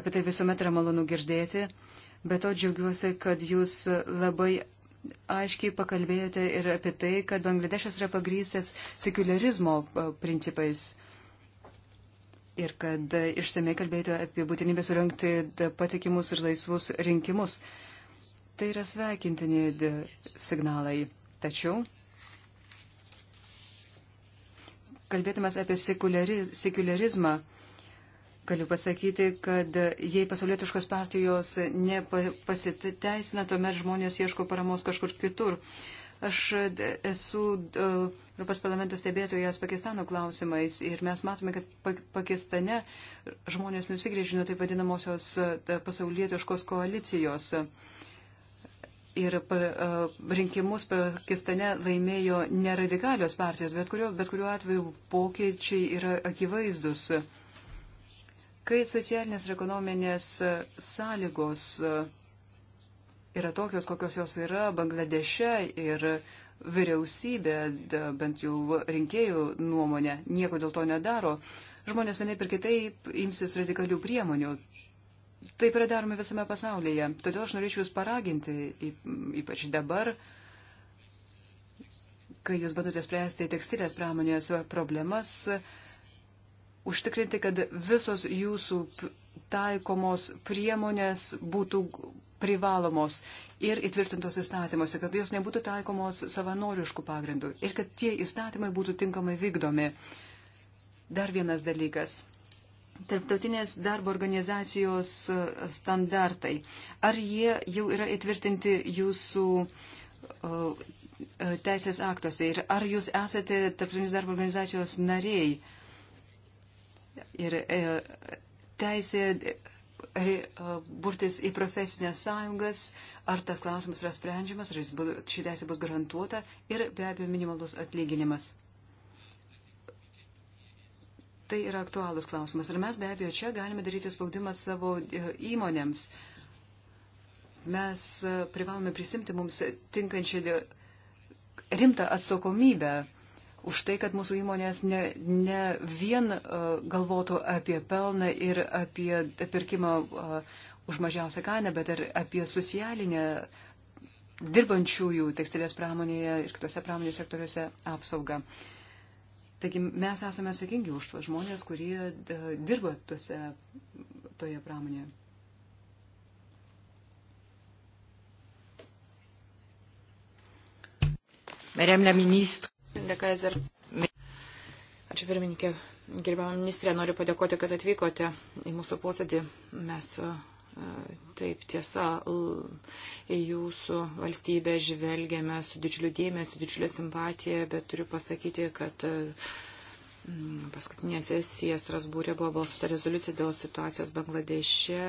apie tai visuomet yra malonu girdėti. Bet to džiaugiuosi, kad jūs labai aiškiai pakalbėjote ir apie tai, kad Bangladešas yra pagrystas sekularizmo e, principais. Ir kad e, išsamei kalbėjote apie būtinybę surinkti patikimus ir laisvus rinkimus. Uh, Tai yra sveikintini signalai. Tačiau, kalbėtumas apie sekularizmą, galiu pasakyti, kad jei pasaulietiškos partijos nepasiteisina, tuomet žmonės ieško paramos kažkur kitur. Aš esu Europos parlamento stebėtojas Pakistano klausimais ir mes matome, kad Pakistane žmonės nusigrėžino taip vadinamosios pasaulietiškos koalicijos. Uh, Ir rinkimus Pakistane laimėjo ne radikalios partijos, bet kuriuo, bet kuriuo atveju pokyčiai yra akivaizdus. Kai socialinės ir ekonominės sąlygos yra tokios, kokios jos yra Bangladeše ir vyriausybė, bent jau rinkėjų nuomonė, nieko dėl to nedaro, žmonės vienaip ir kitaip imsis radikalių priemonių Taip yra daroma visame pasaulyje. Todėl aš norėčiau Jūs paraginti, ypač dabar, kai Jūs bandote spręsti tekstilės pramonės problemas, užtikrinti, kad visos Jūsų taikomos priemonės būtų privalomos ir įtvirtintos įstatymuose, kad jos nebūtų taikomos savanoriškų pagrindų ir kad tie įstatymai būtų tinkamai vykdomi. Dar vienas dalykas. Tarptautinės darbo organizacijos e, standartai. Ar jie jau yra įtvirtinti jūsų e, e, teisės aktuose ir ar jūs esate Tarptautinės darbo organizacijos nariai? Ir teisė burtis į profesinės sąjungas, ar tas klausimas yra sprendžiamas, ar ši teisė bus garantuota ir be abejo minimalus atlyginimas tai yra aktualūs klausimas. Ir mes be abejo čia galime daryti spaudimą savo e, įmonėms. Mes e, privalome prisimti mums tinkančią e, rimtą atsakomybę už tai, kad mūsų įmonės ne, ne vien uh, galvotų apie pelną ir apie pirkimą uh, už mažiausią kainą, bet ir apie socialinę dirbančiųjų tekstilės pramonėje ir kitose pramonės sektoriuose apsaugą. Uh, Taigi mes esame atsakingi už tuos žmonės, kurie e, dirba tuose, toje pramonėje. Madame la ministre. Ačiū pirmininkė. Gerbiamą ministrę noriu padėkoti, kad atvykote į mūsų posėdį. Mes e, Taip tiesa, į jūsų valstybę žvelgiame su didžiuliu dėmesiu, didžiulė simpatija, bet turiu pasakyti, kad mm, paskutinė sesija Strasbūrė buvo balsuota rezoliucija dėl situacijos Bangladeše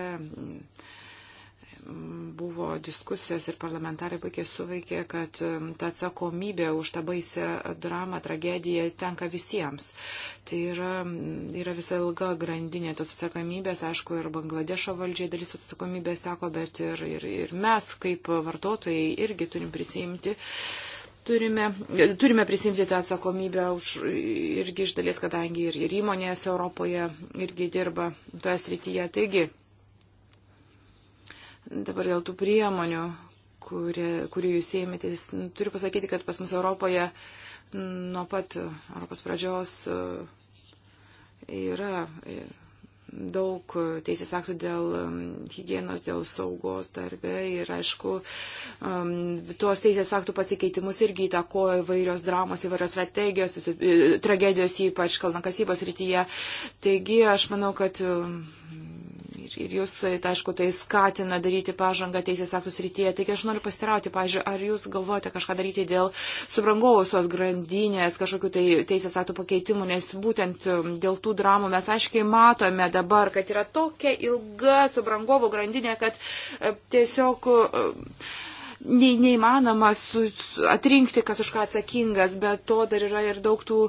buvo diskusijos ir parlamentarai puikiai suveikė, kad um, ta atsakomybė už tą baisę dramą, tragediją tenka visiems. Tai yra, um, yra visa ilga grandinė tos atsakomybės, aišku, ir Bangladešo valdžiai dalis atsakomybės teko, bet ir, ir, ir mes kaip vartotojai irgi turim prisijimti turime, turime prisimti tą atsakomybę už irgi iš dalies, kadangi ir, ir įmonės Europoje irgi dirba toje srityje. Taigi, Dabar dėl tų priemonių, kurių jūs ėmėtės, turiu pasakyti, kad pas mus Europoje nuo pat Europos pradžios e, yra e, daug teisės aktų dėl hygienos, dėl saugos darbe ir aišku, tuos teisės aktų pasikeitimus irgi įtakoja įvairios dramos, įvairios strategijos, e, tragedijos ypač kalnakasybos rytyje. Taigi aš manau, kad ir, ir jūs, tai, tai, aišku, tai skatina daryti pažangą teisės aktus rytyje. Taigi aš noriu pasirauti, pažiūrėjau, ar jūs galvojate kažką daryti dėl subrangovusios grandinės, kažkokių tai teisės aktų pakeitimų, nes būtent um, dėl tų dramų mes aiškiai matome dabar, kad yra tokia ilga subrangovų grandinė, kad e, tiesiog um, neįmanoma su, atrinkti, kas už ką atsakingas, bet to dar yra ir daug tų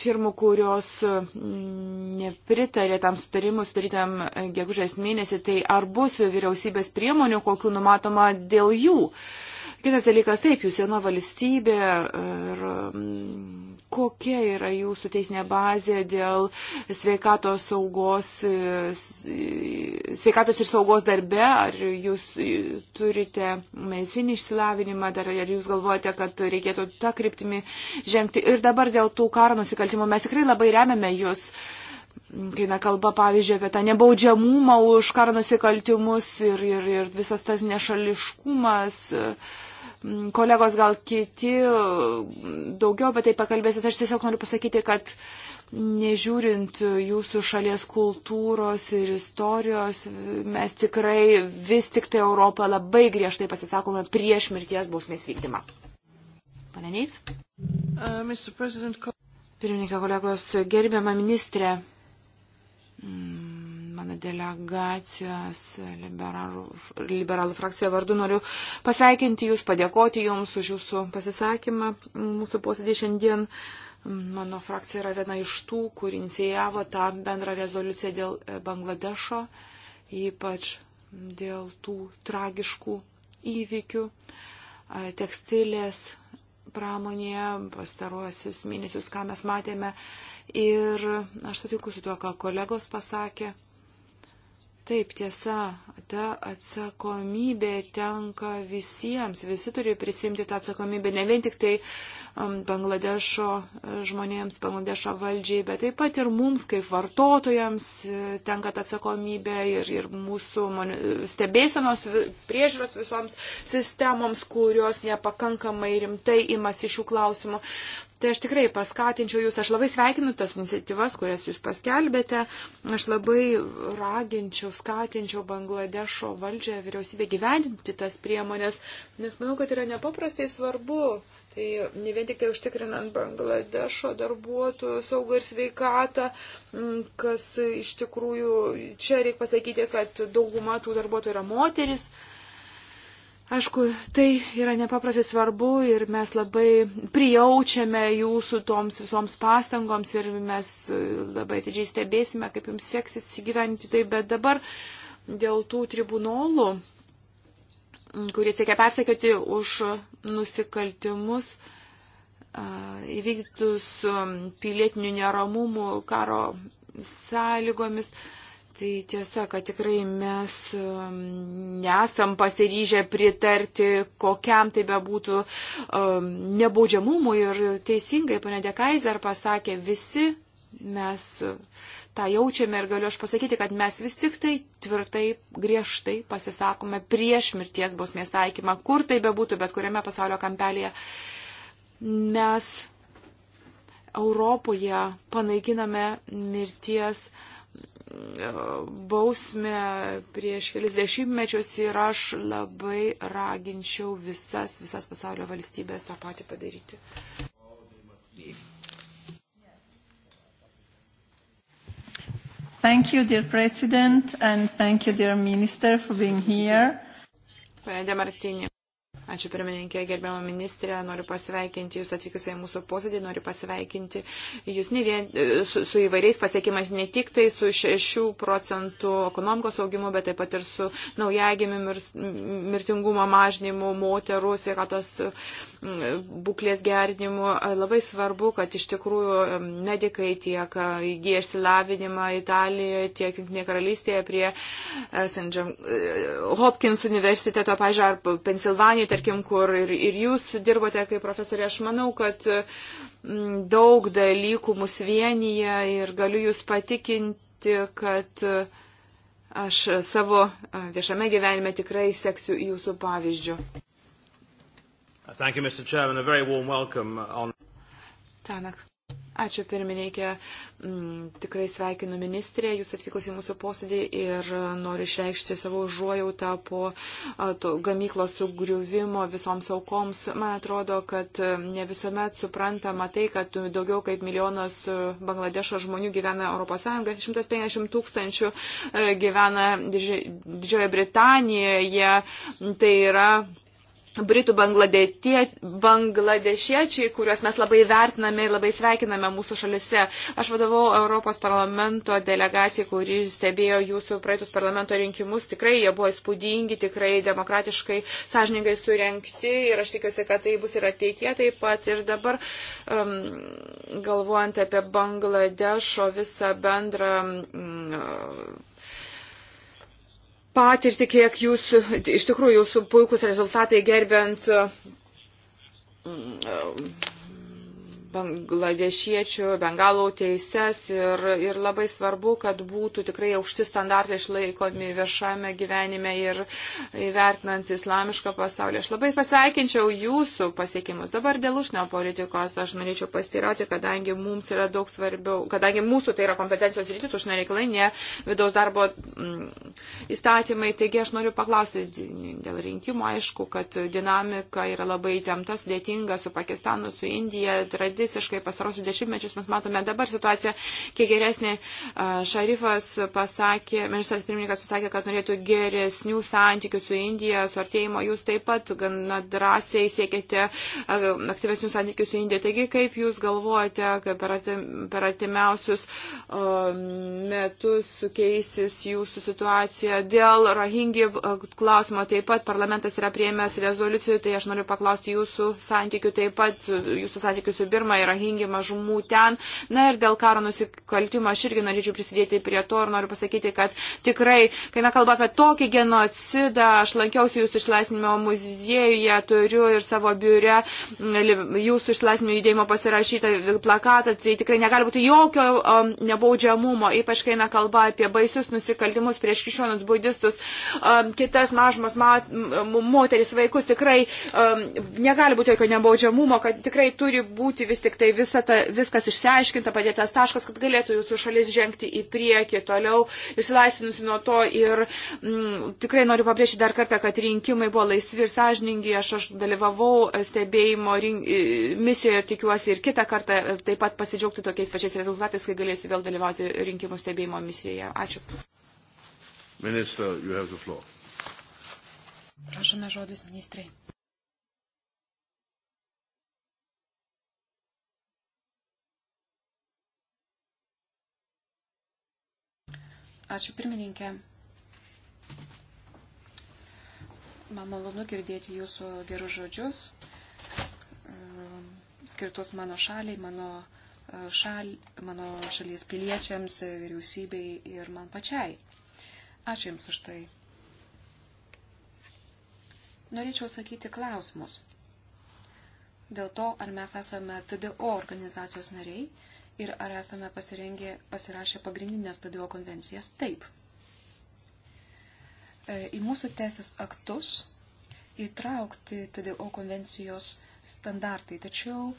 firmų, kurios mm, nepritarė tam sutarimui sudarytam e, gegužės mėnesį, tai ar bus vyriausybės priemonių, kokiu numatoma dėl jų. Uh, Kitas dalykas, taip, jūs viena valstybė ir mm, kokia yra jūsų teisinė bazė dėl sveikatos saugos, sveikatos ir saugos darbe, ar jūs turite medicinį išsilavinimą, dar, ar jūs galvojate, kad reikėtų tą kryptimį žengti. Ir dabar dėl tų karo nusikaltimų mes tikrai labai remiame jūs kai na kalba, pavyzdžiui, apie tą nebaudžiamumą už karo nusikaltimus ir, ir, ir visas tas nešališkumas. Uh, Mm, kolegos gal kiti mm, daugiau apie tai pakalbėsit. Aš tiesiog noriu pasakyti, kad nežiūrint jūsų šalies kultūros ir istorijos, mes tikrai vis tik tai Europą labai griežtai pasisakome prieš mirties bausmės vykdymą. Paneneits? Uh, Pirmininkė kolegos, gerbiama ministrė. Mm mano delegacijos liberalų, liberalų frakcijo vardu noriu pasveikinti Jūs, padėkoti Jums už Jūsų pasisakymą mūsų posėdį šiandien. Mano frakcija yra viena iš tų, kur inicijavo tą bendrą rezoliuciją dėl Bangladešo, ypač dėl tų tragiškų įvykių tekstilės pramonėje pastaruosius mėnesius, ką mes matėme. Ir aš sutiku su tuo, ką kolegos pasakė. Taip, tiesa, ta atsakomybė tenka visiems, visi turi prisimti tą atsakomybę, ne vien tik tai Bangladešo e, žmonėms, Bangladešo valdžiai, bet taip pat ir mums kaip vartotojams e, tenka atsakomybė ir, ir mūsų stebėsenos priežiūros visoms sistemoms, kurios nepakankamai rimtai imasi šių klausimų. Tai aš tikrai paskatinčiau jūs, aš labai sveikinu tas iniciatyvas, kurias jūs paskelbėte, aš labai raginčiau, skatinčiau Bangladešo valdžią, vyriausybę gyvendinti tas priemonės, nes manau, kad yra nepaprastai svarbu Tai ne vien tik tai užtikrinant Bangladešo darbuotojų saugą ir sveikatą, kas iš tikrųjų čia reikia pasakyti, kad dauguma tų darbuotojų yra moteris. Aišku, tai yra nepaprastai svarbu ir mes labai prijaučiame jūsų toms visoms pastangoms ir mes e, labai atidžiai stebėsime, kaip jums seksis įgyventi tai, bet dabar dėl tų tribunolų kurie siekia persekioti už nusikaltimus įvykdytus um, pilietinių neramumų karo sąlygomis. Tai tiesa, kad tikrai mes um, nesam pasiryžę pritarti kokiam tai bebūtų um, nebaudžiamumui ir teisingai, pane Dekaiser pasakė, visi mes tą jaučiame ir galiu aš pasakyti, kad mes vis tik tai tvirtai, griežtai pasisakome prieš mirties bausmės taikymą, kur tai bebūtų, bet kuriame pasaulio kampelėje. Mes Europoje panaikiname mirties e, bausmę prieš kelis dešimtmečius ir aš labai raginčiau visas, visas pasaulio valstybės tą patį padaryti. Thank you, dear President, and thank you, dear Minister, for being here. Pane Demartini. Ačiū pirmininkė, gerbiamą ministrę, noriu pasveikinti Jūs atvykusiai mūsų posėdį, noriu pasveikinti Jūs ne vien, e, su, su įvairiais pasiekimais, ne tik tai su 6 procentų ekonomikos augimu, bet taip pat ir su naujagimi mir, mirtingumo mažinimu, moterų sveikatos mm, būklės gerinimu. E, labai svarbu, kad iš tikrųjų e, medikai tiek įgyja išsilavinimą Italijoje, tiek Junktinėje karalystėje prie St. Hopkins universiteto, pažiūrėjau, ar Pensilvanijoje, tarkim, kur ir, ir jūs dirbote kaip profesorė, aš manau, kad mm, daug dalykų mus vienyje ir galiu jūs patikinti, kad e, aš savo e, viešame gyvenime tikrai seksiu jūsų pavyzdžių. Thank you, Mr. Chairman. A very warm welcome on. Tanak. Ačiū pirmininkė, mm, tikrai sveikinu ministrė, jūs atvykus į mūsų posėdį ir noriu išreikšti savo užuojautą po to, gamyklos sugriuvimo visoms aukoms. Man atrodo, kad ne visuomet suprantama tai, kad daugiau kaip milijonas Bangladešo žmonių gyvena ES, 150 tūkstančių gyvena Didžiojo Britanijoje, tai yra Britų bangladešiečiai, kuriuos mes labai vertiname ir labai sveikiname mūsų šalise. Aš vadovau Europos parlamento delegacijai, kuri stebėjo jūsų praeitus parlamento rinkimus. Tikrai jie buvo įspūdingi, tikrai demokratiškai, sąžiningai surenkti ir aš tikiuosi, kad tai bus ir ateitie taip pat. Ir dabar, um, galvojant apie Bangladešo visą bendrą. Um, patirtį, kiek jūs, iš tikrųjų, jūsų puikus rezultatai gerbiant mm, bangladešiečių, bengalų teises ir, ir labai svarbu, kad būtų tikrai aukšti standartai išlaikomi viešame gyvenime ir įvertinant islamišką pasaulį. Aš labai pasveikinčiau jūsų pasiekimus. Dabar dėl užsienio politikos aš norėčiau pastirauti, kadangi mums yra daug svarbiau, kadangi mūsų tai yra kompetencijos rytis užsienio reikalai, ne vidaus darbo mm, įstatymai. Taigi aš noriu paklausti dėl rinkimų, aišku, kad dinamika yra labai įtempta, sudėtinga su Pakistanu, su Indija, tradicija visiškai pasarosius dešimtmečius. Mes matome dabar situaciją kiek geresnė. Šarifas pasakė, ministras pirmininkas pasakė, kad norėtų geresnių santykių su Indija, suartėjimo. Jūs taip pat gana drąsiai siekite aktyvesnių santykių su Indija. Taigi, kaip jūs galvojate, kad per, artim, per artimiausius metus keisis jūsų situacija dėl Rohingi klausimo? Taip pat parlamentas yra prieimęs rezoliucijų, tai aš noriu paklausti jūsų santykių, taip pat jūsų santykių su Birma pažeidimą ir ahingi mažumų ten. Na ir dėl karo nusikaltimo aš irgi norėčiau prisidėti prie to ir noriu pasakyti, kad tikrai, kai na kalba apie tokį genocidą, aš lankiausi jūsų išlaisvinimo muziejuje, turiu ir savo biure jūsų išlaisvinimo judėjimo pasirašytą plakatą, tai tikrai negali būti jokio um, nebaudžiamumo, ypač kai na kalba apie baisius nusikaltimus prieš krikščionus, budistus, um, kitas mažumas, ma, moteris, vaikus, tikrai um, negali būti jokio nebaudžiamumo, kad tikrai turi būti vis tik tik tai ta, viskas išsiaiškinta, padėtas taškas, kad galėtų jūsų šalis žengti į priekį toliau, išsilaisvinusi nuo to ir m, mm, tikrai noriu pabrėžti dar kartą, kad rinkimai buvo laisvi ir sąžiningi, aš, aš dalyvavau stebėjimo rink, e, misijoje ir tikiuosi ir kitą kartą e, taip pat pasidžiaugti tokiais pačiais rezultatais, kai galėsiu vėl dalyvauti rinkimų stebėjimo misijoje. Ačiū. Minister, you have the floor. Prašome žodis ministrai. Ačiū pirmininkė. Man malonu girdėti jūsų gerus žodžius, e, skirtus mano šaliai, mano, e, šal, mano šalies piliečiams, vyriausybei ir man pačiai. Ačiū Jums už tai. Norėčiau sakyti klausimus. Dėl to, ar mes esame TDO organizacijos nariai, ir ar esame pasirengę, pasirašę pagrindinės stadilo konvencijas? Taip. E, į mūsų teisės aktus įtraukti TDO konvencijos standartai, tačiau e,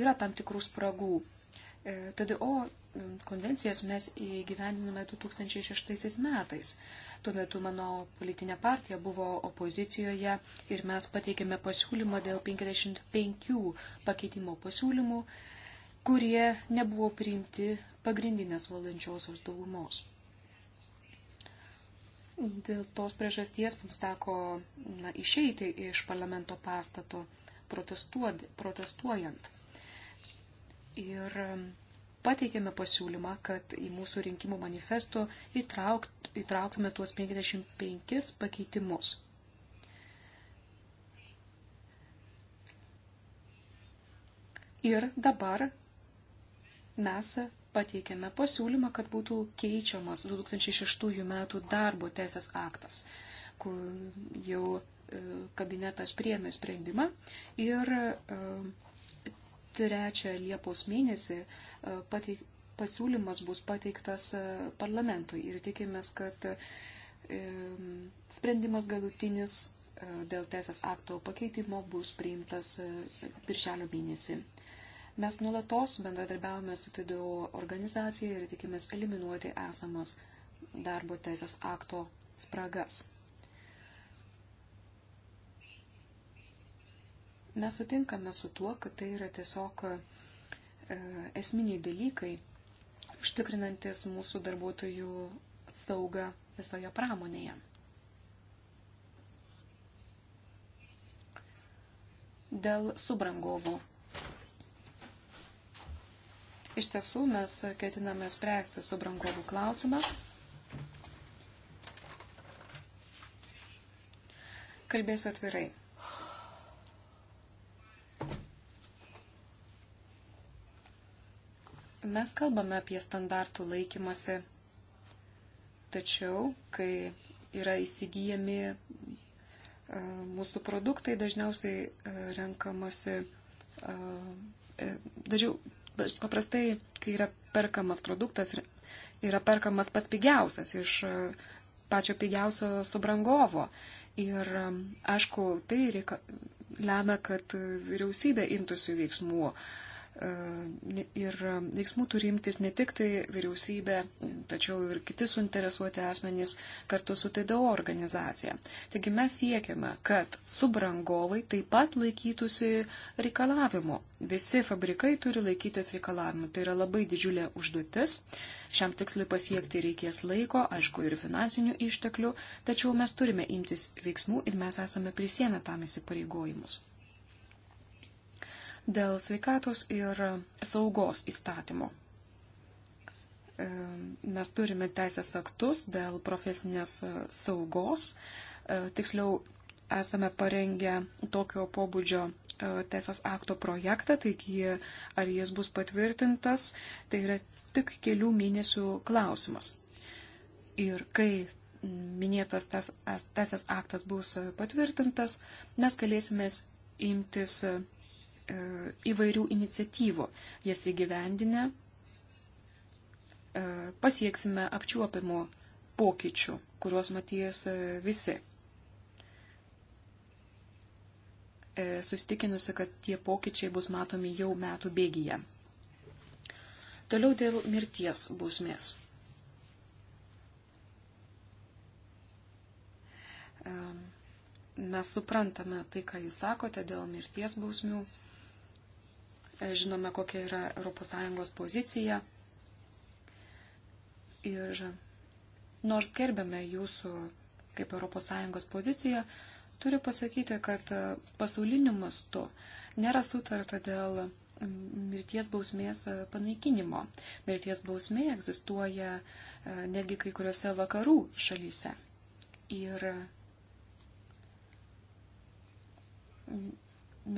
yra tam tikrų spragų. E, TDO konvencijas mes įgyvendinome 2006 metais. Tuo metu mano politinė partija buvo opozicijoje ir mes pateikėme pasiūlymą dėl 55 pakeitimo pasiūlymų kurie nebuvo priimti pagrindinės valdančiosios daugumos. Dėl tos priežasties mums teko na, išeiti iš parlamento pastato protestuojant. Ir um, pateikėme pasiūlymą, kad į mūsų rinkimų manifesto įtraukt, įtrauktume tuos 55 pakeitimus. Ir dabar mes pateikėme pasiūlymą, kad būtų keičiamas 2006 metų darbo teisės aktas, kur jau e, kabinetas priemė sprendimą ir e, trečią Liepos mėnesį e, pateik, pasiūlymas bus pateiktas parlamentui ir tikimės, kad sprendimas galutinis dėl teisės akto pakeitimo bus priimtas birželio mėnesį. Mes nulatos bendradarbiavome su TDO organizacija ir tikimės eliminuoti esamas darbo teisės akto spragas. Mes sutinkame su tuo, kad tai yra tiesiog e, esminiai dalykai, užtikrinantis mūsų darbuotojų saugą visoje pramonėje. Dėl subrangovų Iš tiesų mes ketiname spręsti su brangovų klausimą. Kalbėsiu atvirai. Mes kalbame apie standartų laikymasi, tačiau, kai yra įsigijami e, mūsų produktai dažniausiai e, renkamasi, e, dažiau, Paprastai, kai yra perkamas produktas, yra perkamas pats pigiausias iš e, pačio pigiausio subrangovo. Ir e, aišku, tai reika, lemia, kad vyriausybė imtųsi veiksmų, E, ir veiksmų turi imtis ne tik tai vyriausybė, tačiau ir kiti suinteresuoti asmenys kartu su TDO organizacija. Taigi mes siekiame, kad subrangovai taip pat laikytųsi reikalavimų. Visi fabrikai turi laikytis reikalavimų. Tai yra labai didžiulė užduotis. Šiam tikslui pasiekti reikės laiko, aišku, ir finansinių išteklių, tačiau mes turime imtis veiksmų ir mes esame prisėmę tam įsipareigojimus dėl sveikatos ir saugos įstatymo. E, mes turime teisės aktus dėl profesinės saugos. E, tiksliau, esame parengę tokio pobūdžio e, teisės akto projektą, taigi ar jis bus patvirtintas, tai yra tik kelių mėnesių klausimas. Ir kai minėtas teisės aktas bus patvirtintas, mes galėsime imtis E, įvairių iniciatyvų. Jas įgyvendinę e, pasieksime apčiuopimo pokyčių, kuriuos matys e, visi. Sustikinusi, kad tie pokyčiai bus matomi jau metų bėgyje. Toliau dėl mirties bausmės. Mes suprantame tai, ką jūs sakote dėl mirties bausmių. E, žinome, kokia yra ES pozicija. Ir nors gerbėme jūsų kaip ES poziciją, turiu pasakyti, kad pasauliniu mastu nėra sutarta dėl mirties bausmės panaikinimo. Mirties bausmė egzistuoja e, netgi kai kuriuose vakarų šalyse. Ir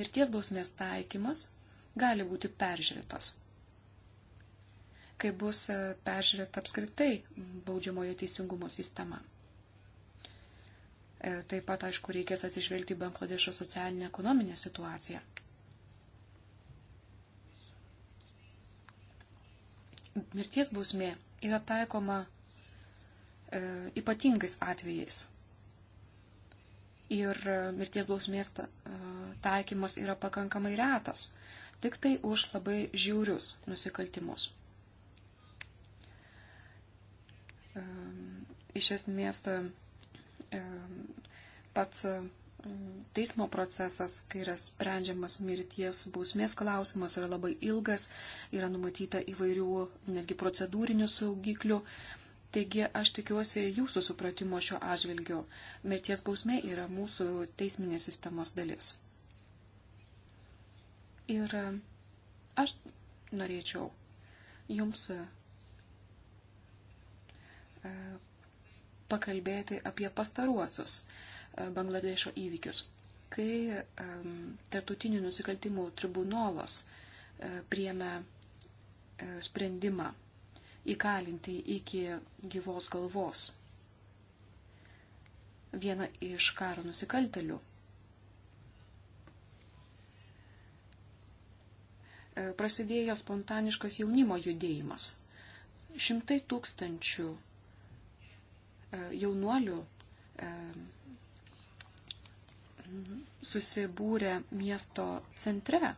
mirties bausmės taikymas gali būti peržiūrėtas. Kai bus e, peržiūrėta apskritai baudžiamojo teisingumo sistema. E, taip pat, aišku, reikės atsižvelgti į Bangladešo socialinę ekonominę situaciją. Mirties bausmė yra taikoma e, ypatingais atvejais. Ir e, mirties bausmės ta, e, taikymas yra pakankamai retas. E, tik tai už labai žiaurius nusikaltimus. Ehm, iš esmės, ehm, pats teismo procesas, kai yra sprendžiamas mirties bausmės klausimas, yra labai ilgas, yra numatyta įvairių netgi procedūrinių saugiklių. Taigi aš tikiuosi jūsų supratimo šio atžvilgiu. Mirties bausmė yra mūsų teisminės sistemos dalis. Ir e, aš norėčiau jums e, e, pakalbėti apie pastaruosius Bangladešo įvykius, kai tarptautinių nusikaltimų tribunolas priemė sprendimą įkalinti iki gyvos galvos vieną iš karo nusikaltelių E, prasidėjo spontaniškas jaunimo judėjimas. Šimtai tūkstančių e, jaunuolių e, susibūrė miesto centre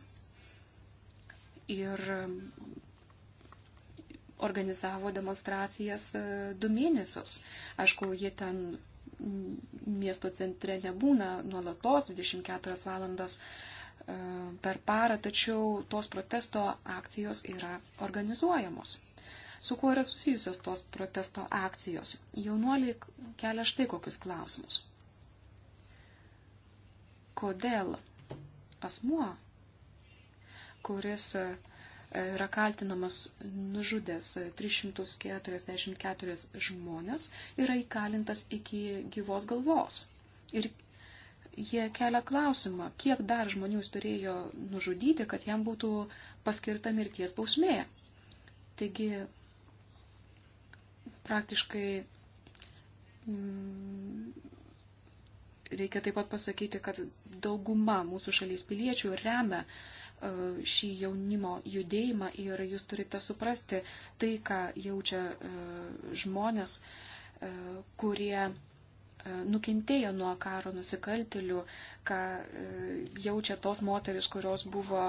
ir organizavo demonstracijas du mėnesius. Aišku, jie ten miesto centre nebūna nuolatos 24 valandas per parą, tačiau tos protesto akcijos yra organizuojamos. Su kuo yra susijusios tos protesto akcijos? Jaunuoliai kelia štai kokius klausimus. Kodėl asmuo, kuris e, yra kaltinamas nužudęs 344 žmonės, yra įkalintas iki gyvos galvos ir jie kelia klausimą, kiek dar žmonių jis turėjo nužudyti, kad jam būtų paskirta mirties bausmė. Taigi praktiškai mm, reikia taip pat pasakyti, kad dauguma mūsų šalies piliečių remia e, šį jaunimo judėjimą ir jūs turite suprasti tai, ką jaučia e, žmonės, e, kurie E, nukentėjo nuo karo nusikaltelių, ką e, jaučia tos moteris, kurios buvo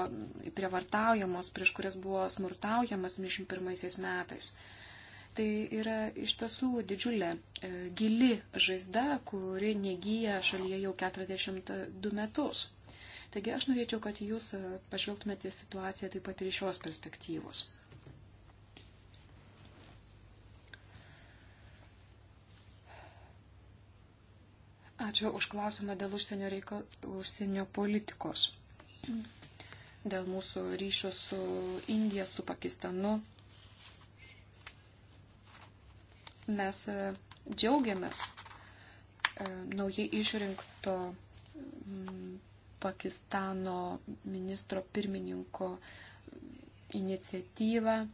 prievartaujamos, prieš kurias buvo smurtaujamas 21 metais. Tai yra iš tiesų didžiulė e, gili žaizda, kuri negyja šalyje jau 42 metus. Taigi aš norėčiau, kad jūs pažvelgtumėte situaciją taip pat ir iš šios perspektyvos. Ačiū už klausimą dėl užsienio, reikal, užsienio politikos. Dėl mūsų ryšio su Indija, su Pakistanu. Mes e, džiaugiamės e, naujai išrinkto Pakistano ministro pirmininko iniciatyvą e,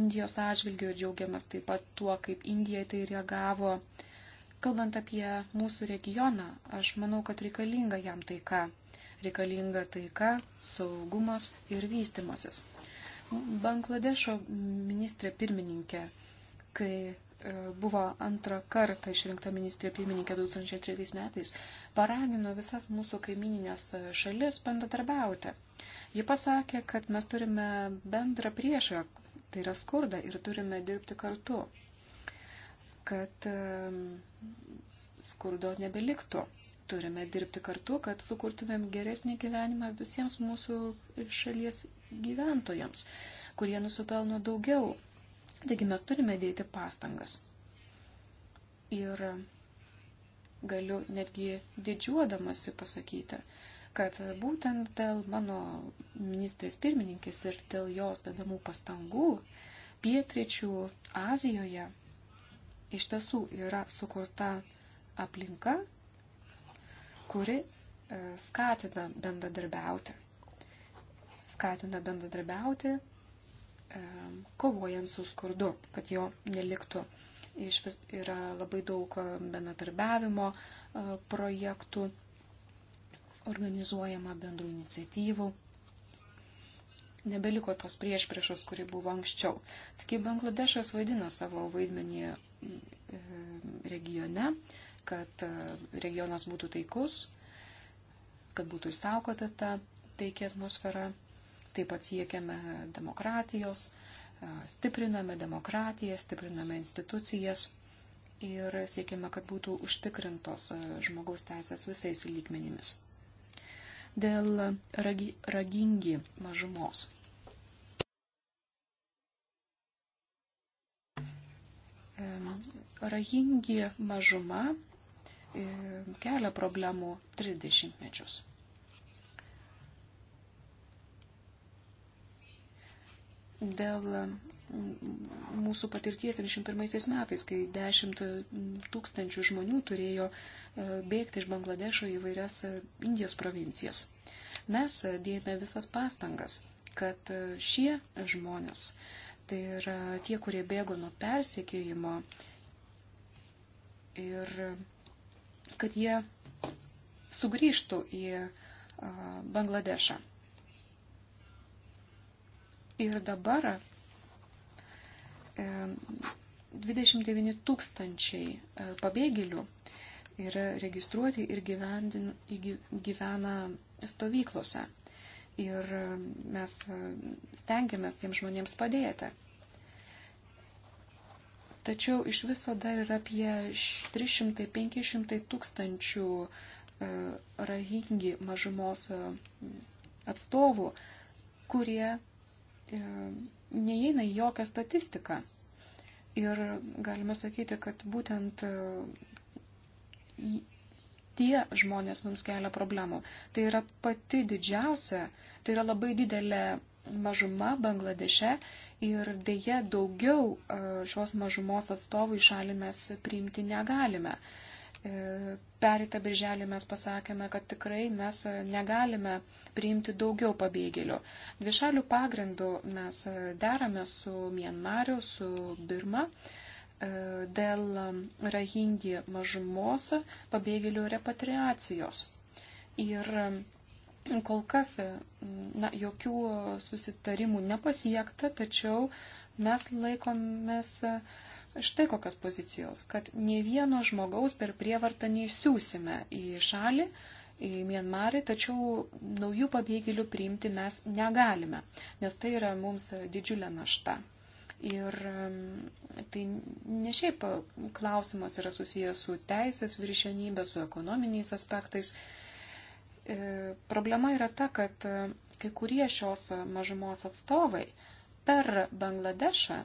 Indijos atžvilgių ir džiaugiamės taip pat tuo, kaip Indija tai reagavo Kalbant apie mūsų regioną, aš manau, kad reikalinga jam taika. Reikalinga taika, saugumas ir vystimasis. Bangladešo ministrė pirmininkė, kai e, buvo antrą kartą išrinkta ministrė pirmininkė 2003 metais, paragino visas mūsų kaimininės šalis bendradarbiauti. Ji pasakė, kad mes turime bendrą priešą, tai yra skurdą, ir turime dirbti kartu kad skurdo nebeliktų. Turime dirbti kartu, kad sukurtumėm geresnį gyvenimą visiems mūsų šalies gyventojams, kurie nusipelno daugiau. Taigi mes turime dėti pastangas. Ir galiu netgi didžiuodamasi pasakyti, kad būtent dėl mano ministrės pirmininkės ir dėl jos dedamų pastangų pietryčių Azijoje iš tiesų yra sukurta aplinka, kuri e, skatina bendradarbiauti. Skatina bendradarbiauti, e, kovojant su skurdu, kad jo neliktų. Iš vis yra labai daug e, bendradarbiavimo projektų, organizuojama bendrų iniciatyvų. Nebeliko tos priešpriešos, kuri buvo anksčiau. Tik Bangladešas vaidina savo vaidmenį regione, kad e, regionas būtų taikus, kad būtų išsaugota ta taikia atmosfera. Taip pat siekiame demokratijos, e, stipriname demokratiją, stipriname institucijas ir siekiame, kad būtų užtikrintos e, žmogaus teisės visais lygmenimis. Dėl ragi, ragingi mažumos Rahingi mažuma e, kelia problemų 30 mečius. Dėl mūsų patirties 71 metais, kai 10 tūkstančių žmonių turėjo e, bėgti iš Bangladešo į vairias e, Indijos provincijas. Mes dėjome visas pastangas, kad šie žmonės Tai yra tie, kurie bėgo nuo persekiojimo ir kad jie sugrįžtų į Bangladešą. Ir dabar 29 tūkstančiai pabėgėlių yra registruoti ir gyvendin, gyvena stovyklose ir e, mes e, stengiamės tiem žmonėms padėti. Tačiau iš viso dar yra apie 300-500 tūkstančių e, rahingi mažumos atstovų, kurie neįeina į jokią statistiką. Ir galime sakyti, kad būtent tie žmonės mums kelia problemų. Tai yra pati didžiausia, tai yra labai didelė mažuma Bangladeše ir dėje daugiau e, šios mažumos atstovų į šalį mes priimti negalime. E, Pereitą birželį mes pasakėme, kad tikrai mes negalime priimti daugiau pabėgėlių. Dvišalių pagrindų mes e, derame su Mienmariu, su Birma. E, dėl um, rahingi mažumos pabėgėlių repatriacijos. Ir um, kol kas e, na, jokių susitarimų nepasiekta, tačiau mes laikomės e, štai kokios pozicijos, kad ne vieno žmogaus per prievartą neįsiūsime į šalį, į Mienmarį, tačiau naujų pabėgėlių priimti mes negalime, nes tai yra mums didžiulė našta. Ir tai ne šiaip klausimas yra susijęs su teisės viršenybė, su ekonominiais aspektais. E, problema yra ta, kad kai kurie šios mažumos atstovai per Bangladešą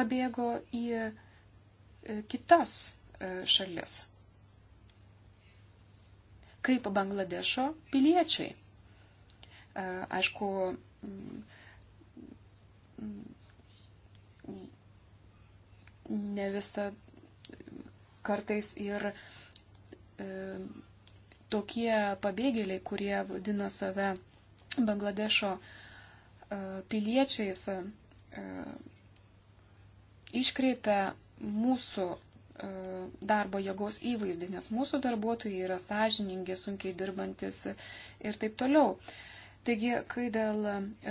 pabėgo į e, kitas e, šalis kaip Bangladešo piliečiai. Aišku, ne visą kartais ir e, tokie pabėgėliai, kurie vadina save Bangladešo e, piliečiais, e, iškreipia mūsų e, darbo jėgos įvaizdį, nes mūsų darbuotojai yra sąžiningi, sunkiai dirbantis ir taip toliau. Taigi, kai dėl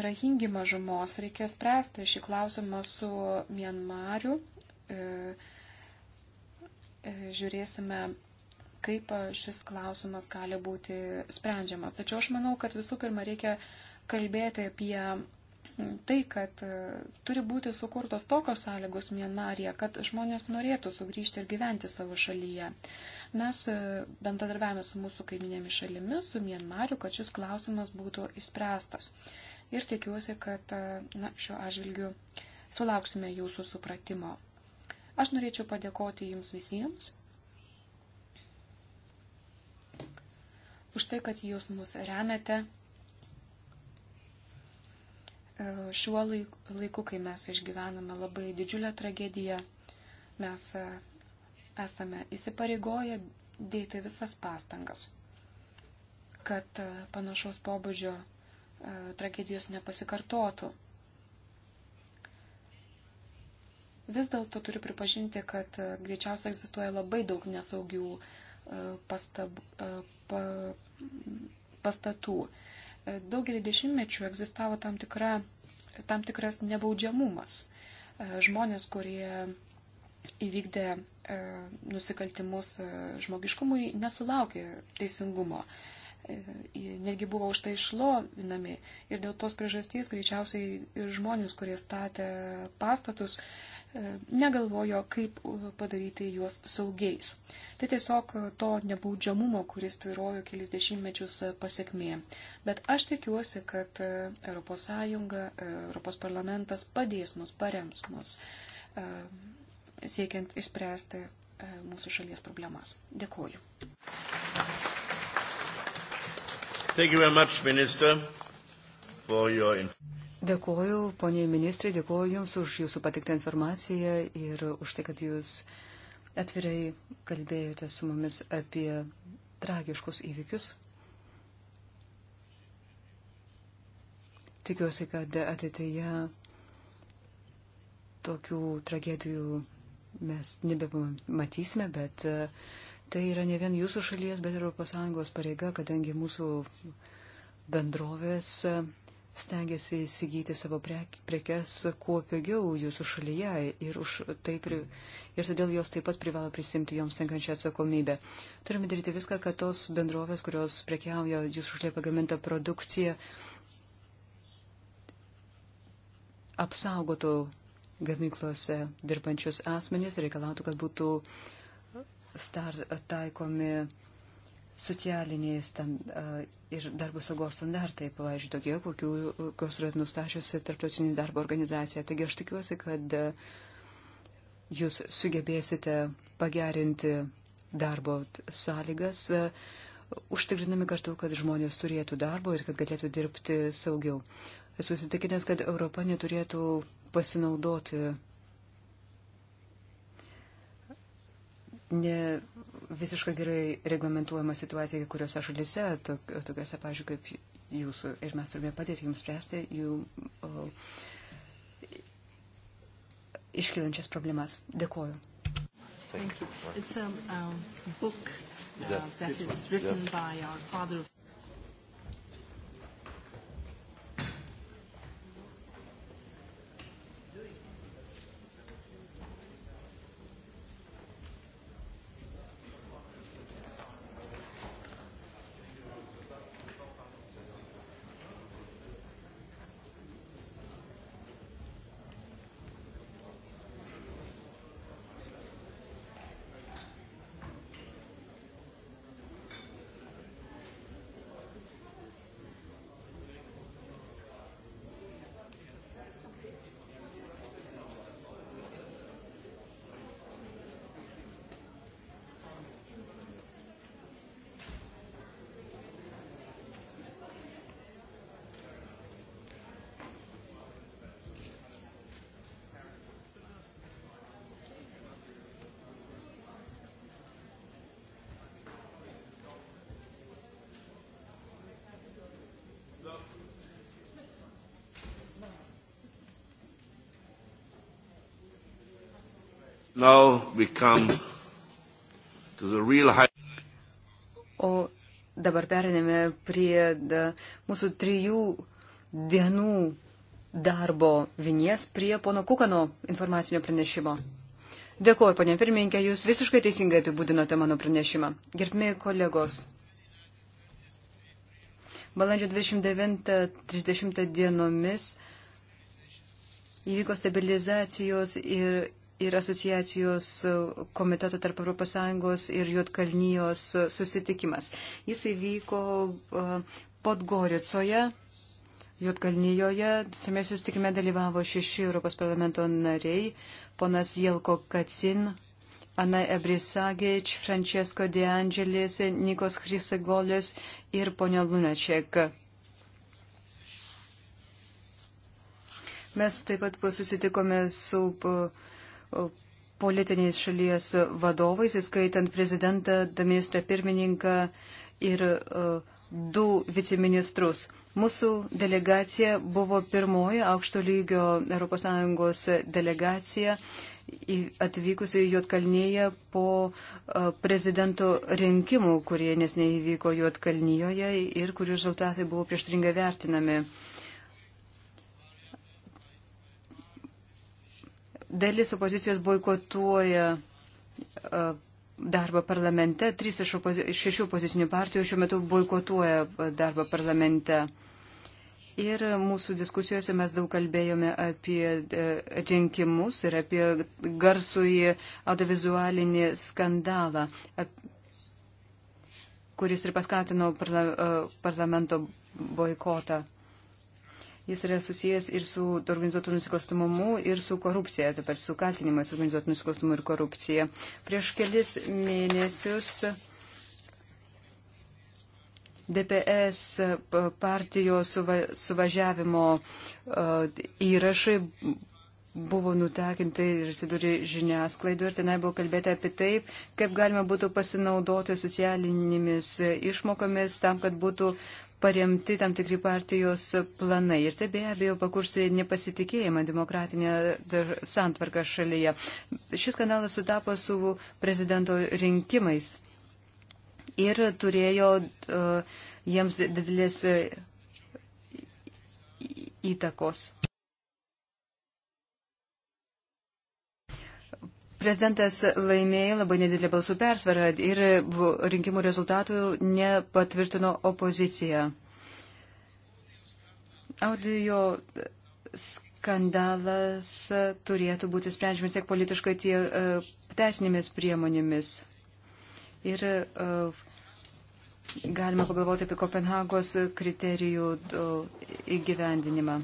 rahingi mažumos reikės spręsti šį klausimą su Mienmariu E, e, žiūrėsime, kaip šis klausimas gali būti sprendžiamas. Tačiau aš manau, kad visų pirma reikia kalbėti apie tai, kad e, turi būti sukurtos tokios sąlygos Mienmarija, kad žmonės norėtų sugrįžti ir gyventi savo šalyje. Mes bendradarbiavame su mūsų kaiminėmis šalimis, su Mienmariu, kad šis klausimas būtų įspręstas. Ir tikiuosi, kad na, šiuo atžvilgiu sulauksime jūsų supratimo. Aš norėčiau padėkoti jums visiems už tai, kad jūs mus remiate e, šiuo laiku, kai mes išgyvename labai didžiulę tragediją. Mes e, esame įsipareigoję dėti visas pastangas, kad e, panašaus pobūdžio tragedijos nepasikartotų. Vis dėlto turiu pripažinti, kad e, greičiausiai egzistuoja labai daug nesaugių e, pastab, e, pa, pastatų. Daugelį dešimtmečių egzistavo tam, tikra, tam tikras nebaudžiamumas. Žmonės, kurie įvykdė nusikaltimus žmogiškumui, nesulaukė teisingumo netgi buvo už tai išlovinami. Ir dėl tos priežasties greičiausiai ir žmonės, kurie statė pastatus, E, negalvojo, kaip e, padaryti juos saugiais. Tai tiesiog e, to nebaudžiamumo, kuris tvirojo kelis dešimtmečius pasiekmė. Bet aš tikiuosi, kad ES, ES parlamentas padės mus, parems mus, siekiant išspręsti mūsų šalies problemas. Dėkuoju. Thank you very much, Minister, for your information. Dėkuoju, poniai ministrė, dėkuoju Jums už Jūsų patiktą informaciją ir už tai, kad Jūs atvirai kalbėjote su mumis apie tragiškus įvykius. Tikiuosi, kad ateityje tokių tragedijų mes nebematysime, bet e, tai yra ne vien jūsų šalies, bet ir ES pareiga, kadangi mūsų bendrovės stengiasi įsigyti savo prekes kuo pigiau jūsų šalyje ir, už, tai pri, ir todėl jos taip pat privalo prisimti joms tenkančią atsakomybę. Turime daryti viską, kad tos bendrovės, kurios prekiauja jūsų šalyje pagamintą produkciją, apsaugotų gamyklose dirbančius asmenys, reikalautų, kad būtų star, taikomi socialiniai stand, ir darbo saugos standartai, pavyzdžiui, tokie, kokius yra nustačiusi tarptautinė darbo organizacija. Taigi aš tikiuosi, kad jūs sugebėsite pagerinti darbo sąlygas, užtikrinami kartu, kad žmonės turėtų darbo ir kad galėtų dirbti saugiau. Esu sutikinęs, kad Europa neturėtų pasinaudoti ne visiškai gerai reglamentuojama situacija kuriuose šalise, tok, tokiuose, pažiūrėjau, kaip jūsų. Ir mes turime padėti jums spręsti jų o, iškilančias problemas. Dėkoju. Thank you. It's a, um, a book uh, that is written by our father. Real... O dabar perinėme prie da, mūsų trijų dienų darbo vinies prie pono Kukano informacinio pranešimo. Dėkuoju, ponė pirmininkė, jūs visiškai teisingai apibūdinote mano pranešimą. Gerbimi kolegos. Balandžio 29-30 dienomis įvyko stabilizacijos ir ir asociacijos komiteto tarp ES ir Jotkalnyjos susitikimas. Jis įvyko Podgoricoje, Jotkalnyjoje. Tame susitikime dalyvavo šeši Europos parlamento nariai - ponas Jelko Kacin, Ana Ebrisagič, Francesco De Angelis, Nikos Hrisegolis ir ponia Lunaček. Mes taip pat susitikome su uh, politiniais šalies vadovais, įskaitant prezidentą, ministrą pirmininką ir e, du viceministrus. Mūsų delegacija buvo pirmoji aukšto lygio ES delegacija atvykusi Juotkalnyje po e, prezidento rinkimų, kurie nesnei įvyko Juotkalnyje ir kurių rezultatai buvo prieštringai vertinami. Dalis opozicijos boikotuoja e, darbą parlamente, trys iš šešių pozicinių partijų šiuo metu boikotuoja e, darbą parlamente. Ir mūsų diskusijose mes daug kalbėjome apie e, rinkimus ir apie garsųjį audiovizualinį skandalą, kuris ir paskatino parlamento boikotą. Jis yra susijęs ir su organizuotų nusikalstamumu, ir su korupcija, taip pat su kaltinimais organizuotų nusikalstamų ir korupcija. Prieš kelis mėnesius DPS partijos suva, suvažiavimo uh, įrašai buvo nutekinti ir atsidūrė žiniasklaidoje ir tenai buvo kalbėta apie taip, kaip galima būtų pasinaudoti socialinėmis išmokomis tam, kad būtų paremti tam tikri partijos planai. Ir tai be abejo pakursti nepasitikėjimą demokratinę santvarką šalyje. Šis kanalas sutapo su prezidento rinkimais ir turėjo uh, jiems didelės įtakos. Prezidentas laimėjo labai nedidelį balsų persvarą ir rinkimų rezultatų nepatvirtino opozicija. Audio skandalas turėtų būti sprendžiamas tiek politiškai, tiek uh, e, teisinėmis priemonėmis. Ir uh, galima pagalvoti apie Kopenhagos kriterijų uh, įgyvendinimą.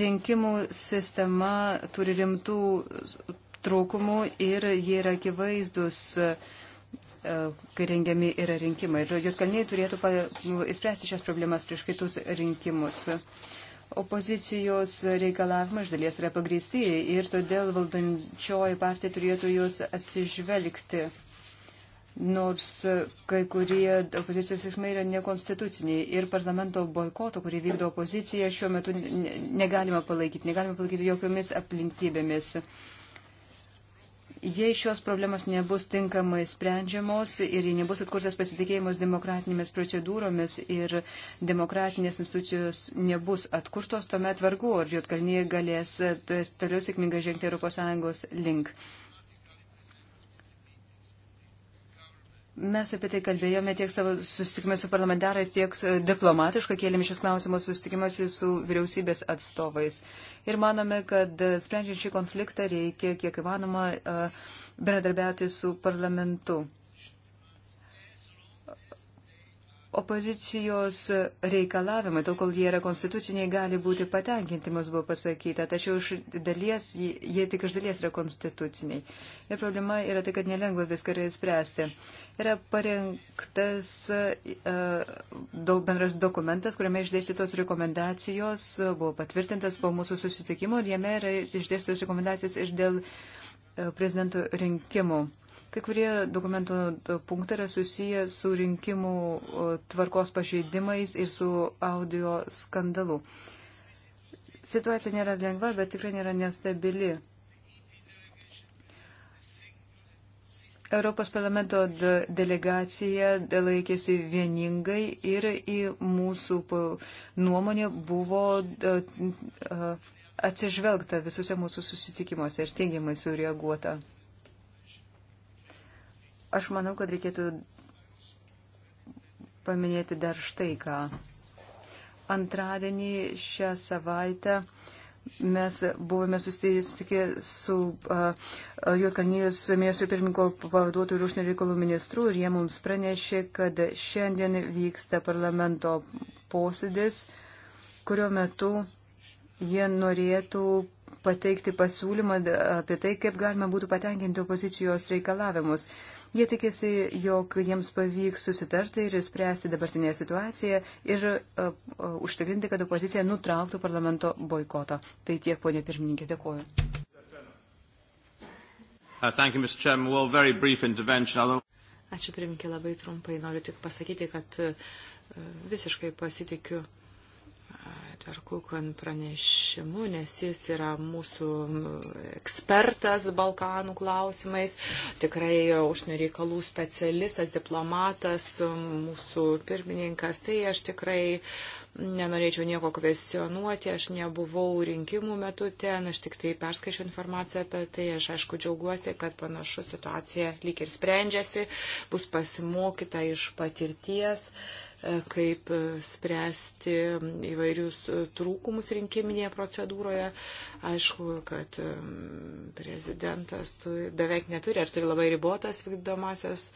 rinkimų sistema turi rimtų trūkumų ir jie yra akivaizdus, e, kai rengiami yra rinkimai. Ir Jotkalniai turėtų įspręsti šias problemas prieš kitus rinkimus. Opozicijos reikalavimai iš dalies yra pagrįsti ir todėl valdančioji partija turėtų juos atsižvelgti nors kai kurie opozicijos veiksmai yra nekonstituciniai ir parlamento boikoto, kurį vykdo opozicija, šiuo metu negalima palaikyti, negalima palaikyti jokiomis aplinkybėmis. Jei šios problemos nebus tinkamai sprendžiamos ir jei nebus atkurtas pasitikėjimas demokratinėmis procedūromis ir demokratinės institucijos nebus atkurtos, tuomet vargu, ar Jotkalnyje galės toliau sėkmingai žengti ES link. Mes apie tai kalbėjome tiek savo susitikime su parlamentarais, tiek e, diplomatiškai kėlėme šis klausimas susitikimuose su vyriausybės atstovais. Ir manome, kad e, sprendžiant šį konfliktą reikia kiek įmanoma e, bendradarbiauti su parlamentu. opozicijos reikalavimai, tol kol jie yra konstituciniai, gali būti patenkinti, mums buvo pasakyta, tačiau iš dalies, jie tik iš dalies yra konstituciniai. Ir problema yra tai, kad nelengva viską yra įspręsti. Yra parengtas uh, bendras dokumentas, kuriame išdėstytos rekomendacijos, buvo patvirtintas po mūsų susitikimo ir jame yra išdėstytos rekomendacijos ir dėl uh, prezidento rinkimų. Uh, Kai kurie dokumento punktai yra susiję su rinkimų tvarkos pažeidimais ir su audio skandalu. Situacija nėra lengva, bet tikrai nėra nestabili. Europos parlamento delegacija laikėsi vieningai ir į mūsų nuomonę buvo atsižvelgta visuose mūsų susitikimuose ir teigiamai sureaguota. Aš manau, kad reikėtų paminėti dar štai ką. Antradienį šią savaitę mes buvome susitikę su uh, Jotkalnyjos miesto pirmininko pavaduotojų ir užsienio reikalų ministrų ir jie mums pranešė, kad šiandien vyksta parlamento posėdis, kurio metu jie norėtų pateikti pasiūlymą apie tai, kaip galima būtų patenkinti opozicijos reikalavimus. Uh, Jie tikisi, jog jiems pavyks susitarti ir spręsti dabartinę situaciją ir uh, uh, užtikrinti, kad opozicija nutrauktų parlamento boikoto. Tai tiek, ponė pirmininkė, dėkuoju. Uh, Ačiū, pirmininkė, labai trumpai. Noriu tik pasakyti, kad e, visiškai pasitikiu Tarkukan pranešimu, nes jis yra mūsų ekspertas Balkanų klausimais, tikrai užsienio reikalų specialistas, diplomatas, mūsų pirmininkas. Tai aš tikrai nenorėčiau nieko kvestionuoti, aš nebuvau rinkimų metu ten, aš tik tai perskaičiu informaciją apie tai, aš aišku džiaugiuosi, kad panašu situacija lyg ir sprendžiasi, bus pasimokyta iš patirties. Uh, kaip e, spręsti įvairius e, trūkumus rinkiminėje procedūroje. Aišku, kad e, prezidentas turi, beveik neturi ar turi labai ribotas vykdomasias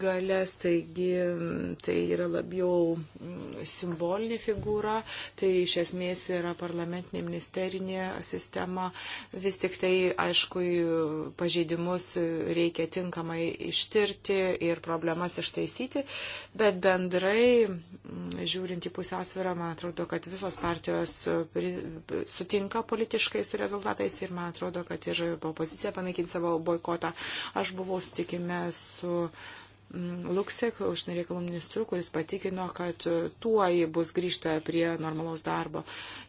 galės, taigi tai yra labiau mm, simbolinė figūra, tai iš esmės yra parlamentinė ministerinė sistema. Vis tik tai, aišku, pažeidimus reikia tinkamai ištirti ir problemas ištaisyti, bet bendrai, mm, žiūrint į pusiausvyrą, man atrodo, kad visos partijos sutinka politiškai su rezultatais ir man atrodo, kad ir opozicija panaikins savo boikotą. Aš buvau sutikime su Mm, Luksek, užsienio reikalų ministru, kuris patikino, kad tuoj bus grįžta prie normalaus darbo.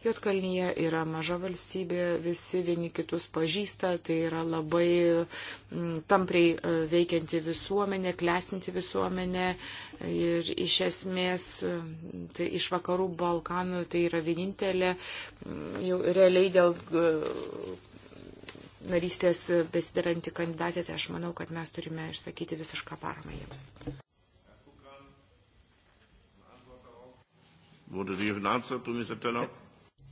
Jotkalnyje yra maža valstybė, visi vieni kitus pažįsta, tai yra labai mm, tampriai e, veikianti visuomenė, klesinti visuomenė ir iš esmės e, tai iš vakarų Balkanų tai yra vienintelė mm, realiai dėl e, narystės besidaranti kandidatė, tai aš manau, kad mes turime išsakyti visišką paramą jiems.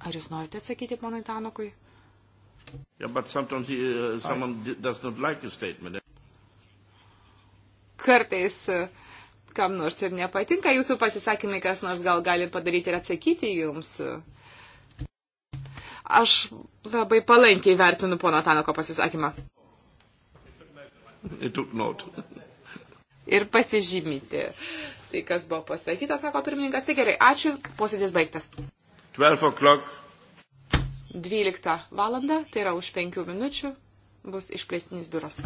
Ar jūs norite atsakyti ponui Tanukui? Yeah, but sometimes he, uh, someone does not like a statement. Kartais uh, kam nors ir nepatinka jūsų pasisakymai, kas nors gal gali padaryti ir atsakyti jums. Uh, Aš labai palankiai vertinu pono Tanako pasisakymą. Ir pasižymyti. Tai kas buvo pasakyta, sako pirmininkas. Tai gerai, ačiū, posėdis baigtas. 12 o'clock. 12 valanda, tai yra už 5 minučių, bus išplėstinis biuras.